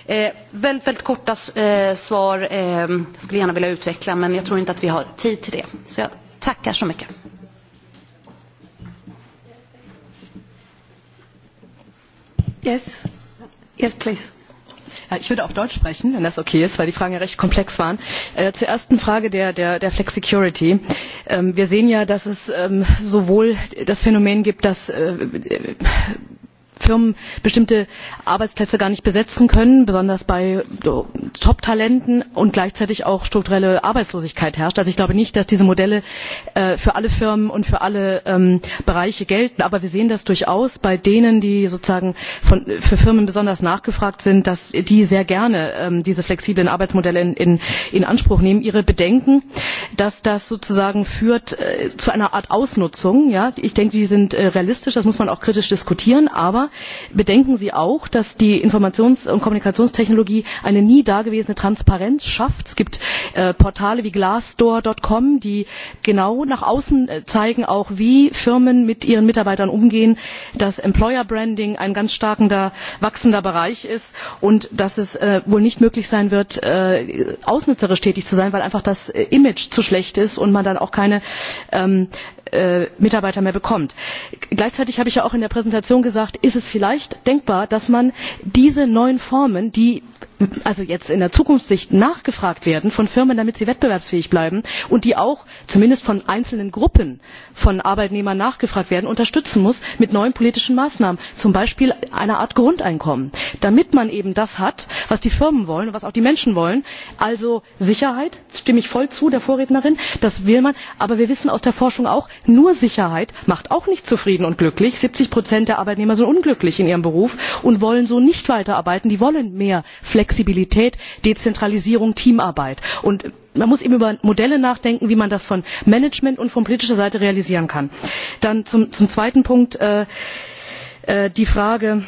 Eh, väldigt, väldigt korta eh, svar eh, skulle gärna vilja utveckla men jag tror inte att vi har tid till det. Så jag tackar så mycket. Yes. Yes, please. Ich würde auf Deutsch sprechen, wenn das okay ist, weil die Fragen ja recht komplex waren. Äh, zur ersten Frage der, der, der Flexicurity. Ähm, wir sehen ja, dass es ähm, sowohl das Phänomen gibt, dass äh, firmen bestimmte arbeitsplätze gar nicht besetzen können besonders bei top talenten und gleichzeitig auch strukturelle arbeitslosigkeit herrscht. ich glaube nicht dass diese modelle äh, für alle firmen und für alle ähm, bereiche gelten. aber wir sehen das durchaus bei denen die sozusagen von, für firmen besonders nachgefragt sind dass die sehr gerne ähm, diese flexiblen arbeitsmodelle in, anspruch nehmen. ihre bedenken dass das sozusagen führt äh, zu einer art ausnutzung ja? ich denke die sind äh, realistisch das muss man auch kritisch diskutieren aber bedenken sie auch dass die informations und kommunikationstechnologie eine nie dagewesene transparenz schafft. es gibt äh, portale wie glassdoor com die genau nach außen äh, zeigen wie firmen mit ihren mitarbeitern umgehen dass employer branding ein ganz starker wachsender bereich ist und dass es äh, wohl nicht möglich sein wird äh, ausnutzerisch tätig zu sein weil einfach das image zu schlecht ist und man dann auch keine ähm, mitarbeiter mehr bekommt. gleichzeitig habe ich ja auch in der präsentation gesagt es vielleicht denkbar dass man diese neuen formen die also jetzt in der Zukunftssicht nachgefragt werden von Firmen, damit sie wettbewerbsfähig bleiben und die auch zumindest von einzelnen Gruppen von Arbeitnehmern nachgefragt werden, unterstützen muss mit neuen politischen Maßnahmen, zum Beispiel einer Art Grundeinkommen, damit man eben das hat, was die Firmen wollen und was auch die Menschen wollen. Also Sicherheit, stimme ich voll zu der Vorrednerin, das will man, aber wir wissen aus der Forschung auch, nur Sicherheit macht auch nicht zufrieden und glücklich. 70 Prozent der Arbeitnehmer sind unglücklich in ihrem Beruf und wollen so nicht weiterarbeiten, die wollen mehr Flexibilität flexibilität dezentralisierung teamarbeit. man muss eben über modelle nachdenken wie man das von management und von politischer seite realisieren kann. dann zum, zweiten punkt äh, äh, die frage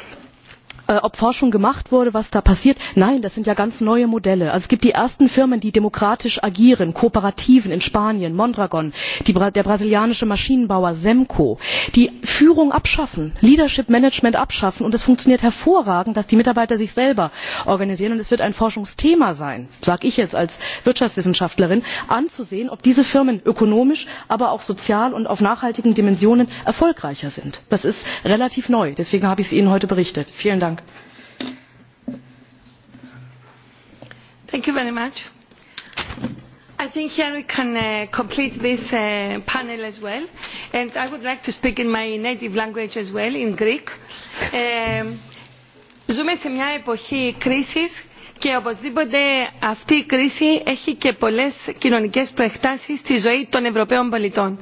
Äh, ob Forschung gemacht wurde, was da passiert. Nein, das sind ja ganz neue Modelle. Also es gibt die ersten Firmen, die demokratisch agieren, Kooperativen in Spanien, Mondragon, die, der brasilianische Maschinenbauer Semco, die Führung abschaffen, Leadership Management abschaffen und es funktioniert hervorragend, dass die Mitarbeiter sich selber organisieren und es wird ein Forschungsthema sein, sage ich jetzt als Wirtschaftswissenschaftlerin, anzusehen, ob diese Firmen ökonomisch, aber auch sozial und auf nachhaltigen Dimensionen erfolgreicher sind. Das ist relativ neu. Deswegen habe ich es Ihnen heute berichtet. Vielen Dank. Thank you very much. I think here we can uh, complete this uh, panel as well. And I would like to speak in my native language as well, in Greek. Um, ζούμε σε μια εποχή κρίσης και οπωσδήποτε αυτή η κρίση έχει και πολλές κοινωνικές προεκτάσεις στη ζωή των Ευρωπαίων πολιτών.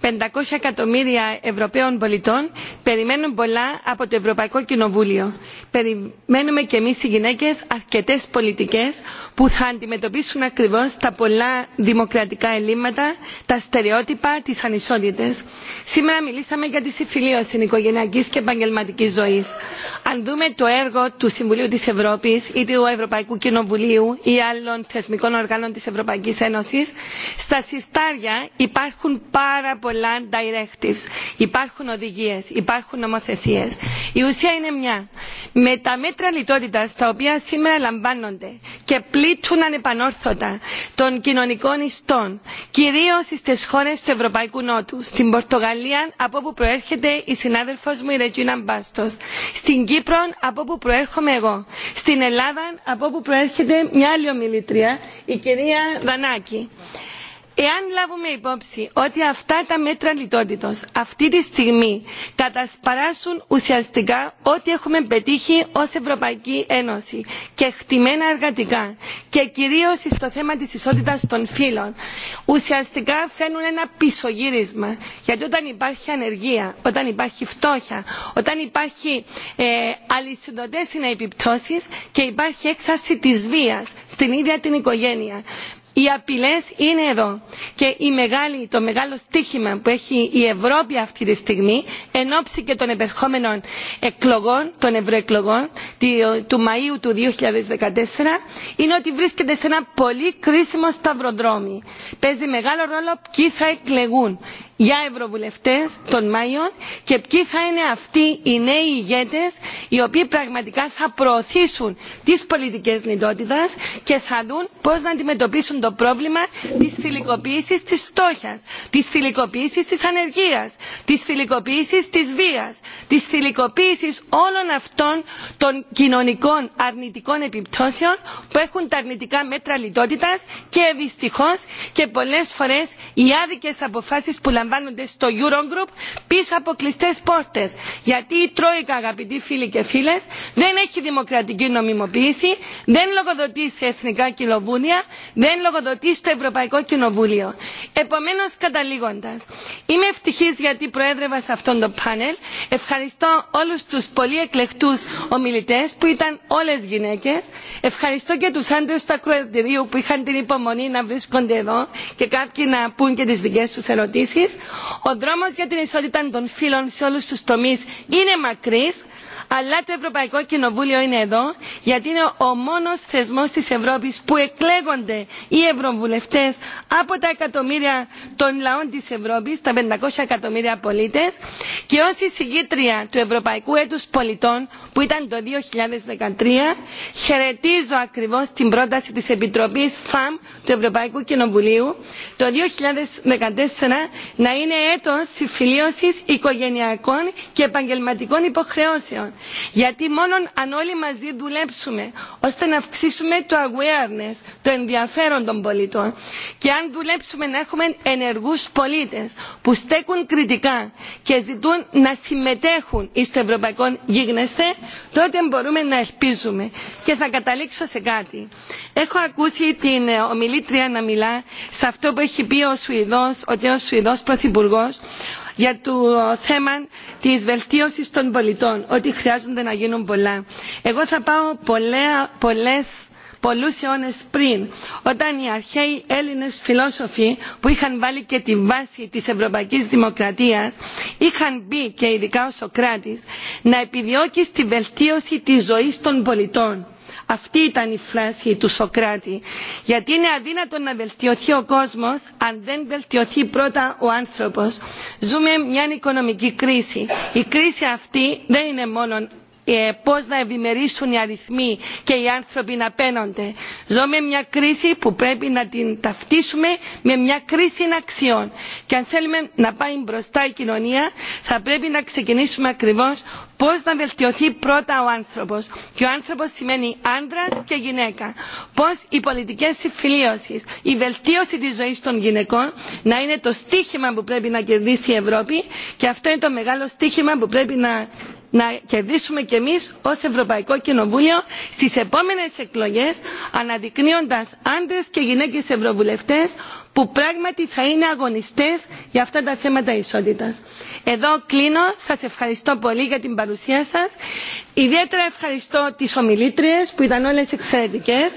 500 εκατομμύρια Ευρωπαίων πολιτών περιμένουν πολλά από το Ευρωπαϊκό Κοινοβούλιο. Περιμένουμε και εμείς οι γυναίκες αρκετές πολιτικές που θα αντιμετωπίσουν ακριβώς τα πολλά δημοκρατικά ελλείμματα, τα στερεότυπα, τις ανισότητες. Σήμερα μιλήσαμε για τη συμφιλίωση οικογενειακής και επαγγελματικής ζωής. Αν δούμε το έργο του Συμβουλίου της Ευρώπης ή του Ευρωπαϊκού ευρωπαϊκού κοινοβουλίου ή άλλων θεσμικών οργάνων της ευρωπαϊκής ένωσης στα συρτάρια υπάρχουν πάρα πολλά directives υπάρχουν οδηγίες υπάρχουν νομοθεσίες. η ουσία είναι μια με τα μέτρα λιτότητας τα οποία σήμερα λαμβάνονται και πλήττουν ανεπανόρθωτα των κοινωνικών ιστών κυρίως στις χώρες του ευρωπαϊκού νότου στην πορτογαλία από όπου προέρχεται η συνάδελφός μου η ρετζίνα μπάστος στην κύπρο από όπου προέρχομαι εγώ στην ελλάδα από από όπου προέρχεται μια άλλη ομιλήτρια η κυρία Δανάκη εάν λάβουμε υπόψη ότι αυτά τα μέτρα λιτότητος αυτή τη στιγμή κατασπαράσουν ουσιαστικά ό,τι έχουμε πετύχει ως Ευρωπαϊκή Ένωση και χτυμένα εργατικά και κυρίως στο θέμα της ισότητας των φύλων ουσιαστικά φαίνουν ένα πισωγύρισμα γιατί όταν υπάρχει ανεργία, όταν υπάρχει φτώχεια, όταν υπάρχει ε, αλυσιδωτές είναι επιπτώσεις και υπάρχει έξαρση της βίας στην ίδια την οικογένεια οι απειλές είναι εδώ και η μεγάλη, το μεγάλο στοίχημα που έχει η Ευρώπη αυτή τη στιγμή εν ώψη και των επερχόμενων εκλογών, των ευρωεκλογών του Μαΐου του 2014 είναι ότι βρίσκεται σε ένα πολύ κρίσιμο σταυροδρόμι. Παίζει μεγάλο ρόλο ποιοι θα εκλεγούν για ευρωβουλευτέ τον Μάιο και ποιοι θα είναι αυτοί οι νέοι ηγέτες οι οποίοι πραγματικά θα προωθήσουν τις πολιτικές λιτότητας και θα δουν πώς να αντιμετωπίσουν το πρόβλημα τη θηλυκοποίηση τη φτώχεια, τη θηλυκοποίηση τη ανεργία, τη θηλυκοποίηση τη βία, τη θηλυκοποίηση όλων αυτών των κοινωνικών αρνητικών επιπτώσεων που έχουν τα αρνητικά μέτρα λιτότητα και δυστυχώ και πολλέ φορέ οι άδικε αποφάσει που λαμβάνονται στο Eurogroup πίσω από κλειστέ πόρτε. Γιατί η Τρόικα αγαπητοί φίλοι και φίλε, δεν έχει δημοκρατική νομιμοποίηση, δεν λογοδοτεί σε εθνικά κοινοβούλια, δεν λογοδοτεί λογοδοτεί στο ευρωπαϊκό κοινοβούλιο. επομένω καταλήγοντα είμαι ευτυχή γιατί προέδρευα σε αυτό το πάνελ ευχαριστώ όλου του πολύ εκλεκτού ομιλητέ που ήταν όλε γυναίκε ευχαριστώ και του άντρε του ακροατηρίου που είχαν την υπομονή να βρίσκονται εδώ και κάποιοι να πούν και τι δικέ του ερωτήσει. ο δρόμο για την ισότητα των φύλων σε όλου του τομεί είναι μακρύ αλλά το ευρωπαϊκό κοινοβούλιο είναι εδώ γιατί είναι ο μόνος θεσμός της ευρώπης που εκλέγονται οι ευρωβουλευτές από τα εκατομμύρια των λαών της ευρώπης τα 500 εκατομμύρια πολίτες και ως εισηγήτρια του ευρωπαϊκού έτους πολιτών που ήταν το 2013 χαιρετίζω ακριβώς την πρόταση της επιτροπής φαμ του ευρωπαϊκού κοινοβουλίου το 2014 να είναι έτος συμφιλίωσης οικογενειακών και επαγγελματικών υποχρεώσεων Γιατί μόνο αν όλοι μαζί δουλέψουμε ώστε να αυξήσουμε το awareness, το ενδιαφέρον των πολιτών και αν δουλέψουμε να έχουμε ενεργούς πολίτες που στέκουν κριτικά και ζητούν να συμμετέχουν στο ευρωπαϊκό γίγνεσθε, τότε μπορούμε να ελπίζουμε. Και θα καταλήξω σε κάτι. Έχω ακούσει την ομιλήτρια να μιλά σε αυτό που έχει πει ο Σουηδός, ο νέος Σουηδός Πρωθυπουργός, για το θέμα της βελτίωσης των πολιτών, ότι χρειάζονται να γίνουν πολλά. Εγώ θα πάω πολλέ, πολλές πολλούς αιώνες πριν, όταν οι αρχαίοι Έλληνες φιλόσοφοι που είχαν βάλει και τη βάση της ευρωπαϊκής δημοκρατίας, είχαν πει και ειδικά ο Σοκράτης να επιδιώκει τη βελτίωση της ζωής των πολιτών Αυτή ήταν η φράση του Σοκράτη. Γιατί είναι αδύνατο να βελτιωθεί ο κόσμος αν δεν βελτιωθεί πρώτα ο άνθρωπος. Ζούμε μια οικονομική κρίση. Η κρίση αυτή δεν είναι μόνο πώς να ευημερήσουν οι αριθμοί και οι άνθρωποι να παίρνονται. Ζω με μια κρίση που πρέπει να την ταυτίσουμε με μια κρίση αξιών. Και αν θέλουμε να πάει μπροστά η κοινωνία θα πρέπει να ξεκινήσουμε ακριβώς πώς να βελτιωθεί πρώτα ο άνθρωπος. Και ο άνθρωπος σημαίνει άντρα και γυναίκα. Πώς οι πολιτικές συμφιλίωσης, η βελτίωση της ζωής των γυναικών να είναι το στίχημα που πρέπει να κερδίσει η Ευρώπη και αυτό είναι το μεγάλο στίχημα που πρέπει να να κερδίσουμε κι εμεί ω Ευρωπαϊκό Κοινοβούλιο στι επόμενε εκλογέ αναδεικνύοντα άντρε και γυναίκες ευρωβουλευτές που πράγματι θα είναι αγωνιστές για αυτά τα θέματα ισότητας. Εδώ κλείνω. Σας ευχαριστώ πολύ για την παρουσία σας. Ιδιαίτερα ευχαριστώ τις ομιλήτριες που ήταν όλες εξαιρετικές.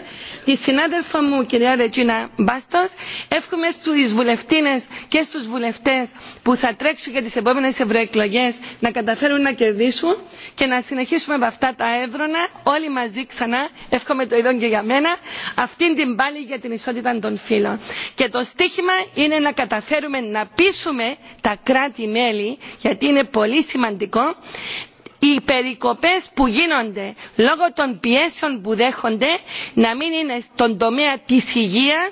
Τη συνάδελφο μου κυρία Ρετζίνα Μπάστος. Εύχομαι στους βουλευτίνες και στους βουλευτές που θα τρέξουν για τις επόμενες ευρωεκλογές να καταφέρουν να κερδίσουν και να συνεχίσουμε από αυτά τα εύρωνα όλοι μαζί ξανά. Εύχομαι το ίδιο και για μένα. Αυτήν την πάλι για την ισότητα των φίλων. Και το στίχημα είναι να καταφέρουμε να πείσουμε τα κράτη μέλη γιατί είναι πολύ σημαντικό οι περικοπές που γίνονται λόγω των πιέσεων που δέχονται να μην είναι στον τομέα της υγείας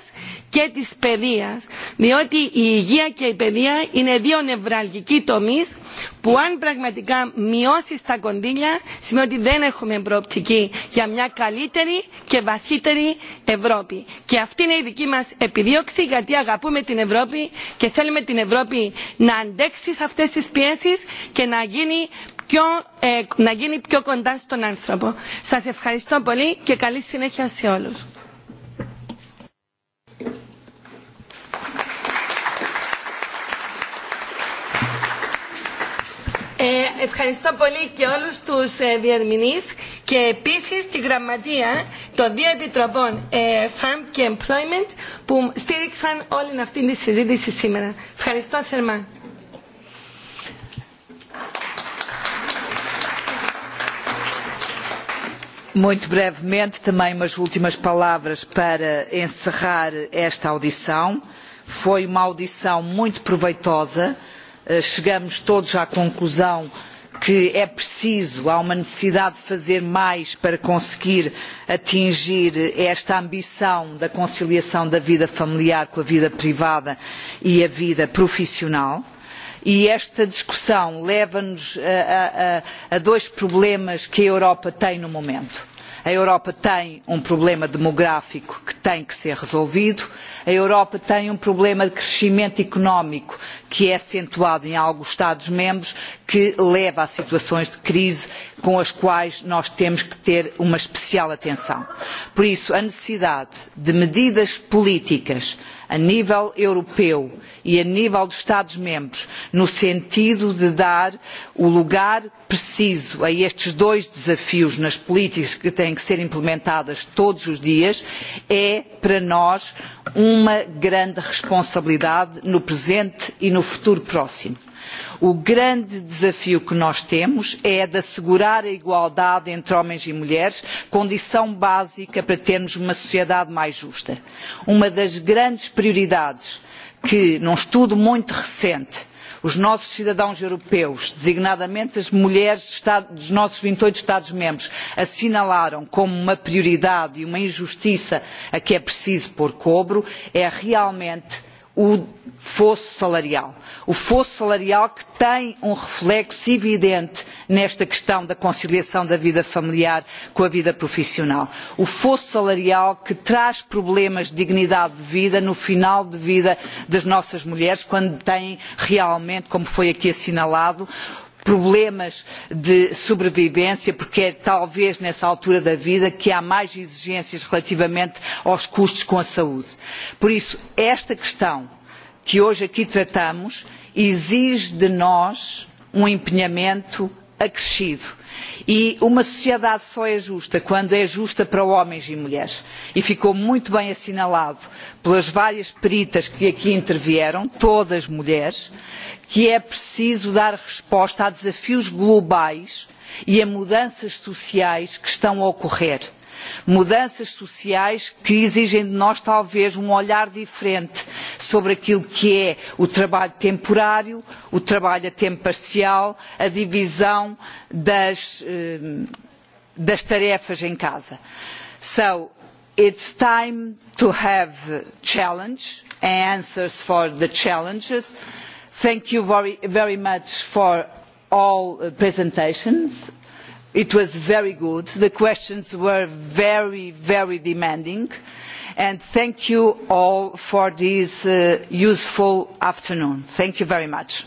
και της παιδείας διότι η υγεία και η παιδεία είναι δύο νευραλγικοί τομείς που αν πραγματικά μειώσει τα κονδύλια σημαίνει ότι δεν έχουμε προοπτική για μια καλύτερη και βαθύτερη Ευρώπη. Και αυτή είναι η δική μας επιδίωξη γιατί αγαπούμε την Ευρώπη και θέλουμε την Ευρώπη να αντέξει σε αυτές τις πιέσεις και να γίνει πιο, ε, να γίνει πιο κοντά στον άνθρωπο. Σας ευχαριστώ πολύ και καλή συνέχεια σε όλους. ευχαριστώ πολύ και όλους τους ε, διερμηνείς και επίσης τη γραμματεία των δύο επιτροπών ε, Farm και Employment που στήριξαν όλη αυτή τη συζήτηση σήμερα. Ευχαριστώ θερμά. Muito brevemente, também umas últimas palavras para encerrar esta audição. Foi uma audição muito proveitosa, eh, chegamos todos à conclusão que é preciso, há uma necessidade de fazer mais para conseguir atingir esta ambição da conciliação da vida familiar com a vida privada e a vida profissional e esta discussão leva nos a, a, a dois problemas que a Europa tem no momento a Europa tem um problema demográfico que tem que ser resolvido, a Europa tem um problema de crescimento económico que é acentuado em alguns Estados-membros, que leva a situações de crise com as quais nós temos que ter uma especial atenção. Por isso, a necessidade de medidas políticas a nível europeu e a nível dos Estados membros, no sentido de dar o lugar preciso a estes dois desafios nas políticas que têm que ser implementadas todos os dias, é para nós uma grande responsabilidade no presente e no futuro próximo. O grande desafio que nós temos é de assegurar a igualdade entre homens e mulheres, condição básica para termos uma sociedade mais justa. Uma das grandes prioridades que, num estudo muito recente, os nossos cidadãos europeus designadamente as mulheres dos nossos vinte e oito estados membros assinalaram como uma prioridade e uma injustiça a que é preciso pôr cobro é realmente o fosso salarial. O fosso salarial que tem um reflexo evidente nesta questão da conciliação da vida familiar com a vida profissional. O fosso salarial que traz problemas de dignidade de vida no final de vida das nossas mulheres, quando têm realmente, como foi aqui assinalado, problemas de sobrevivência porque é talvez nessa altura da vida que há mais exigências relativamente aos custos com a saúde. por isso esta questão que hoje aqui tratamos exige de nós um empenhamento acrescido e uma sociedade só é justa quando é justa para homens e mulheres e ficou muito bem assinalado pelas várias peritas que aqui intervieram todas mulheres que é preciso dar resposta a desafios globais e a mudanças sociais que estão a ocorrer mudanças sociais que exigem de nós talvez um olhar diferente sobre aquilo que é o trabalho temporário, o trabalho a tempo parcial, a divisão das, eh, das tarefas em casa. So, it's time to have challenge and answers for the challenges. Thank you very, very much for all presentations it was very good the questions were very very demanding and thank you all for this uh, useful afternoon. thank you very much.